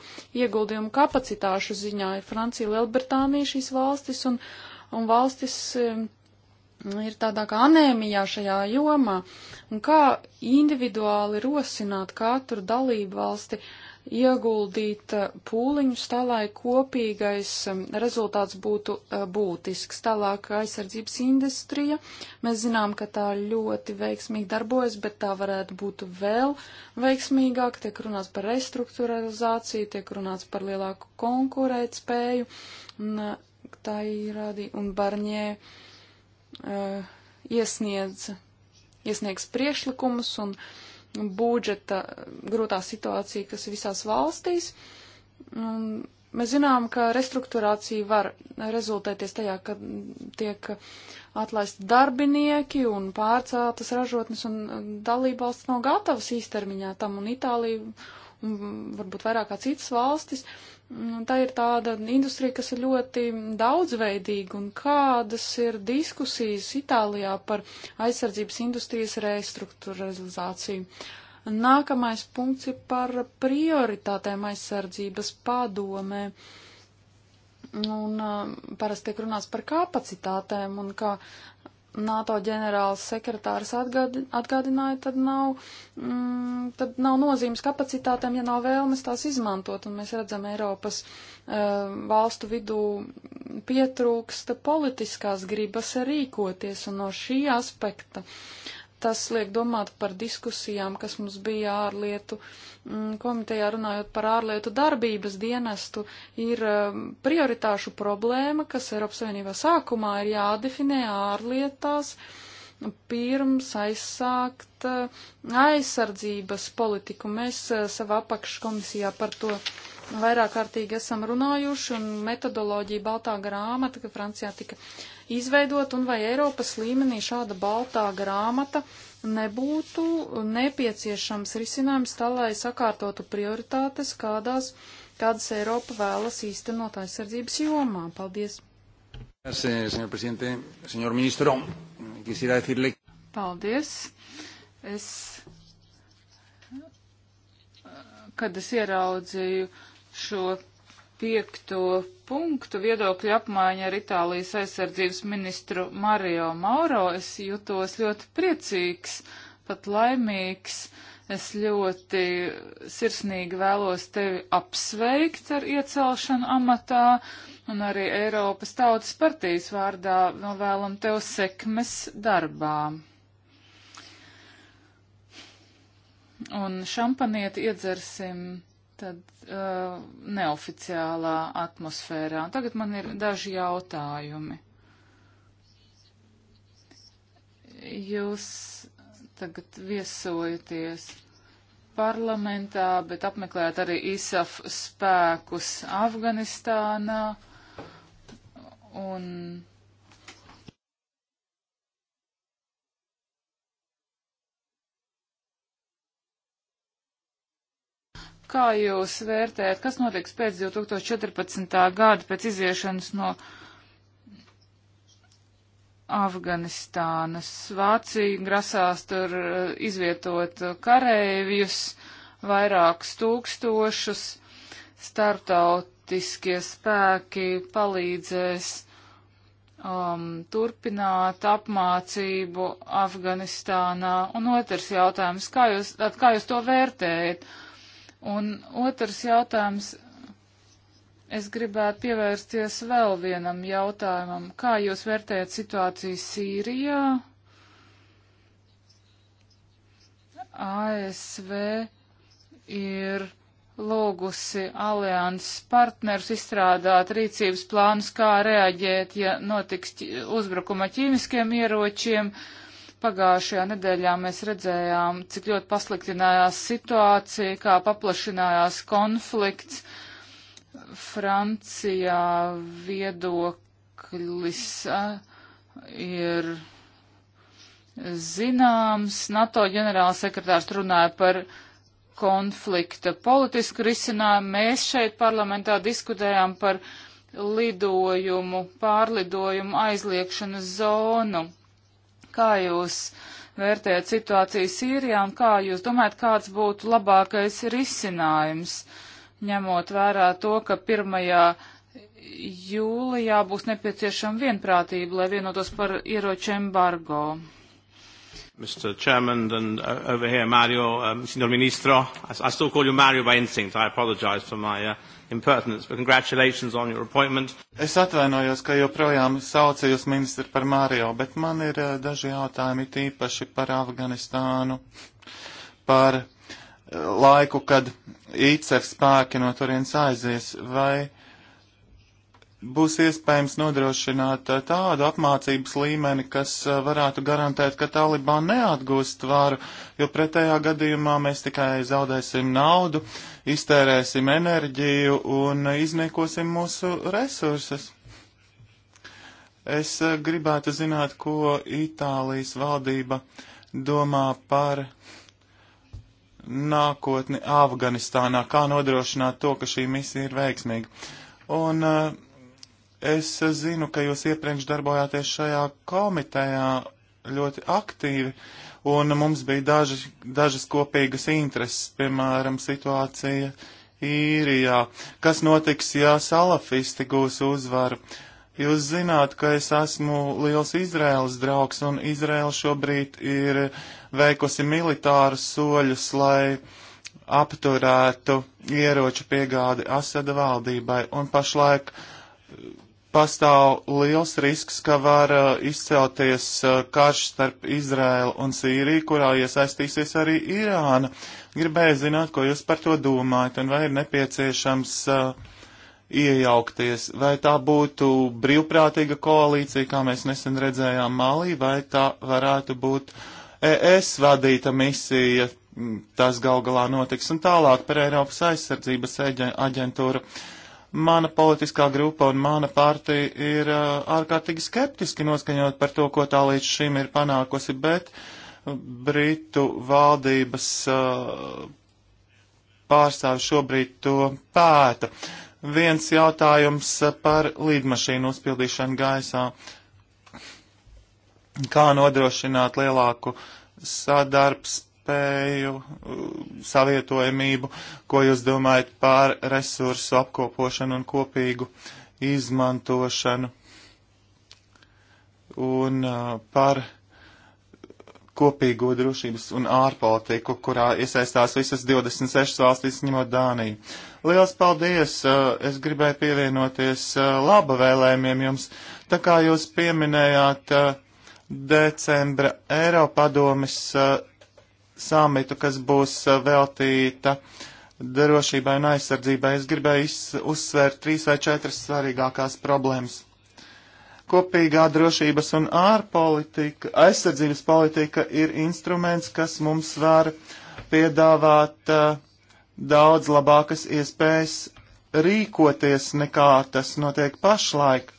ieguldījumu kapacitāšu ziņā. Ir Francija, Lielbritānija šīs valstis un, un valstis ir tādā kā anēmijā šajā jomā. Un kā individuāli rosināt katru dalību valsti uh, ieguldīt eh, pūliņus tā, lai kopīgais eh, rezultāts būtu eh, būtisks. Tālāk aizsardzības industrija. Mēs zinām, ka tā ļoti veiksmīgi darbojas, bet tā varētu būt vēl veiksmīgāk. Tiek runāts par restruktūralizāciju, tiek runāts par lielāku konkurētspēju. Tā ir arī un Barņē uh, iesniedz, iesniegs priekšlikumus un uh, budžeta grūtā situācija, kas visās valstīs. Un mēs zinām, ka restruktūrācija var rezultēties tajā, ka tiek atlaisti darbinieki un pārceltas ražotnes, un dalībvalsts nav gatavas īstermiņā tam, un Itālija, un varbūt vairāk kā citas valstis, uh, Nu, tā ir tāda industrija, kas ir ļoti daudzveidīga, un kādas ir diskusijas Itālijā par aizsardzības industrijas restruktūrizāciju. Nākamais punkts ir par prioritātēm aizsardzības padomē. Un uh, parasti tiek runāts par kapacitātēm un kā NATO ģenerāls sekretārs atgadi, atgādināja, tad nav, mm, tad nav nozīmes kapacitātēm, ja nav vēlmes tās izmantot. Un mēs redzam, Eiropas e, valstu vidū pietrūksta politiskās gribas rīkoties. Un no šī aspekta tas liek domāt par diskusijām, kas mums bija ārlietu mm, komitejā runājot par ārlietu darbības dienestu, ir um, prioritāšu problēma, kas Eiropas Savienībā sākumā ir jādefinē ārlietās pirms aizsākt uh, aizsardzības politiku. Mēs uh, savā apakškomisijā par to vairāk kārtīgi esam runājuši, un metodoloģija Baltā grāmata, ka Francijā tika izveidot, un vai Eiropas līmenī šāda Baltā grāmata nebūtu nepieciešams risinājums tā, lai sakārtotu prioritātes, kādās, kādas Eiropa vēlas īstenot aizsardzības jomā. Paldies! Paldies! Es kad es ieraudzīju šo piekto punktu viedokļu apmaiņa ar Itālijas aizsardzības ministru Mario Mauro, es jutos ļoti priecīgs, pat laimīgs. Es ļoti sirsnīgi vēlos tevi apsveikt ar iecelšanu amatā un arī Eiropas Tautas partijas vārdā vēlam tev sekmes darbā. Un šampanieti iedzersim tad uh, neoficiālā atmosfērā. Un tagad man ir daži jautājumi. Jūs tagad viesojaties parlamentā, bet apmeklējāt arī ISAF spēkus Afganistānā. Un Kā jūs vērtējat, kas notiks pēc 2014. gada, pēc iziešanas no Afganistānas? Vācija grasās tur eh, izvietot kareivjus, vairākus tūkstošus, startautiskie spēki palīdzēs um, turpināt apmācību Afganistānā? Un otrs jautājums, kā jūs, kā jūs to vērtējat? Un otrs jautājums. Es gribētu pievērsties vēl vienam jautājumam. Kā jūs vērtējat situāciju Sīrijā? ASV ir lūgusi alianses partnerus izstrādāt rīcības plānus, kā reaģēt, ja notiks uzbrukuma ķīmiskiem ieročiem. Uh, Pagājušajā nedēļā mēs redzējām, cik ļoti pasliktinājās situācija, kā paplašinājās konflikts. Francijā viedoklis ir zināms. NATO ģenerālsekretārs runāja par konflikta politisku risinājumu. Mēs šeit parlamentā diskutējām par lidojumu, pārlidojumu aizliekšanas zonu. Kā jūs vērtējat situāciju Sīrijā un kā jūs domājat, kāds būtu labākais risinājums, ņemot vērā to, ka pirmajā jūlijā būs nepieciešama vienprātība, lai vienotos par ieroču embargo? Mr. Chairman, and uh, over here, Mario, um, uh, Signor Ministro. I, I still call you Mario by instinct. I apologize for my uh, impertinence, but congratulations on your appointment. Es atvainojos, ka joprojām saucu jūs ministru par Mārio, bet man ir uh, daži jautājumi tīpaši par Afganistānu, par uh, laiku, kad ICEF spēki no turienes aizies, vai uh, būs iespējams nodrošināt uh, tādu apmācības līmeni, kas uh, varētu garantēt, ka Taliban neatgūst varu, jo pretējā gadījumā mēs tikai zaudēsim naudu, iztērēsim enerģiju un izniekosim mūsu resursus. Es uh, gribētu zināt, ko Itālijas valdība domā par nākotni Afganistānā, kā nodrošināt to, ka šī misija ir veiksmīga. Un uh, Es zinu, ka jūs iepriekš darbojāties šajā komitejā ļoti aktīvi, un mums bija daži, dažas kopīgas intereses, piemēram, situācija īrijā. Kas notiks, ja salafisti gūs uzvaru? Jūs zināt, ka es esmu liels Izraels draugs, un Izraela šobrīd ir veikusi militārus soļus, lai apturētu ieroču piegādi Asada valdībai, un pašlaik pastāv liels risks, ka var uh, izcelties uh, karš starp Izrēlu un Sīriju, kurā iesaistīsies arī Irāna. Gribēju zināt, ko jūs par to domājat un vai ir nepieciešams uh, iejaukties. Vai tā būtu brīvprātīga koalīcija, kā mēs nesen redzējām Malī, vai tā varētu būt ES vadīta misija, tas gal galā notiks un tālāk par Eiropas aizsardzības aģentūru. Eģe Mana politiskā grupa un mana partija ir uh, ārkārtīgi skeptiski noskaņot par to, ko tā līdz šim ir panākusi, bet Britu valdības uh, pārstāvi šobrīd to pēta. Viens jautājums par līdmašīnu uzpildīšanu gaisā. Kā nodrošināt lielāku sadarbs savstarpēju uh, savietojamību, ko jūs domājat par resursu apkopošanu un kopīgu izmantošanu un uh, par kopīgo drošības un ārpolitiku, kurā iesaistās visas 26 valstīs, ņemot Dāniju. Liels paldies! Uh, es gribēju pievienoties laba vēlējumiem jums. Tā kā jūs pieminējāt decembra Eiropadomis samitu, kas būs uh, veltīta drošībai un aizsardzībai, es gribēju uzsvērt trīs vai četras svarīgākās problēmas. Kopīgā drošības un ārpolitika, aizsardzības politika ir instruments, kas mums var piedāvāt uh, daudz labākas iespējas rīkoties nekā tas notiek pašlaik.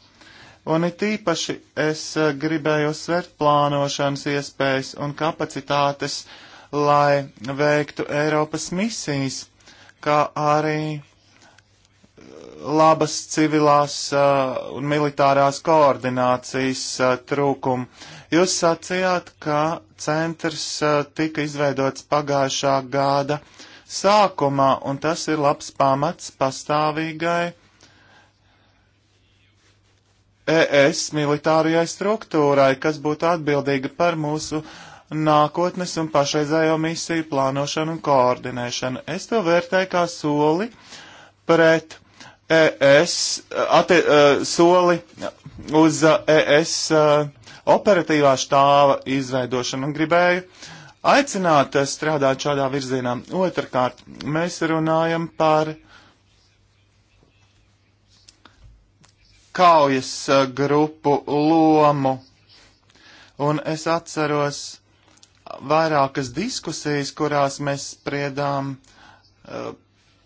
Un it īpaši es uh, gribēju svert plānošanas iespējas un kapacitātes uh, lai veiktu Eiropas misijas, kā arī uh, labas civilās uh, un militārās koordinācijas uh, trūkumu. Jūs sacījāt, ka centrs uh, tika izveidots pagājušā gada sākumā, un tas ir labs pamats pastāvīgai ES militārajai struktūrai, kas būtu atbildīga par mūsu uh, nākotnes un pašreizējo misiju plānošanu un koordinēšanu. Es to vērtēju kā soli pret ES, atti, e, soli uz ES e e, operatīvā štāva izveidošanu un gribēju aicināt strādāt šādā virzienā. Otrakārt, mēs runājam par kaujas grupu lomu. Un es atceros, vairākas diskusijas, kurās mēs spriedām, uh,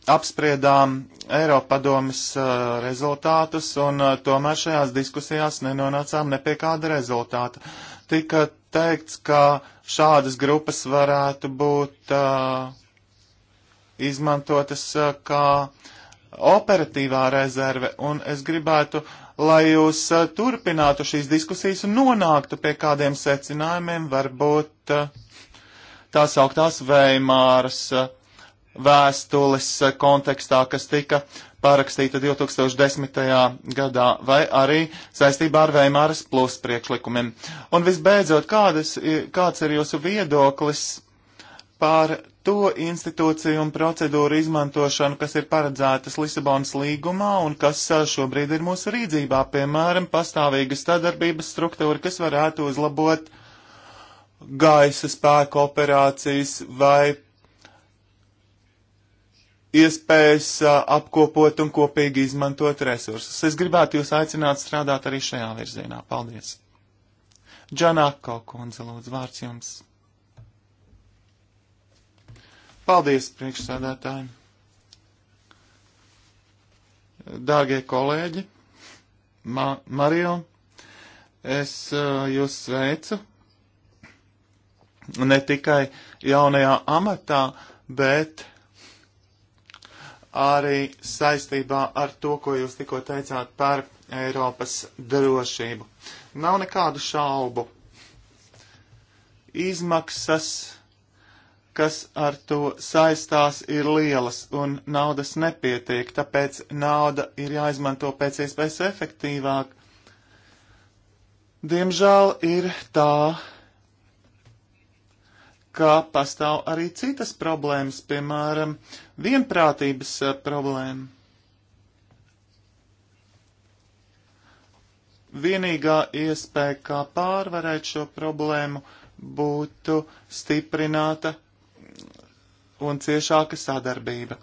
apspriedām Eiropadomes uh, rezultātus, un uh, tomēr šajās diskusijās nenonācām ne pie kāda rezultāta. Tika teikts, ka šādas grupas varētu būt izmantotas kā operatīvā rezerve, un es gribētu lai jūs eh, turpinātu šīs diskusijas un nonāktu pie kādiem secinājumiem, varbūt eh, tās augtās Veimāras eh, vēstules kontekstā, kas tika pārakstīta 2010. gadā, vai arī saistībā ar Veimāras plus priekšlikumiem. Un visbeidzot, kādas, kāds ir jūsu viedoklis par to institūciju un procedūru izmantošanu, kas ir paredzētas Lisabonas līgumā un kas šobrīd ir mūsu rīdzībā, piemēram, pastāvīga sadarbības struktūra, kas varētu uzlabot gaisa spēku operācijas vai iespējas apkopot un kopīgi izmantot resursus. Es gribētu jūs aicināt strādāt arī šajā virzienā. Paldies! Džanako, kundze, lūdzu, vārds jums! Paldies priekšsādātājiem! Dārgie kolēģi, Ma Marijo, es uh, jūs sveicu ne tikai jaunajā amatā, bet arī saistībā ar to, ko jūs tikko teicāt par Eiropas drošību. Nav nekādu šaubu. Izmaksas kas ar to saistās, ir lielas un naudas nepietiek, tāpēc nauda ir jāizmanto pēc iespējas efektīvāk. Diemžēl ir tā, ka pastāv arī citas problēmas, piemēram, vienprātības eh, problēma. Vienīgā iespēja, kā pārvarēt šo problēmu, būtu stiprināta un ciešāka sadarbība.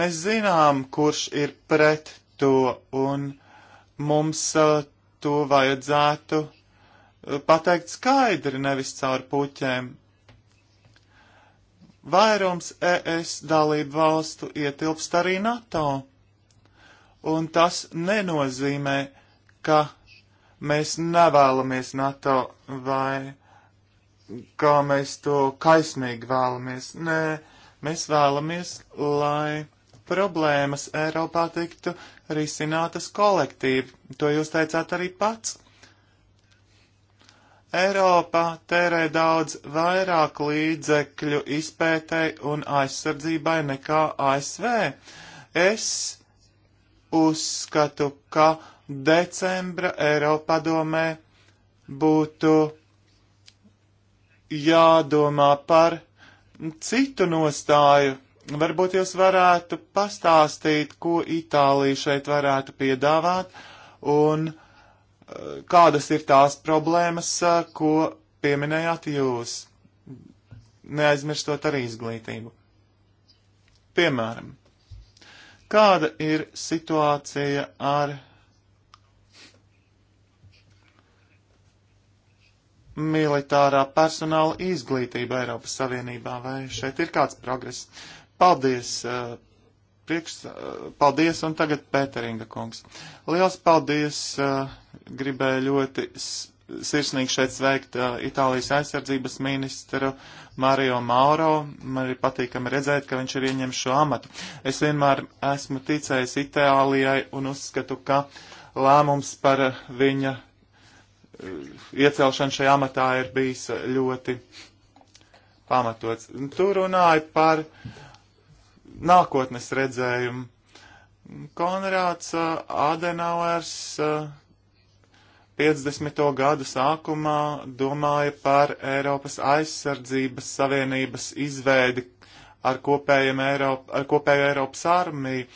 Mēs zinām, kurš ir pret to, un mums uh, to vajadzētu uh, pateikt skaidri, nevis caur puķēm. Vairums ES dalību valstu ietilpst arī NATO, un tas nenozīmē, ka mēs nevēlamies NATO vai NATO kā mēs to kaismīgi vēlamies. Nē, mēs vēlamies, lai problēmas Eiropā tiktu risinātas kolektīvi. To jūs teicāt arī pats. Eiropā tērē daudz vairāk līdzekļu izpētei un aizsardzībai nekā ASV. Es uzskatu, ka decembra Eiropadomē būtu jādomā par citu nostāju. Varbūt jūs varētu pastāstīt, ko Itālija šeit varētu piedāvāt un eh, kādas ir tās problēmas, eh, ko pieminējāt jūs. Neaizmirstot arī izglītību. Piemēram, kāda ir situācija ar militārā personāla izglītība Eiropas Savienībā, vai šeit ir kāds progress? Paldies! Uh, Priekš, uh, paldies, un tagad Pēteringa kungs. Liels paldies! Uh, gribēju ļoti sirsnīgi šeit sveikt Itālijas aizsardzības ministru Mario Mauro. Man ir patīkami redzēt, ka viņš ir ieņem šo amatu. Es vienmēr esmu ticējis Itālijai un uzskatu, ka lēmums par viņa iecelšana šajā amatā ir bijis ļoti pamatots. Tu runāji par nākotnes redzējumu. Konrāds uh, Adenauers 50. Uh, gadu sākumā domāja par Eiropas aizsardzības savienības izveidi ar, Eiropa, ar kopēju Eiropas armiju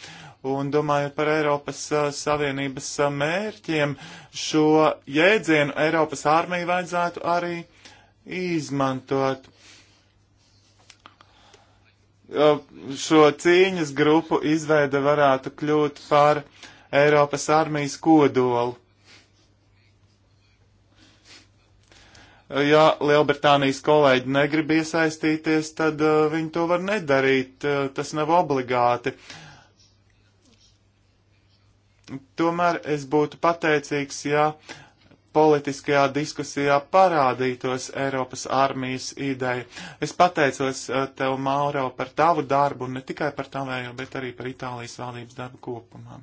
Un domājot par Eiropas a, Savienības a, mērķiem, šo jēdzienu Eiropas armija vajadzētu arī izmantot. A, šo cīņas grupu izveida varētu kļūt par Eiropas armijas kodolu. ja Lielbritānijas kolēģi negrib iesaistīties, tad uh, viņi to var nedarīt. Uh, tas nav obligāti. Tomēr es būtu pateicīgs, ja politiskajā diskusijā parādītos Eiropas armijas ideja. Es pateicos eh, tev, Mauro, par tavu darbu, ne tikai par tavējo, bet arī par Itālijas valdības darbu kopumā.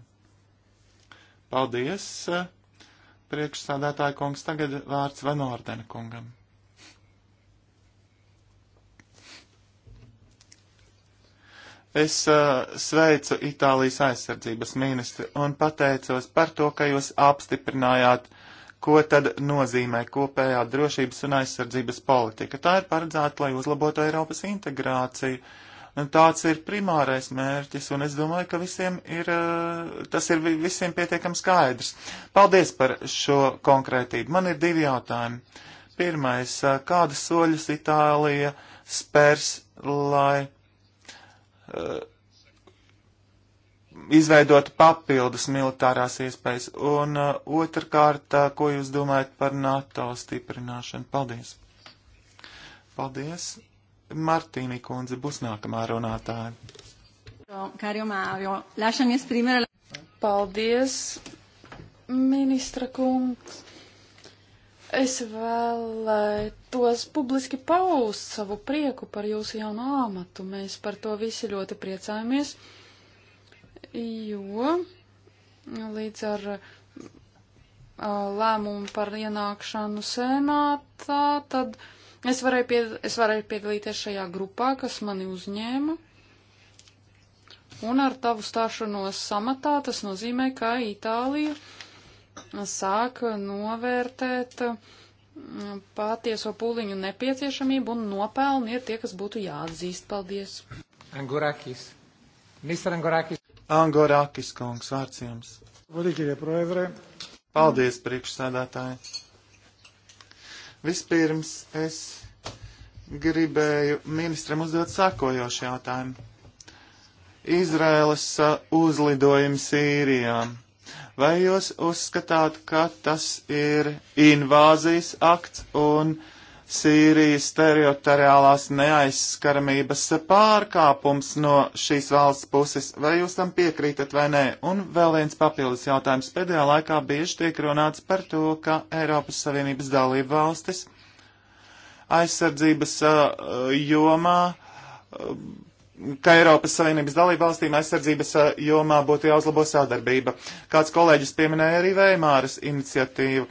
Paldies, eh, priekšsādātāja kungs, tagad vārds Vanordena kungam. Es uh, sveicu Itālijas aizsardzības ministri un pateicos par to, ka jūs apstiprinājāt, ko tad nozīmē kopējā drošības un aizsardzības politika. Tā ir paredzēta, lai uzlabotu Eiropas integrāciju. Un tāds ir primārais mērķis, un es domāju, ka visiem ir, uh, tas ir visiem pietiekami skaidrs. Paldies par šo konkrētību. Man ir divi jautājumi. Pirmais, uh, kādas soļus Itālija spērs, lai Uh, izveidot papildus militārās iespējas? Un uh, otrkārt, uh, ko jūs domājat par NATO stiprināšanu? Paldies! Paldies! Martīni kundze būs nākamā runātāja. Paldies, ministra kungs. Es vēlētos publiski paust savu prieku par jūsu jaunu āmatu. Mēs par to visi ļoti priecājamies, jo līdz ar lēmumu par ienākšanu senātā, tad es varēju, pied, es varēju piedalīties šajā grupā, kas mani uzņēma. Un ar tavu stāšanos samatā tas nozīmē, ka Itālija sāk novērtēt mm, patieso pūliņu nepieciešamību un nopelni ir tie, kas būtu jāatzīst. Paldies! Angurakis. Mr. Angurakis. Angurakis kungs, vārds jums. Vadīkie proevre. Paldies, priekšsēdētāji. Vispirms es gribēju ministram uzdot sākojošu jautājumu. Izraēlas uh, uzlidojumu Sīrijām Vai jūs uzskatāt, ka tas ir invāzijas akts un Sīrijas teritoriālās neaizskaramības pārkāpums no šīs valsts puses? Vai jūs tam piekrītat vai nē? Un vēl viens papildus jautājums. Pēdējā laikā bieži tiek runāts par to, ka Eiropas Savienības dalību valstis aizsardzības uh, jomā uh, ka Eiropas Savienības dalībvalstīm aizsardzības eh, jomā būtu jāuzlabo sadarbība. Kāds kolēģis pieminēja arī Vēmāras iniciatīvu.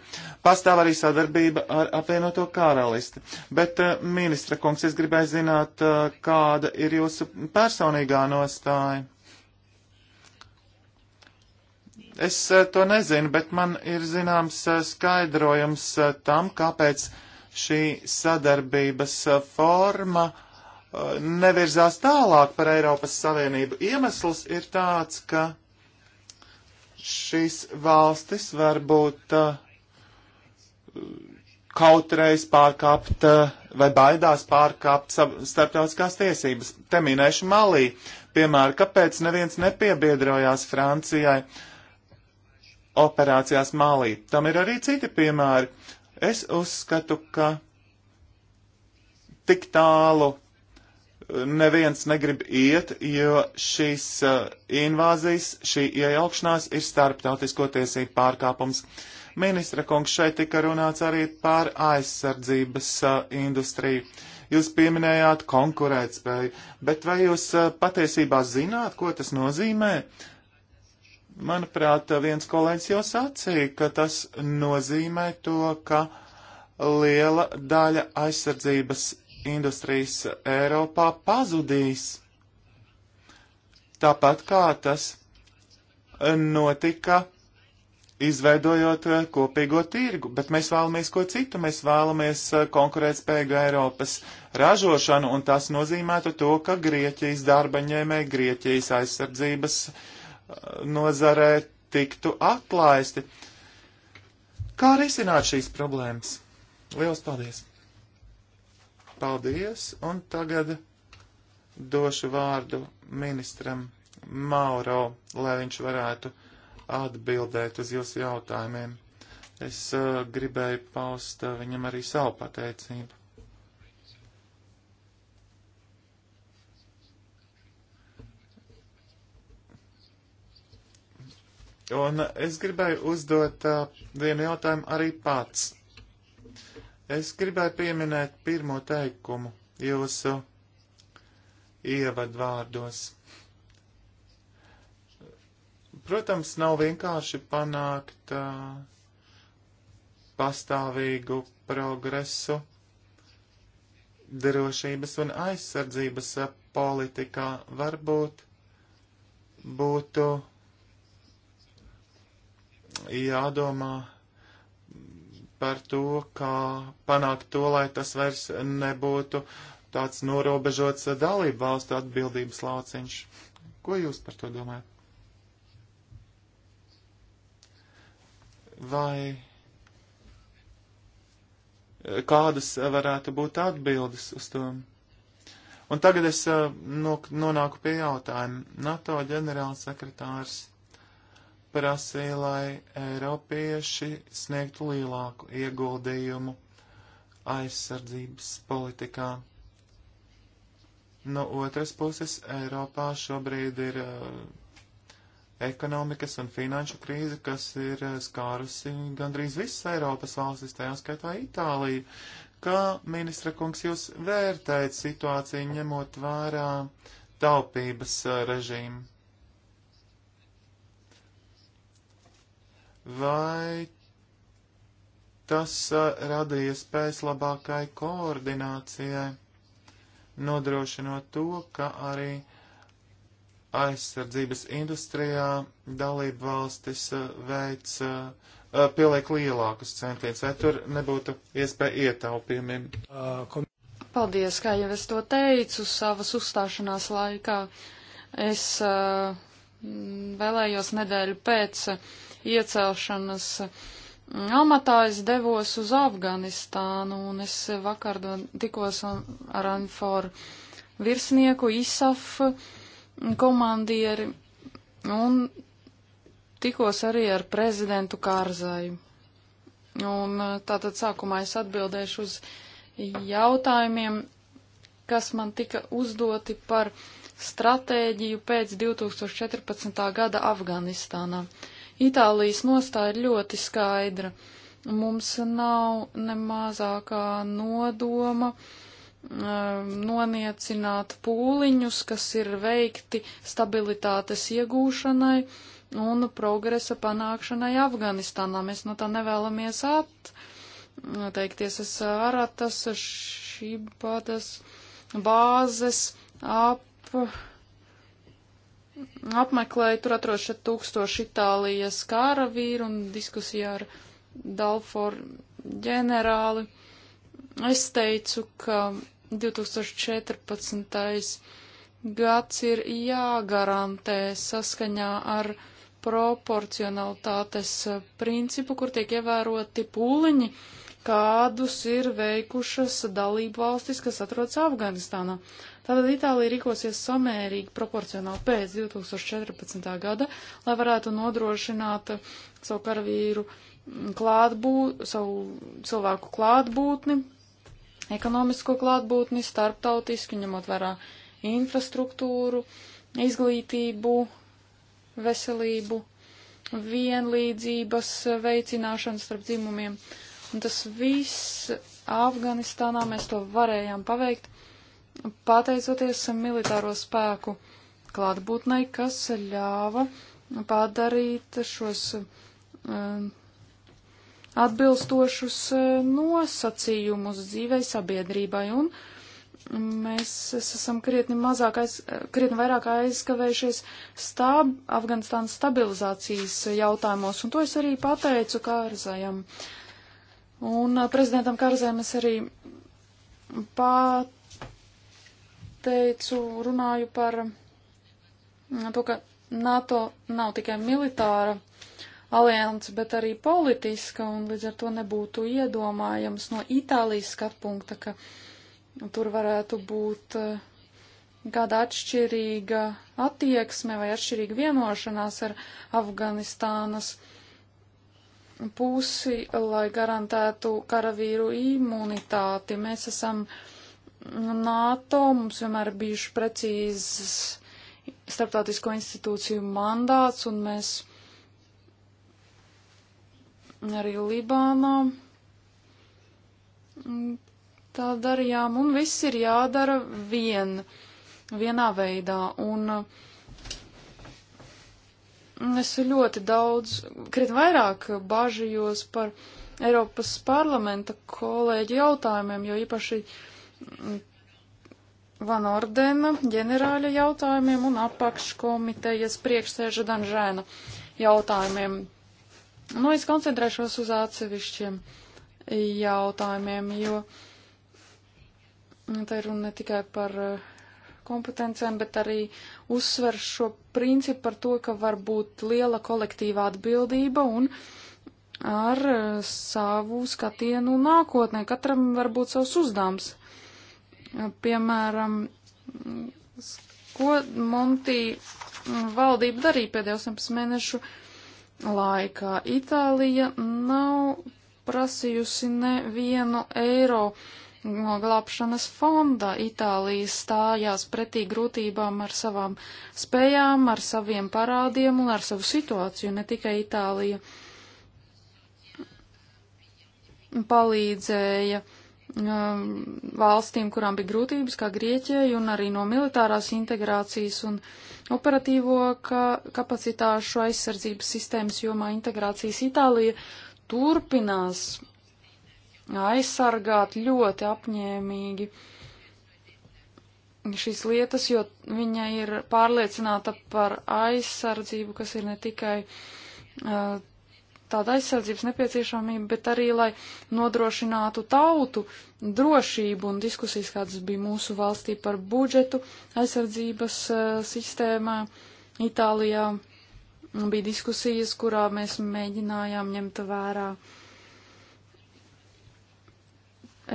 Pastāv arī sadarbība ar apvienoto karalisti. Bet, eh, ministra kungs, es gribēju zināt, eh, kāda ir jūsu personīgā nostāja. Es to nezinu, bet man ir zināms skaidrojums tam, kāpēc šī sadarbības forma uh, nevirzās tālāk par Eiropas Savienību. Iemesls ir tāds, ka šīs valstis varbūt uh, kautreiz pārkāpt uh, vai baidās pārkāpt starptautiskās tiesības. Te minēšu Malī, piemēram, kāpēc neviens nepiebiedrojās Francijai operācijās Malī. Tam ir arī citi piemēri. Es uzskatu, ka tik tālu neviens negrib iet, jo šīs uh, invāzijas, šī iejaukšanās ir starptautisko tiesību pārkāpums. Ministra kungs šeit tika runāts arī par aizsardzības uh, industriju. Jūs pieminējāt konkurētspēju, bet vai jūs uh, patiesībā zināt, ko tas nozīmē? Manuprāt, viens kolēģis jau sacīja, ka tas nozīmē to, ka liela daļa aizsardzības industrijas Eiropā pazudīs. Tāpat kā tas notika izveidojot eh, kopīgo tirgu, bet mēs vēlamies ko citu, mēs vēlamies eh, konkurētspējīgu Eiropas ražošanu, un tas nozīmētu to, ka Grieķijas darbaņēmē, Grieķijas aizsardzības eh, nozarē tiktu atlaisti. Kā risināt šīs problēmas? Lielas paldies! Paldies, un tagad došu vārdu ministram Mauro, lai viņš varētu atbildēt uz jūsu jautājumiem. Es uh, gribēju paust uh, viņam arī savu pateicību. Un es gribēju uzdot uh, vienu jautājumu arī pats. Es gribētu pieminēt pirmo teikumu jūsu ievadvārdos. Protams, nav vienkārši panākt uh, pastāvīgu progresu drošības un aizsardzības politikā. Varbūt būtu jādomā par to, kā panākt to, lai tas vairs nebūtu tāds norobežots dalību valstu atbildības lauciņš. Ko jūs par to domājat? Vai kādas varētu būt atbildes uz to? Un tagad es eh, nonāku pie jautājuma. NATO ģenerālsekretārs prasīja, lai Eiropieši sniegtu lielāku ieguldījumu aizsardzības politikā. No otras puses, Eiropā šobrīd ir uh, ekonomikas un finanšu krīze, kas ir uh, skārusi gandrīz visas Eiropas valstis, tajā skaitā Itāliju. Kā ministra kungs jūs vērtējat situāciju ņemot vērā taupības uh, režīmu? vai tas uh, rada iespējas labākai koordinācijai, nodrošinot to, ka arī aizsardzības industrijā dalību valstis uh, veic uh, pieliek lielākus centienus, vai tur nebūtu iespēja ietaupījumiem? Paldies, kā jau es to teicu savas uzstāšanās laikā. Es uh, vēlējos nedēļu pēc iecelšanas mm, amatā es devos uz Afganistānu, un es vakar tikos ar Anforu virsnieku, ISAF komandieri, un tikos arī ar prezidentu Kārzaju. Un eh, tātad sākumā es atbildēšu uz jautājumiem, kas man tika uzdoti par stratēģiju pēc 2014. gada Afganistānā. Itālijas nostāja ir ļoti skaidra. Mums nav ne mazākā nodoma um, noniecināt pūliņus, kas ir veikti stabilitātes iegūšanai un progresa panākšanai Afganistānā. Mēs no tā nevēlamies atteikties. Es uh, aratas, šībadas, bāzes, ap apmeklēju tur atrošu tūkstoši Itālijas kāravīru un diskusijā ar Dalforu ģenerāli. Es teicu, ka 2014. gads ir jāgarantē saskaņā ar proporcionalitātes principu, kur tiek ievēroti pūliņi, kādus ir veikušas dalību valstis, kas atrodas Afganistānā. Tātad Itālija rīkosies samērīgi proporcionāli pēc 2014. gada, lai varētu nodrošināt savu karavīru klātbūt, savu cilvēku klātbūtni, ekonomisko klātbūtni, starptautiski, ņemot vērā infrastruktūru, izglītību, veselību, vienlīdzības veicināšanu starp dzimumiem. Un tas viss Afganistānā mēs to varējām paveikt pateicoties militāro spēku klātbūtnei, kas ļāva padarīt šos um, atbilstošus um, nosacījumus dzīvei sabiedrībai. Un mēs esam krietni, mazāk, aiz, krietni vairāk aizkavējušies stāb, Afganistānas stabilizācijas jautājumos, un to es arī pateicu Kārzajam. Un uh, prezidentam Kārzajam es arī pat teicu, runāju par to, ka NATO nav tikai militāra alianse, bet arī politiska, un līdz ar to nebūtu iedomājams no Itālijas skatpunkta, ka tur varētu būt eh, kāda atšķirīga attieksme vai atšķirīga vienošanās ar Afganistānas pusi, lai garantētu karavīru imunitāti. Mēs esam uh, NATO mums vienmēr ir bijuši precīzes starptautisko institūciju mandāts, un mēs arī Libānā tā darījām, un viss ir jādara vien, vienā veidā, un es ļoti daudz, kriet vairāk bažījos par Eiropas parlamenta kolēģi jautājumiem, jo īpaši uh, Van Ordena ģenerāļa jautājumiem un apakškomitejas priekšsēža Danžēna jautājumiem. Nu, es koncentrēšos uz atsevišķiem jautājumiem, jo te ir runa ne tikai par eh, kompetencijām, bet arī uzsver šo principu par to, ka var būt liela kolektīvā atbildība un ar eh, savu skatienu nākotnē. Katram var būt savs uzdāms. Piemēram, ko Monti valdība darīja pēdējo 18 mēnešu laikā. Itālija nav prasījusi nevienu eiro no glābšanas fonda. Itālija stājās pretī grūtībām ar savām spējām, ar saviem parādiem un ar savu situāciju, ne tikai Itālija palīdzēja uh, Um, valstīm, kurām bija grūtības, kā Grieķijai, un arī no militārās integrācijas un operatīvo ka, kapacitāšu aizsardzības sistēmas jomā integrācijas Itālija turpinās aizsargāt ļoti apņēmīgi šīs lietas, jo viņa ir pārliecināta par aizsardzību, kas ir ne tikai uh, tāda aizsardzības nepieciešamība, bet arī, lai nodrošinātu tautu drošību un diskusijas, kādas bija mūsu valstī par budžetu aizsardzības uh, sistēmā Itālijā. Bija diskusijas, kurā mēs mēģinājām ņemt vērā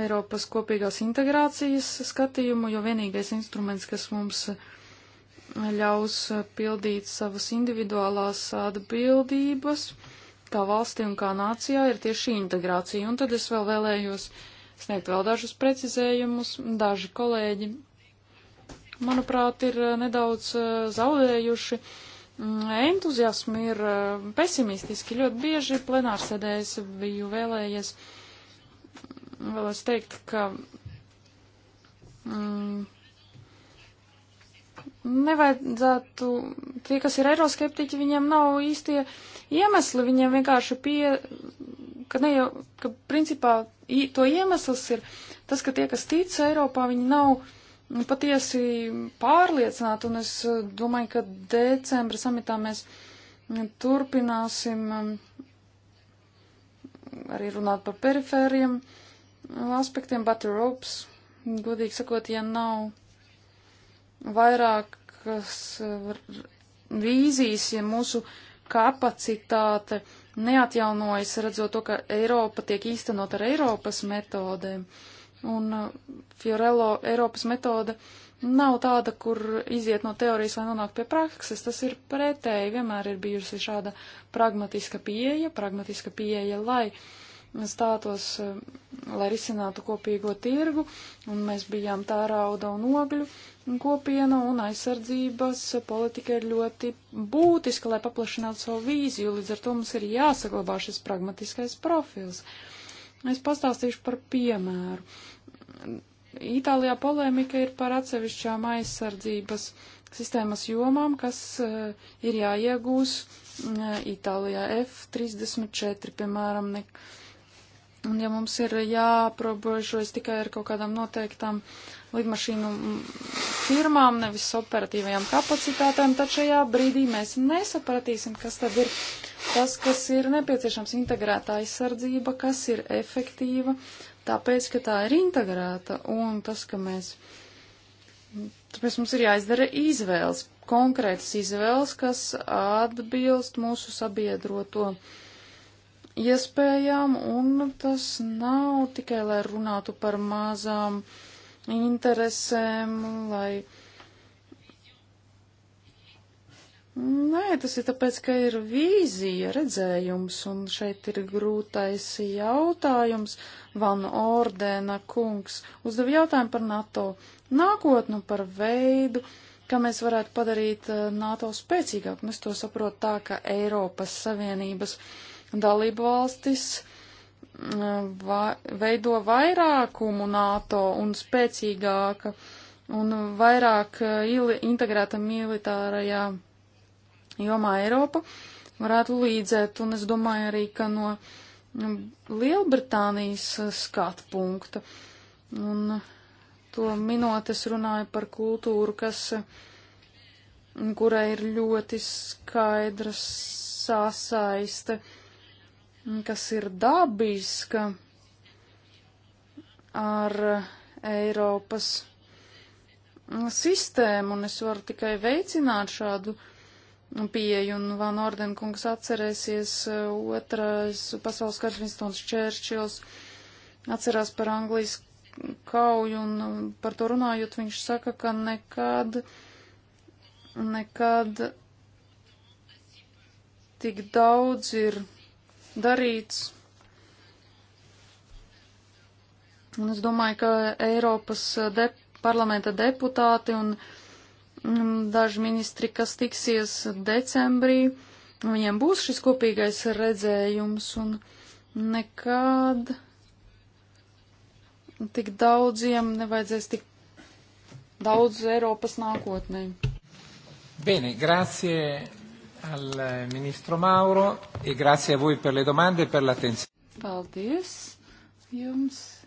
Eiropas kopīgās integrācijas skatījumu, jo vienīgais instruments, kas mums eh, ļaus eh, pildīt savas individuālās atbildības, uh, kā valstī un kā nācijā ir tieši šī integrācija. Un tad es vēl vēlējos sniegt vēl dažus precizējumus. Daži kolēģi, manuprāt, ir eh, nedaudz eh, zaudējuši. Mm, entuziasmi ir eh, pesimistiski. Ļoti bieži plenārsēdēs biju vēlējies, vēlēs teikt, ka mm, nevajadzētu, tie, kas ir eiroskeptiķi, viņiem nav īstie iemesli, viņiem vienkārši pie, ka ne jau, ka principā to iemesls ir tas, ka tie, kas tic Eiropā, viņi nav patiesi pārliecināti, un es eh, domāju, ka decembra samitā mēs turpināsim eh, arī runāt par perifēriem eh, aspektiem, but ropes, godīgi sakot, ja nav vairākas eh, vīzijas, ja mūsu kapacitāte neatjaunojas, redzot to, ka Eiropa tiek īstenot ar Eiropas metodēm. Un eh, Fiorello Eiropas metode nav tāda, kur iziet no teorijas, lai nonāktu pie prakses. Tas ir pretēji. Vienmēr ir bijusi šāda pragmatiska pieeja, pragmatiska pieeja, lai stātos, eh, lai risinātu kopīgo tirgu, un mēs bijām tā rauda un ogļu kopiena un aizsardzības politika ir ļoti būtiska, lai paplašinātu savu vīziju, līdz ar to mums ir jāsaglabā šis pragmatiskais profils. Es pastāstīšu par piemēru. Itālijā polēmika ir par atsevišķām aizsardzības sistēmas jomām, kas uh, ir jāiegūs uh, Itālijā F34, piemēram, ne, un ja mums ir jāprobežojas tikai ar kaut kādām noteiktām uh, lidmašīnu mm, firmām, nevis operatīvajām kapacitātēm, tad šajā brīdī mēs nesapratīsim, kas tad ir tas, kas ir nepieciešams integrēta aizsardzība, kas ir efektīva, tāpēc, ka tā ir integrēta un tas, ka mēs. Tāpēc mums ir jāizdara izvēles, konkrētas izvēles, kas atbilst mūsu sabiedroto iespējām, un tas nav tikai, lai runātu par mazām uh, interesēm, lai. Nē, tas ir tāpēc, ka ir vīzija, redzējums, un šeit ir grūtais jautājums. Van Ordena kungs uzdev jautājumu par NATO nākotnu, par veidu, kā mēs varētu padarīt eh, NATO spēcīgāku. Es to saprotu tā, ka Eiropas Savienības dalību valstis va, veido vairākumu NATO un spēcīgāka un vairāk eh, ili, integrēta militārajā jomā Eiropa varētu līdzēt, un es domāju arī, ka no mm, Lielbritānijas eh, skatu punkta, un to minot es runāju par kultūru, kas, mm, kurai ir ļoti skaidra sasaiste. Uh, kas ir dabiska ar Eiropas sistēmu, un es varu tikai veicināt šādu pieeju, un Van Ordenkungs atcerēsies uh, otrais pasaules karš Vinstons Čērčils, atcerās par Anglijas kauju, un uh, par to runājot, viņš saka, ka nekad, nekad tik daudz ir darīts. Un es domāju, ka Eiropas de parlamenta deputāti un mm, daži ministri, kas tiksies decembrī, viņiem būs šis kopīgais redzējums un nekad tik daudziem nevajadzēs tik daudz Eiropas nākotnē. Bene, grazie al eh, ministro Mauro e grazie a voi per le domande e per l'attenzione. Paldies jums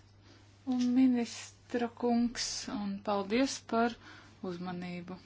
un ministra kungs un paldies par uzmanību.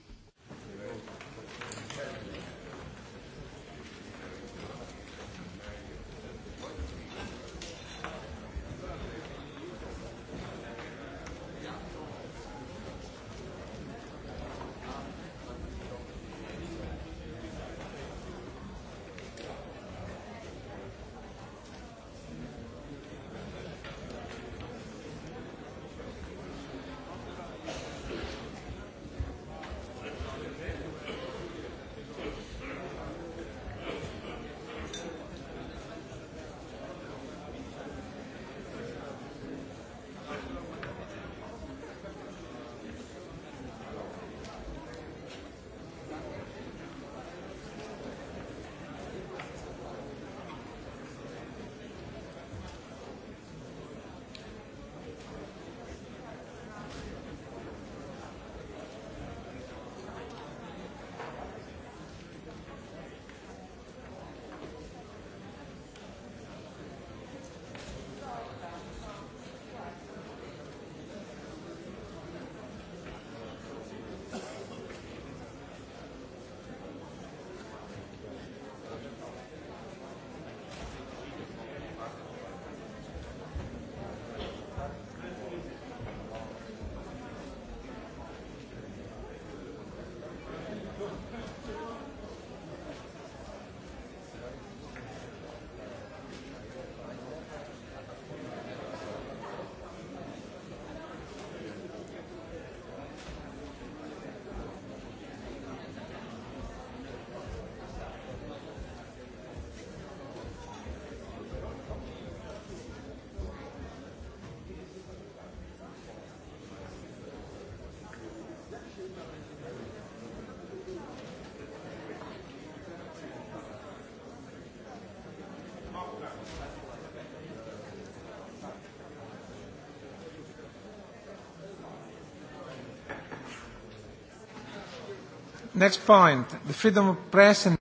Next point, the freedom of press and...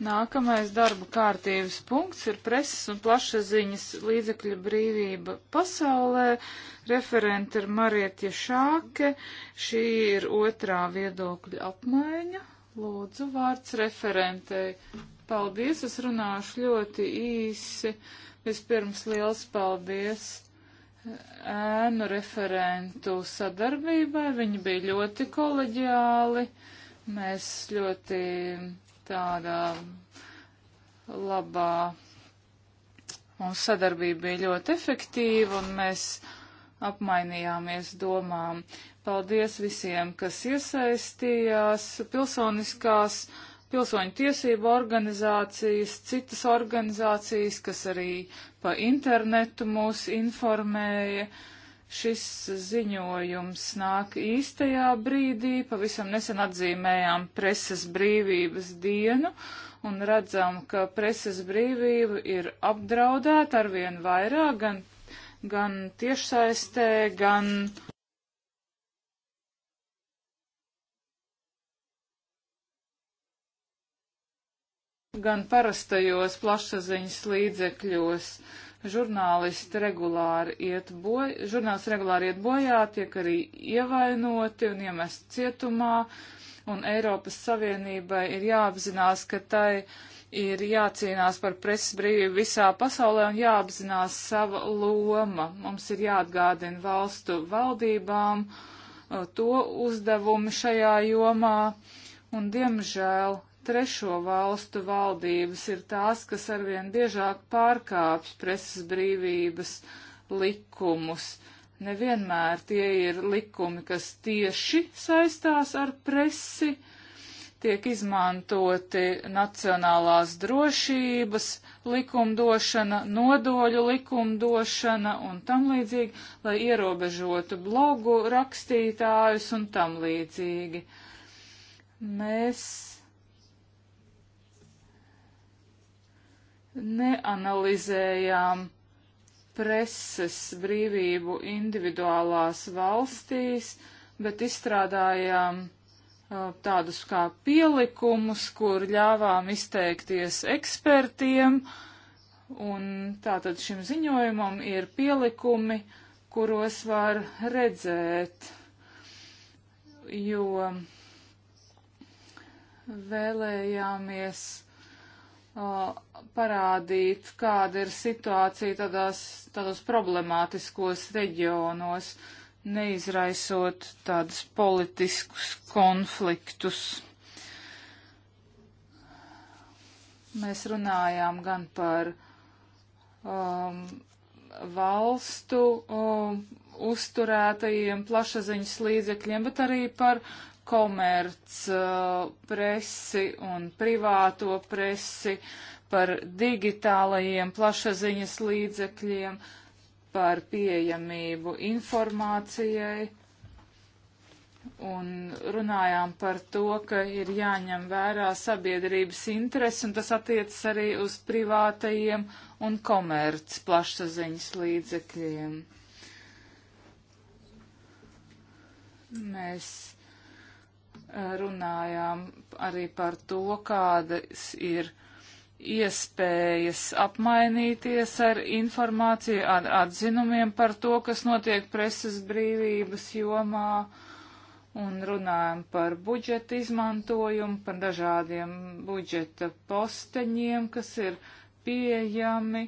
Nākamais darba kārtības punkts ir preses un plašsaziņas līdzekļu brīvība pasaulē. Referente ir Marietje Šāke. Šī ir otrā viedokļa apmaiņa. Lūdzu, vārds referentei. Paldies, es runāšu ļoti īsi. Vispirms liels paldies ēnu referentu sadarbībai. Viņi bija ļoti koleģiāli. Uh, Mēs ļoti tādā labā Mums sadarbība bija ļoti efektīva un mēs apmainījāmies domām. Paldies visiem, kas iesaistījās, pilsoniskās, pilsoņu tiesību organizācijas, citas organizācijas, kas arī pa internetu mūs informēja. Uh, Šis ziņojums nāk īstajā brīdī. Pavisam nesen atzīmējām preses brīvības dienu un redzam, ka preses brīvība ir apdraudēta arvien vairāk gan, gan tiešsaistē, gan. gan parastajos plašsaziņas līdzekļos. Uh, žurnālisti regulāri iet, boj, žurnālisti regulāri iet bojā, tiek arī ievainoti un iemest cietumā, un Eiropas Savienībai ir jāapzinās, ka tai ir jācīnās par presas brīvību visā pasaulē un jāapzinās sava loma. Mums ir jāatgādina valstu valdībām uh, to uzdevumi šajā jomā, un diemžēl Trešo valstu valdības ir tās, kas arvien biežāk pārkāpj preses brīvības likumus. Nevienmēr tie ir likumi, kas tieši saistās ar presi, tiek izmantoti nacionālās drošības likumdošana, nodoļu likumdošana un tam līdzīgi, lai ierobežotu blogu rakstītājus un tam līdzīgi. Mēs neanalizējām preses brīvību individuālās valstīs, bet izstrādājām uh, tādus kā pielikumus, kur ļāvām izteikties ekspertiem, un tātad šim ziņojumam ir pielikumi, kuros var redzēt, jo vēlējāmies parādīt, kāda ir situācija tādās, tādos problemātiskos reģionos, neizraisot tādus politiskus konfliktus. Mēs runājām gan par um, valstu um, uzturētajiem plašaziņas līdzekļiem, bet arī par komerc uh, presi un privāto presi, par digitālajiem plašaziņas līdzekļiem, par pieejamību informācijai. Un runājām par to, ka ir jāņem vērā sabiedrības interesi, un tas attiecas arī uz privātajiem un komerc plašsaziņas līdzekļiem. Mēs runājām arī par to, kādas ir iespējas apmainīties ar informāciju, ar atzinumiem par to, kas notiek preses brīvības jomā, un runājam par budžeta izmantojumu, par dažādiem budžeta posteņiem, kas ir pieejami,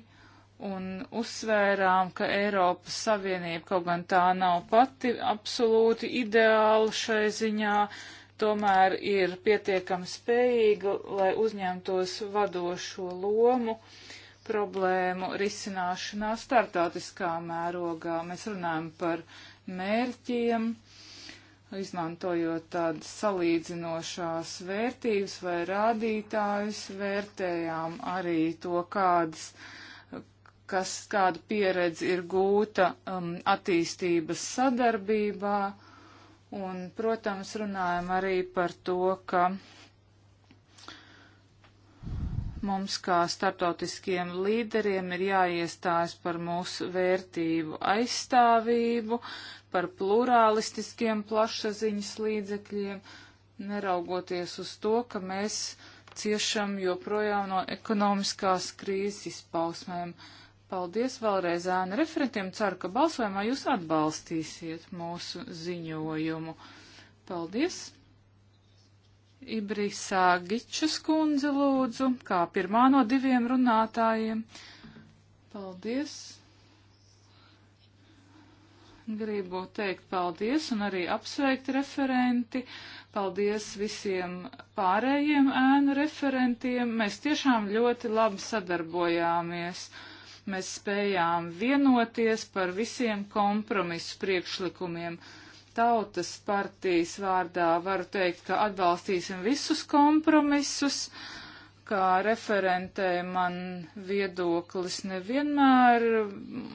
un uzsvērām, ka Eiropas Savienība, kaut gan tā nav pati absolūti ideāla šai ziņā, uh, tomēr ir pietiekami spējīga, lai uzņemtos vadošo lomu problēmu risināšanā startautiskā mērogā. Mēs runājam par mērķiem, izmantojot tādas salīdzinošās vērtības vai rādītājus, vērtējām arī to, kādas kas kādu pieredzi ir gūta um, attīstības sadarbībā, uh, Un, protams, runājam arī par to, ka mums kā startautiskiem līderiem ir jāiestājas par mūsu vērtību aizstāvību, par plurālistiskiem plašsaziņas līdzekļiem, neraugoties uz to, ka mēs ciešam joprojām no ekonomiskās krīzes izpausmēm. Uh, Paldies vēlreiz ēnu referentiem. Ceru, ka balsojumā jūs atbalstīsiet mūsu ziņojumu. Paldies! Ibrisā Gičas kundze lūdzu, kā pirmā no diviem runātājiem. Paldies! Gribu teikt paldies un arī apsveikt referenti. Paldies visiem pārējiem ēnu referentiem. Mēs tiešām ļoti labi sadarbojāmies. Mēs spējām vienoties par visiem kompromisu priekšlikumiem. Tautas partijas vārdā varu teikt, ka atbalstīsim visus kompromisus, kā referentē man viedoklis nevienmēr,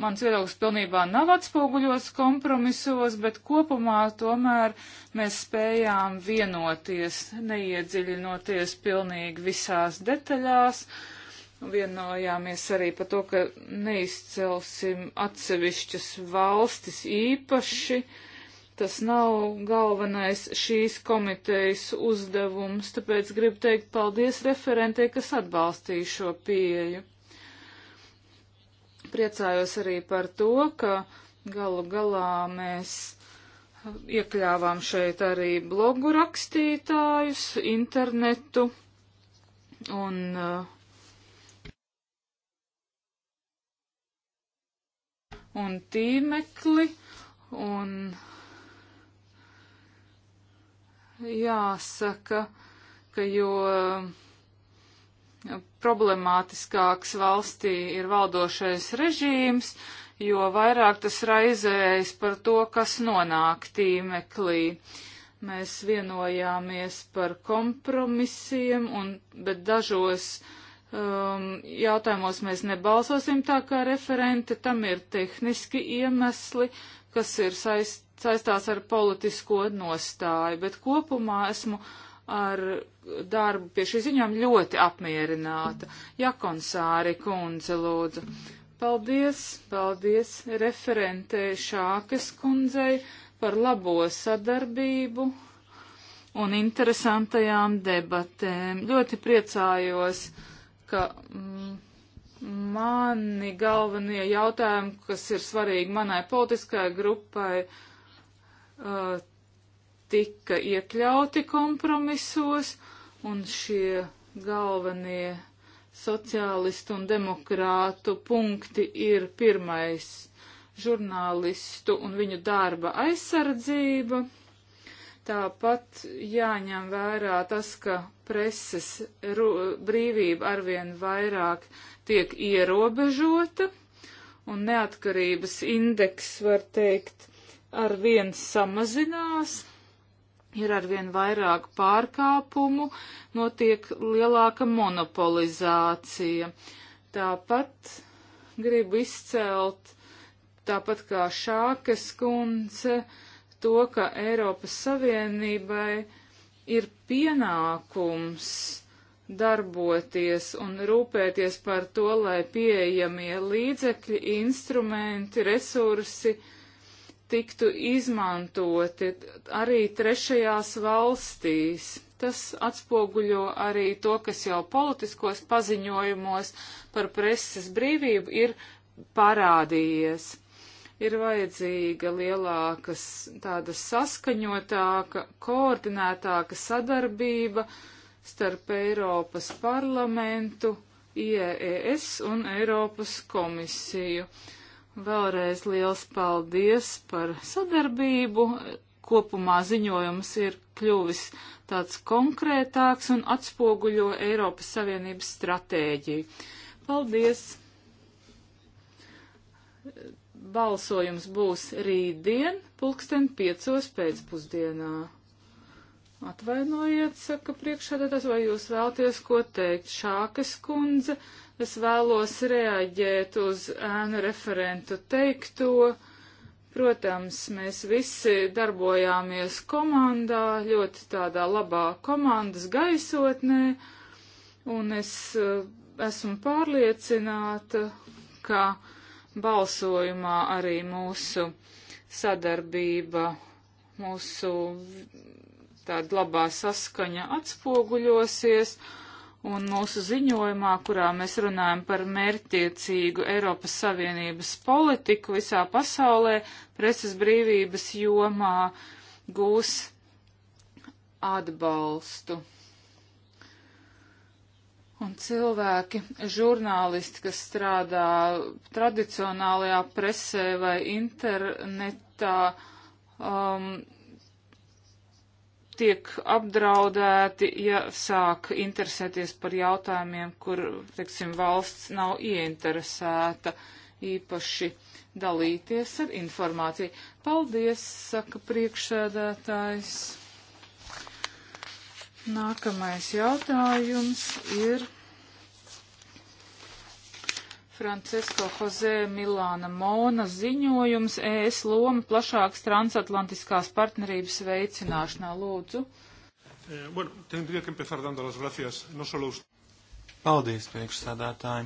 mans viedoklis pilnībā nav atspoguļots kompromisos, bet kopumā tomēr mēs spējām vienoties, neiedziļinoties pilnīgi visās detaļās. Uh, vienojāmies arī par to, ka neizcelsim atsevišķas valstis īpaši. Tas nav galvenais šīs komitejas uzdevums, tāpēc gribu teikt paldies referentē, kas atbalstīja šo pieeju. Priecājos arī par to, ka galu galā mēs iekļāvām šeit arī blogu rakstītājus, internetu un uh, un tīmekli un jāsaka, ka jo problemātiskāks valstī ir valdošais režīms, jo vairāk tas raizējas par to, kas nonāk tīmeklī. Mēs vienojāmies par kompromisiem, un, bet dažos uh, um, jautājumos mēs nebalsosim tā kā referente, tam ir tehniski iemesli, kas ir saist, saistās ar politisko nostāju, bet kopumā esmu ar darbu pie šī ziņām ļoti apmierināta. Jakonsāri kundze lūdzu. Paldies, paldies referentē Šākas kundzei par labo sadarbību un interesantajām debatēm. Ļoti priecājos ka mm, mani galvenie jautājumi, kas ir svarīgi manai politiskajai grupai, uh, tika iekļauti kompromisos, un šie galvenie sociālistu un demokrātu punkti ir pirmais - žurnālistu un viņu darba aizsardzība. Tāpat jāņem vērā tas, ka preses brīvība arvien vairāk tiek ierobežota un neatkarības indeks, var teikt, arvien samazinās, ir arvien vairāk pārkāpumu, notiek lielāka monopolizācija. Tāpat gribu izcelt, tāpat kā Šākas kundze, uh, to, ka Eiropas Savienībai ir pienākums darboties un rūpēties par to, lai pieejamie līdzekļi, instrumenti, resursi tiktu izmantoti arī trešajās valstīs. Tas atspoguļo arī to, kas jau politiskos paziņojumos par preses brīvību ir parādījies ir vajadzīga lielākas, tāda saskaņotāka, koordinētāka sadarbība starp Eiropas parlamentu, IEES un Eiropas komisiju. Vēlreiz liels paldies par sadarbību. Kopumā ziņojums ir kļuvis tāds konkrētāks un atspoguļo Eiropas Savienības stratēģiju. Paldies! balsojums būs rītdien, pulksten piecos pēcpusdienā. Atvainojiet, saka priekšsēdētājs, vai jūs vēlties ko teikt? Šākas kundze, es vēlos reaģēt uz ēnu referentu teikto. Protams, mēs visi darbojāmies komandā, ļoti tādā labā komandas gaisotnē, un es eh, esmu pārliecināta, ka balsojumā arī mūsu sadarbība, mūsu tāda labā saskaņa atspoguļosies. Un mūsu ziņojumā, kurā mēs runājam par mērķtiecīgu Eiropas Savienības politiku visā pasaulē, preses brīvības jomā gūs atbalstu. Un cilvēki, žurnālisti, kas strādā tradicionālajā presē vai internetā, um, tiek apdraudēti, ja sāk interesēties par jautājumiem, kur, teiksim, valsts nav ieinteresēta īpaši dalīties ar informāciju. Paldies, saka priekšsēdētājs. Nākamais jautājums ir Francesco Jose Milāna Mona ziņojums ES loma plašākas transatlantiskās partnerības veicināšanā. Lūdzu. Eh, Paldies, priekšsādātāji.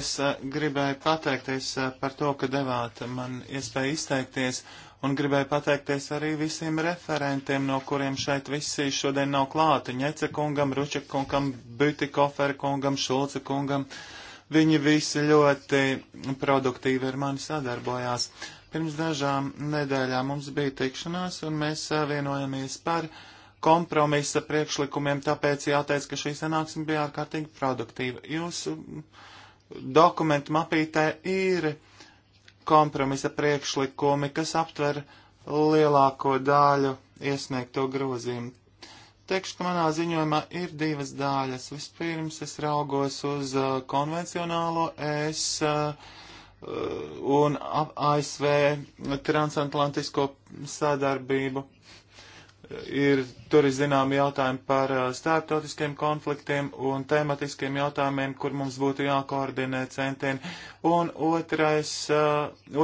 Es a, eh, gribēju pateikties a, eh, par to, ka devāt man iespēju izteikties. Uh, un gribēju pateikties arī visiem referentiem, no kuriem šeit visi šodien nav klāti - Ņece kungam, Ruča kungam, Bütikofer kungam, Šulce kungam. Viņi visi ļoti produktīvi ar mani sadarbojās. Pirms dažām nedēļām mums bija tikšanās, un mēs vienojamies par kompromisa priekšlikumiem, tāpēc jāteic, ka šī sanāksme bija ārkārtīgi produktīva. Jūsu dokumentu mapītē ir kompromisa priekšlikumi, kas aptver lielāko daļu iesniegto grozījumu. Teikšu, ka manā ziņojumā ir divas daļas. Vispirms es raugos uz uh, konvencionālo es uh, un ASV transatlantisko sadarbību ir tur izzinām jautājumi par starptautiskiem konfliktiem un tematiskiem jautājumiem, kur mums būtu jākoordinē centieni. Un otrais,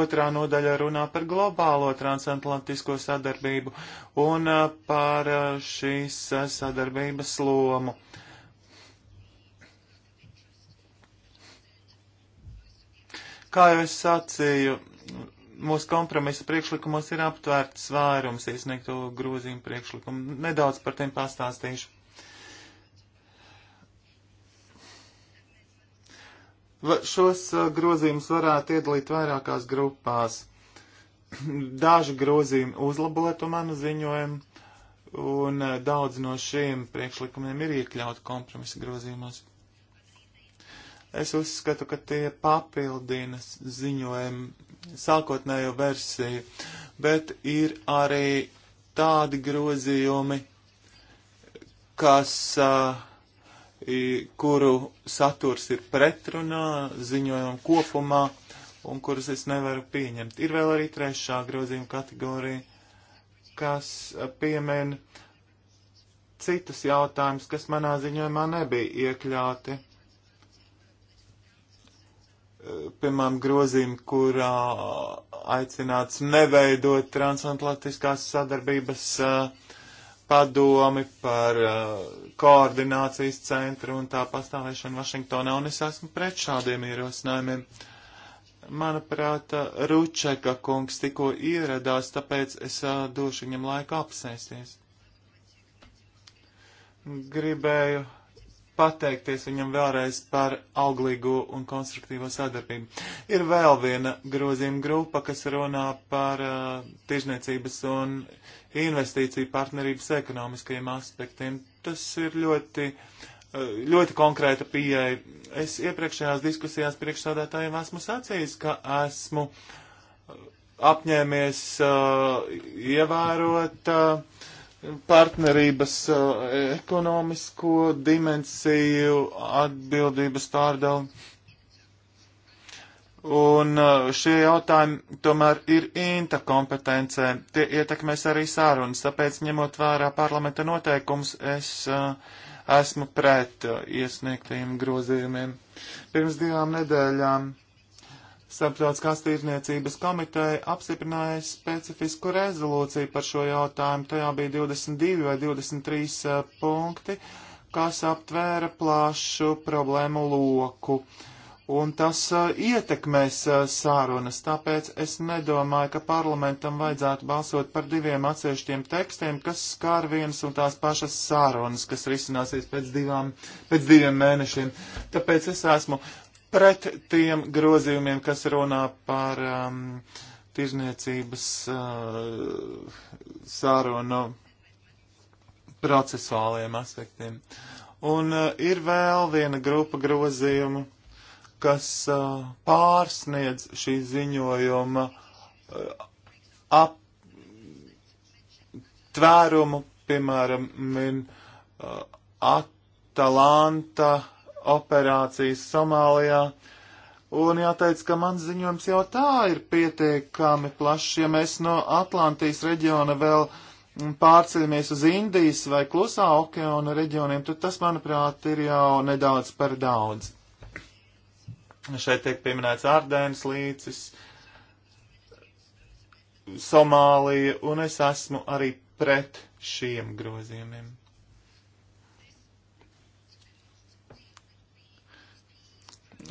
otrā nodaļa runā par globālo transatlantisko sadarbību un par šīs sadarbības lomu. Kā jau es sacīju, mūsu kompromisa priekšlikumos ir aptvērts vērums iesniegto grozījumu priekšlikumu. Nedaudz par tiem pastāstīšu. Va, šos uh, grozījumus varētu iedalīt vairākās grupās. Daži grozījumi uzlabotu manu ziņojumu, un uh, daudz no šiem priekšlikumiem ir iekļauti kompromisa grozījumos. Es uzskatu, ka tie papildinas ziņojumi sākotnējo versiju, bet ir arī tādi grozījumi, kas, kuru saturs ir pretrunā ziņojumam kopumā un kurus es nevaru pieņemt. Ir vēl arī trešā grozījuma kategorija, kas piemin citus jautājumus, kas manā ziņojumā nebija iekļauti piemēram, grozījumu, kurā aicināts neveidot transatlantiskās sadarbības eh, padomi par eh, koordinācijas centru un tā pastāvēšanu Vašingtonā, un es esmu pret šādiem ierosinājumiem. Manuprāt, eh, Ručeka kungs tikko ieradās, tāpēc es došu viņam laiku apsēsties. Gribēju pateikties viņam vēlreiz par auglīgo un konstruktīvo sadarbību. Ir vēl viena grozījuma grupa, kas runā par uh, tirzniecības un investīciju partnerības ekonomiskajiem aspektiem. Tas ir ļoti, uh, ļoti konkrēta pieeja. Es iepriekšējās diskusijās priekšsādātājiem esmu sacījis, ka esmu uh, apņēmies uh, ievērot uh, partnerības eh, ekonomisko dimensiju, atbildības pārdevumu. Un eh, šie jautājumi tomēr ir inta kompetencē. Tie ietekmēs arī sārunas, tāpēc ņemot vērā parlamenta noteikums, es uh, esmu pret iesniegtajiem grozījumiem. Pirms divām nedēļām Starptautiskās tirdzniecības komiteja apstiprināja specifisku rezolūciju par šo jautājumu. Tajā bija 22 vai 23 uh, eh, punkti, kas aptvēra plašu problēmu loku. Un tas uh, ietekmēs uh, sārunas, tāpēc es nedomāju, ka parlamentam vajadzētu balsot par diviem atsevišķiem tekstiem, kas skār vienas un tās pašas sārunas, kas risināsies pēc, divām, pēc diviem mēnešiem. Tāpēc es esmu uh, pret tiem grozījumiem, kas runā par um, tirzniecības uh, sārunu procesuāliem aspektiem. Un uh, ir vēl viena grupa grozījumu, kas uh, pārsniedz šī ziņojuma uh, ap tvērumu, piemēram, min uh, Atalanta operācijas Somālijā. Un jāteic, ka mans ziņojums jau tā ir pietiekami plašs, ja mēs no Atlantijas reģiona vēl pārceļamies uz Indijas vai Klusā okeāna reģioniem, tad tas, manuprāt, ir jau nedaudz par daudz. Šeit tiek pieminēts Ardēnas līcis, Somālija, un es esmu arī pret šiem grozījumiem.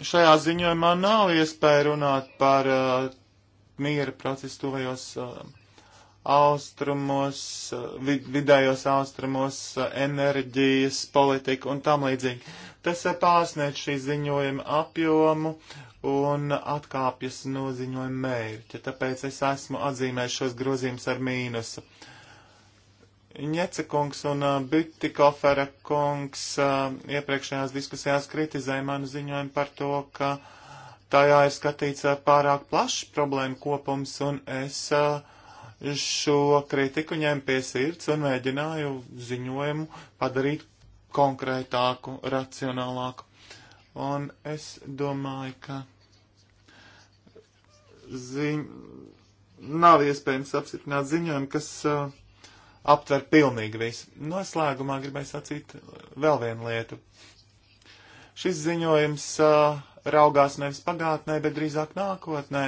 Šajā ziņojumā nav iespēja runāt par uh, miera procesu tuvajos uh, austrumos, uh, vid vidējos austrumos, uh, enerģijas politiku un tam līdzīgi. Tas uh, pārsniedz šī ziņojuma apjomu un atkāpjas no ziņojuma mērķa, tāpēc es esmu atzīmējis šos grozījumus ar mīnusu. Uh, Ņece kungs un uh, Bitikofera kungs uh, iepriekšējās diskusijās kritizēja manu ziņojumu par to, ka tajā ir skatīts uh, pārāk plašs problēma kopums, un es uh, šo kritiku ņēmu pie sirds un mēģināju ziņojumu padarīt konkrētāku, racionālāku. Un es domāju, ka ziņ... nav iespējams apstiprināt ziņojumu, kas. Uh, aptver pilnīgi visu. Noslēgumā gribēju sacīt vēl vienu lietu. Šis ziņojums uh, raugās nevis pagātnē, bet drīzāk nākotnē.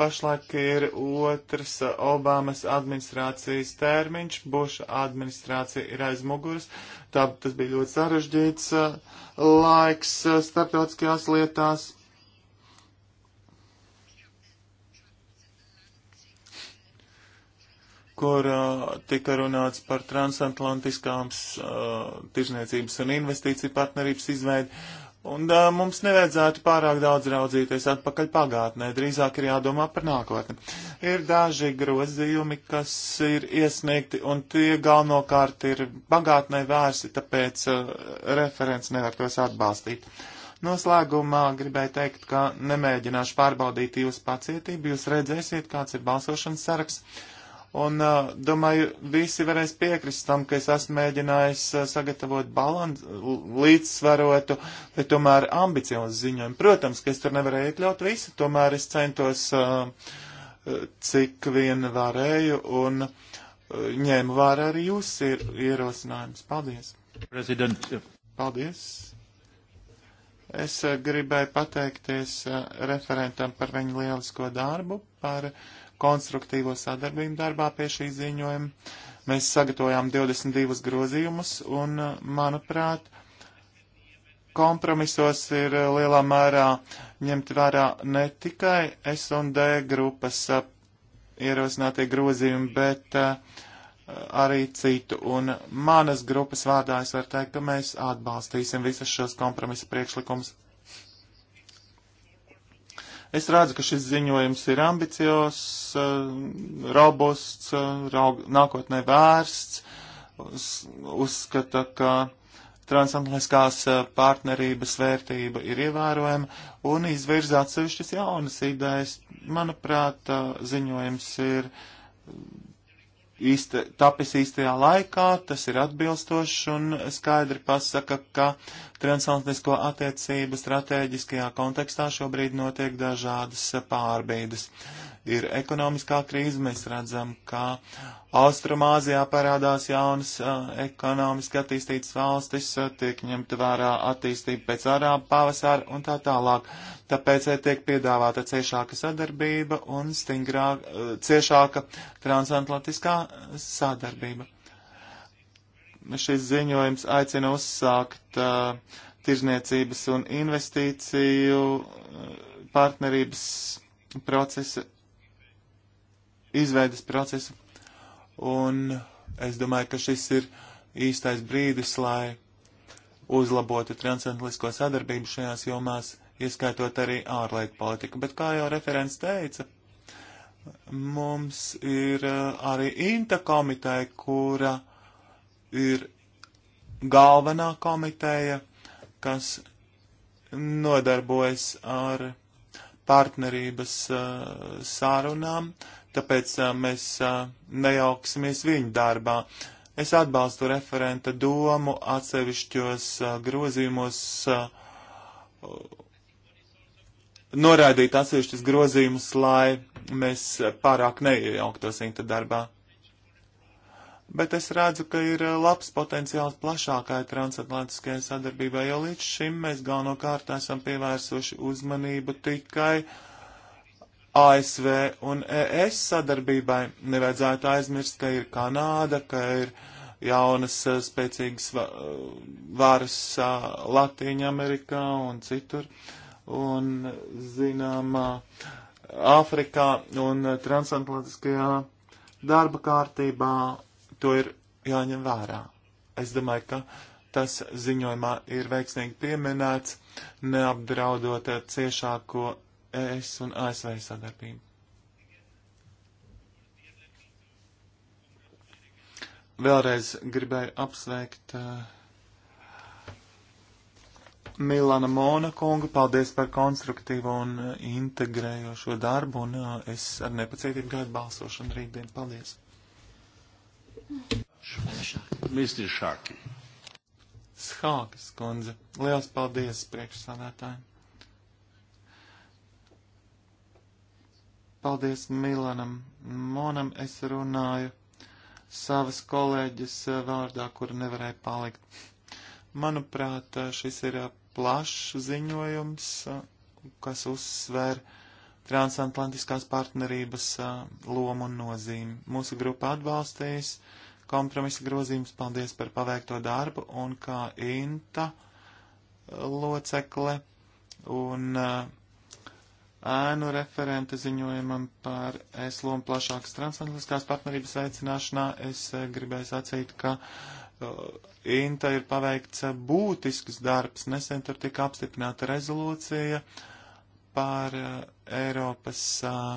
Pašlaik ir otrs uh, Obamas administrācijas termiņš, Buša administrācija ir aiz muguras, tā tas bija ļoti sarežģīts uh, laiks uh, starptautiskajās lietās kur uh, tika runāts par transatlantiskām uh, tirzniecības un investīciju partnerības izveidi. Un uh, mums nevajadzētu pārāk daudz raudzīties atpakaļ pagātnē, drīzāk ir jādomā par nākotni. Ir daži grozījumi, kas ir iesniegti, un tie galvenokārt ir pagātnē vērsi, tāpēc uh, referents nevar tos atbalstīt. Noslēgumā gribēju teikt, ka nemēģināšu pārbaudīt jūsu pacietību, jūs redzēsiet, kāds ir balsošanas saraksts Un, uh, domāju, visi varēs piekrist tam, ka es esmu mēģinājis uh, sagatavot balansu, līdzsvarotu, bet tomēr ambiciozu ziņojumu. Protams, ka es tur nevarēju iekļaut visu, tomēr es centos, uh, uh cik vien varēju, un uh, ņēmu vērā arī jūs ir, ierosinājums. Paldies! President. Paldies! Es uh, gribēju pateikties uh, referentam par viņu lielisko darbu, par uh, konstruktīvo sadarbību darbā pie šī ziņojuma. Mēs sagatavojām 22 grozījumus un, eh, manuprāt, kompromisos ir eh, lielā mērā ņemt vērā ne tikai S&D grupas eh, ierosinātie grozījumi, bet uh, arī citu. Un manas grupas vārdā es varu teikt, ka mēs atbalstīsim visus šos kompromisa priekšlikumus. Es redzu, ka šis ziņojums ir ambiciozs, eh, robusts, eh, raug, nākotnē vērsts, uz, uzskata, ka transatlantiskās eh, partnerības vērtība ir ievērojama un izvirza atsevišķas jaunas idejas. Manuprāt, ziņojums ir īsta, tapis īstajā laikā, tas ir atbilstošs un skaidri pasaka, ka transatlantisko attiecību stratēģiskajā kontekstā šobrīd notiek dažādas pārbīdes ir ekonomiskā krīze, mēs redzam, ka Austrumāzijā parādās jaunas uh, ekonomiski attīstītas valstis, uh, tiek ņemta vērā attīstība pēc arābu pavasara un tā tālāk. Tāpēc uh, tiek piedāvāta ciešāka sadarbība un stingrāk, uh, ciešāka transatlantiskā uh, sadarbība. Šis ziņojums aicina uzsākt uh, tirzniecības un investīciju uh, partnerības procesa izveidas procesu. Un es domāju, ka šis ir īstais brīdis, lai uzlabotu transatlantisko sadarbību šajās jomās, ieskaitot arī ārlietu politiku. Bet, kā jau referents teica, mums ir uh, arī INTA komiteja, kura ir galvenā komiteja, kas nodarbojas ar partnerības uh, sārunām, tāpēc a, mēs a, nejauksimies viņu darbā. Es atbalstu referenta domu atsevišķos a, grozījumos, noraidīt atsevišķus grozījumus, lai mēs pārāk neiejauktos viņa darbā. Bet es redzu, ka ir labs potenciāls plašākai transatlantiskajai sadarbībai, jo līdz šim mēs galvenokārt esam pievērsuši uzmanību tikai uh, ASV un ES sadarbībai. Nevajadzētu aizmirst, ka ir Kanāda, ka ir jaunas eh, spēcīgas eh, varas eh, Latīņa Amerikā un citur. Un, zinām, Āfrikā un transatlantiskajā darba kārtībā to ir jāņem vērā. Es domāju, ka tas ziņojumā ir veiksmīgi pieminēts, neapdraudot ciešāko ES un ASV sadarbību. Vēlreiz gribēju apsveikt uh, Milana Mona kungu, paldies par konstruktīvu un uh, integrējošo darbu, un uh, es ar nepacietību gaidu balsošanu rītdien. Paldies! Mr. Šāki. Schākas kundze, liels paldies priekšsādātājiem! Paldies Milanam Monam. Es runāju savas kolēģis eh, vārdā, kur nevarēja palikt. Manuprāt, eh, šis ir eh, plašs ziņojums, kas uzsver transatlantiskās partnerības lomu un nozīmi. Mūsu grupa atbalstīs kompromisa grozījums. Paldies par paveikto darbu un kā Inta locekle un uh, ēnu referente ziņojumam par es lomu plašākas transatlantiskās partnerības veicināšanā, es eh, gribēju sacīt, ka uh, Inta ir paveikts eh, būtisks darbs. Nesen tur tika apstiprināta rezolūcija par uh, Eiropas uh,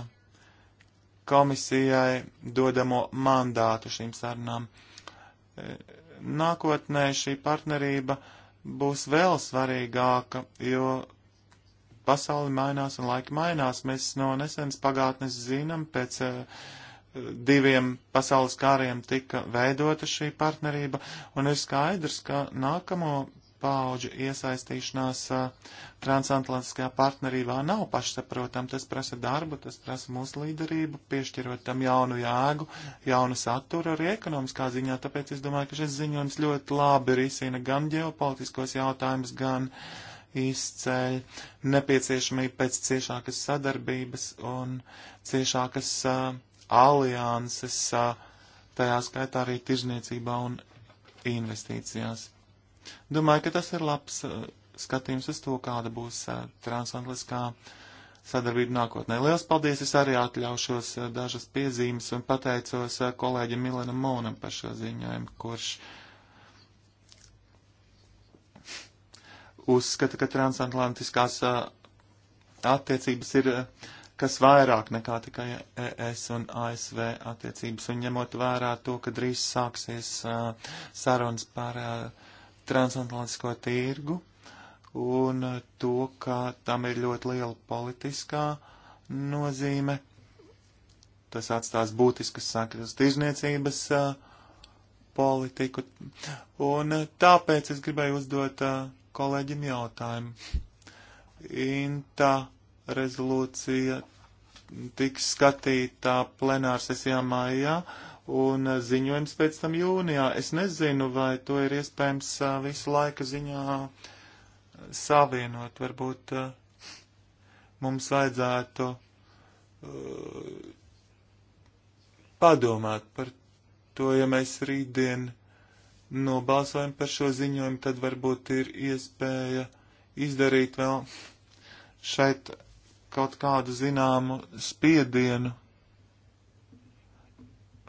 komisijai dodamo mandātu šīm sarunām. Nākotnē šī partnerība būs vēl svarīgāka, jo Pasauli mainās un laika mainās. Mēs no nesenas pagātnes zinām, pēc uh, diviem pasaules kāriem tika veidota šī partnerība, un ir skaidrs, ka nākamo paauģu iesaistīšanās uh, transatlantiskajā partnerībā nav pašsaprotam. Tas prasa darbu, tas prasa mūsu līderību, piešķirot tam jaunu jēgu, jaunu saturu arī ekonomiskā ziņā. Tāpēc es domāju, ka šis ziņojums ļoti labi risina gan ģeopolitiskos jautājumus, gan uh, izceļ nepieciešamību pēc ciešākas sadarbības un ciešākas uh, alianses, uh, tajā skaitā arī tirzniecībā un investīcijās. Domāju, ka tas ir labs uh, skatījums uz to, kāda būs uh, transatlantiskā sadarbība nākotnē. Liels paldies! Es arī atļaušos uh, dažas piezīmes un pateicos uh, kolēģim Milenam Mūnam par šo ziņojumu, kurš uh, uzskata, ka transatlantiskās attiecības ir kas vairāk nekā tikai ES un ASV attiecības, un ņemot vērā to, ka drīz sāksies uh, sarunas par uh, transatlantisko tirgu, un uh, to, ka tam ir ļoti liela politiskā nozīme, tas atstās būtiskas sakļus tirzniecības politiku, un tāpēc es gribēju uzdot kolēģim jautājumu. Inta rezolūcija tiks skatīta plenārsesijā maijā un ziņojums pēc tam jūnijā. Es nezinu, vai to ir iespējams uh, visu laika ziņā savienot. Varbūt uh, mums vajadzētu uh, padomāt par to, ja mēs rītdien nobalsojam par šo ziņojumu, tad varbūt ir iespēja izdarīt vēl šeit kaut kādu zināmu spiedienu.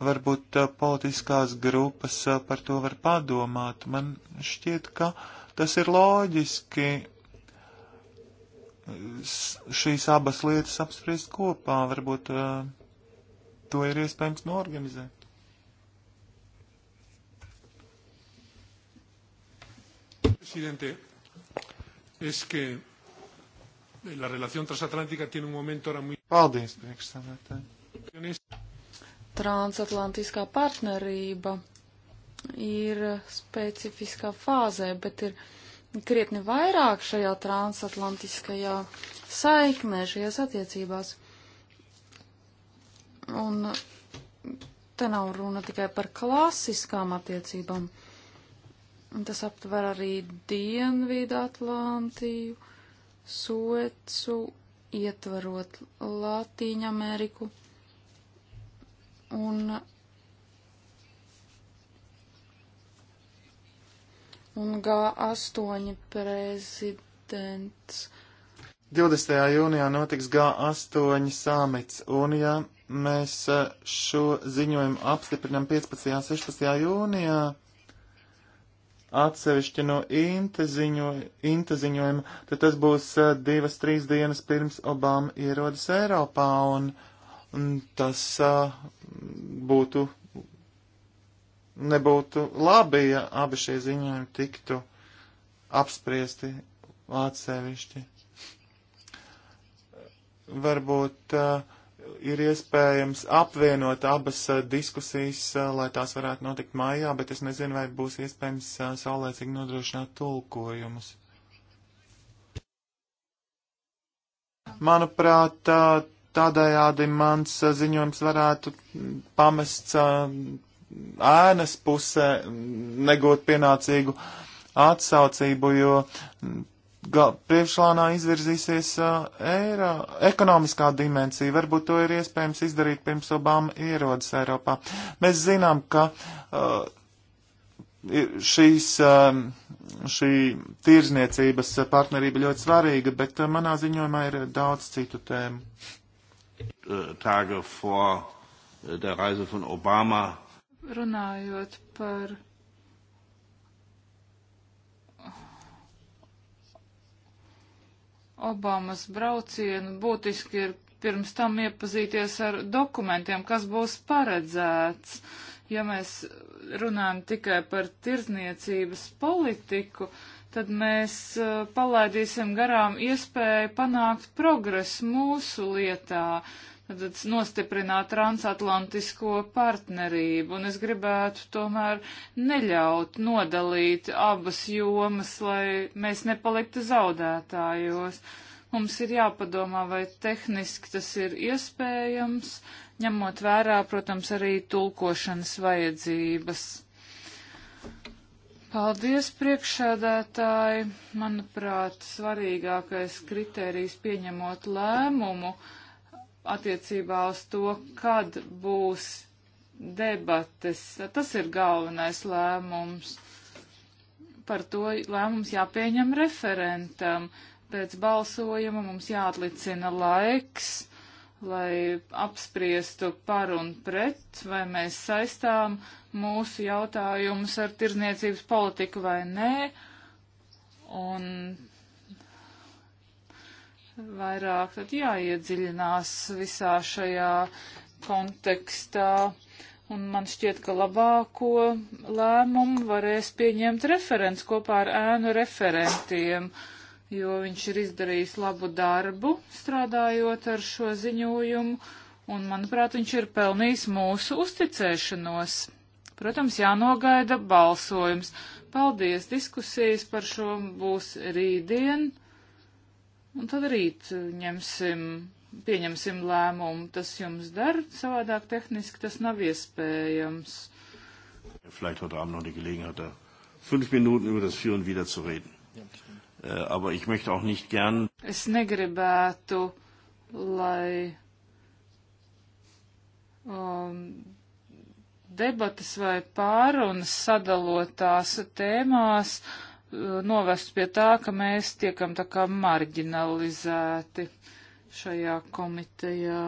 Varbūt uh, politiskās grupas uh, par to var padomāt. Man šķiet, ka tas ir loģiski S šīs abas lietas apspriest kopā. Varbūt uh, to ir iespējams norganizēt. presidente, es que la relación transatlántica tiene un momento ahora muy. Paldies, priekšsēdētāji. Transatlantiskā partnerība ir specifiskā fāzē, bet ir krietni vairāk šajā transatlantiskajā saiknē, šajās attiecībās. Un te nav runa tikai par klasiskām attiecībām. Tas aptver arī Dienvidu Atlantiju, Suecu, ietvarot Latīņu Ameriku un un G8 prezidents. 20. jūnijā notiks G8 samits, un ja mēs eh, šo ziņojumu apstiprinam 15. un 16. jūnijā, atsevišķi no Inta, ziņo, Inta ziņojuma, tad tas būs uh, divas, trīs dienas pirms Obama ierodas Eiropā, un, un tas uh, būtu, nebūtu labi, ja abi šie ziņojumi tiktu apspriesti atsevišķi. Varbūt uh, ir iespējams apvienot abas eh, diskusijas, eh, lai tās varētu notikt mājā, bet es nezinu, vai būs iespējams eh, saulēcīgi nodrošināt tulkojumus. Manuprāt, tādējādi mans ziņojums varētu pamests ēnas pusē, mm, negūt pienācīgu atsaucību, jo mm, priekšlānā izvirzīsies uh, eiro, ekonomiskā dimensija. Varbūt to ir iespējams izdarīt pirms Obama ierodas Eiropā. Mēs zinām, ka uh, šīs, uh, šī tirzniecības partnerība ļoti svarīga, bet uh, manā ziņojumā ir daudz citu tēmu. Runājot par Obamas braucienu būtiski ir pirms tam iepazīties ar dokumentiem, kas būs paredzēts. Ja mēs runājam tikai par tirzniecības politiku, tad mēs uh, palaidīsim garām iespēju panākt progresu mūsu lietā. Uh, tad nostiprināt transatlantisko partnerību, un es gribētu tomēr neļaut nodalīt abas jomas, lai mēs nepaliktu zaudētājos. Mums ir jāpadomā, vai tehniski tas ir iespējams, ņemot vērā, protams, arī tulkošanas vajadzības. Paldies, priekšsēdētāji! Manuprāt, svarīgākais kriterijs pieņemot lēmumu attiecībā uz to, kad būs debates. Tas ir galvenais lēmums. Par to lēmums jāpieņem referentam. Pēc balsojuma mums jāatlicina laiks, lai apspriestu par un pret, vai mēs saistām mūsu jautājumus ar tirzniecības politiku vai nē. Un vairāk tad jāiedziļinās visā šajā kontekstā. Un man šķiet, ka labāko lēmumu varēs pieņemt referents kopā ar ēnu referentiem, jo viņš ir izdarījis labu darbu strādājot ar šo ziņojumu, un, manuprāt, viņš ir pelnījis mūsu uzticēšanos. Protams, jānogaida balsojums. Paldies! Diskusijas par šo būs rītdien. Un tad rīt ņemsim, pieņemsim lēmumu. Tas jums der, savādāk tehniski tas nav iespējams. Vielleicht heute Abend noch die Gelegenheit, fünf Minuten über das Führen wieder zu reden. Äh, aber ich möchte auch nicht gern. Es negribētu, lai um, debatas vai pārunas sadalotās tēmās uh, novest pie tā, ka mēs tiekam tā kā marginalizēti šajā komitejā.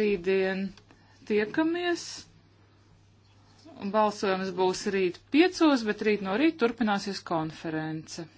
Rītdien tiekamies. Balsojums būs rīt piecos, bet rīt no rīta turpināsies konference.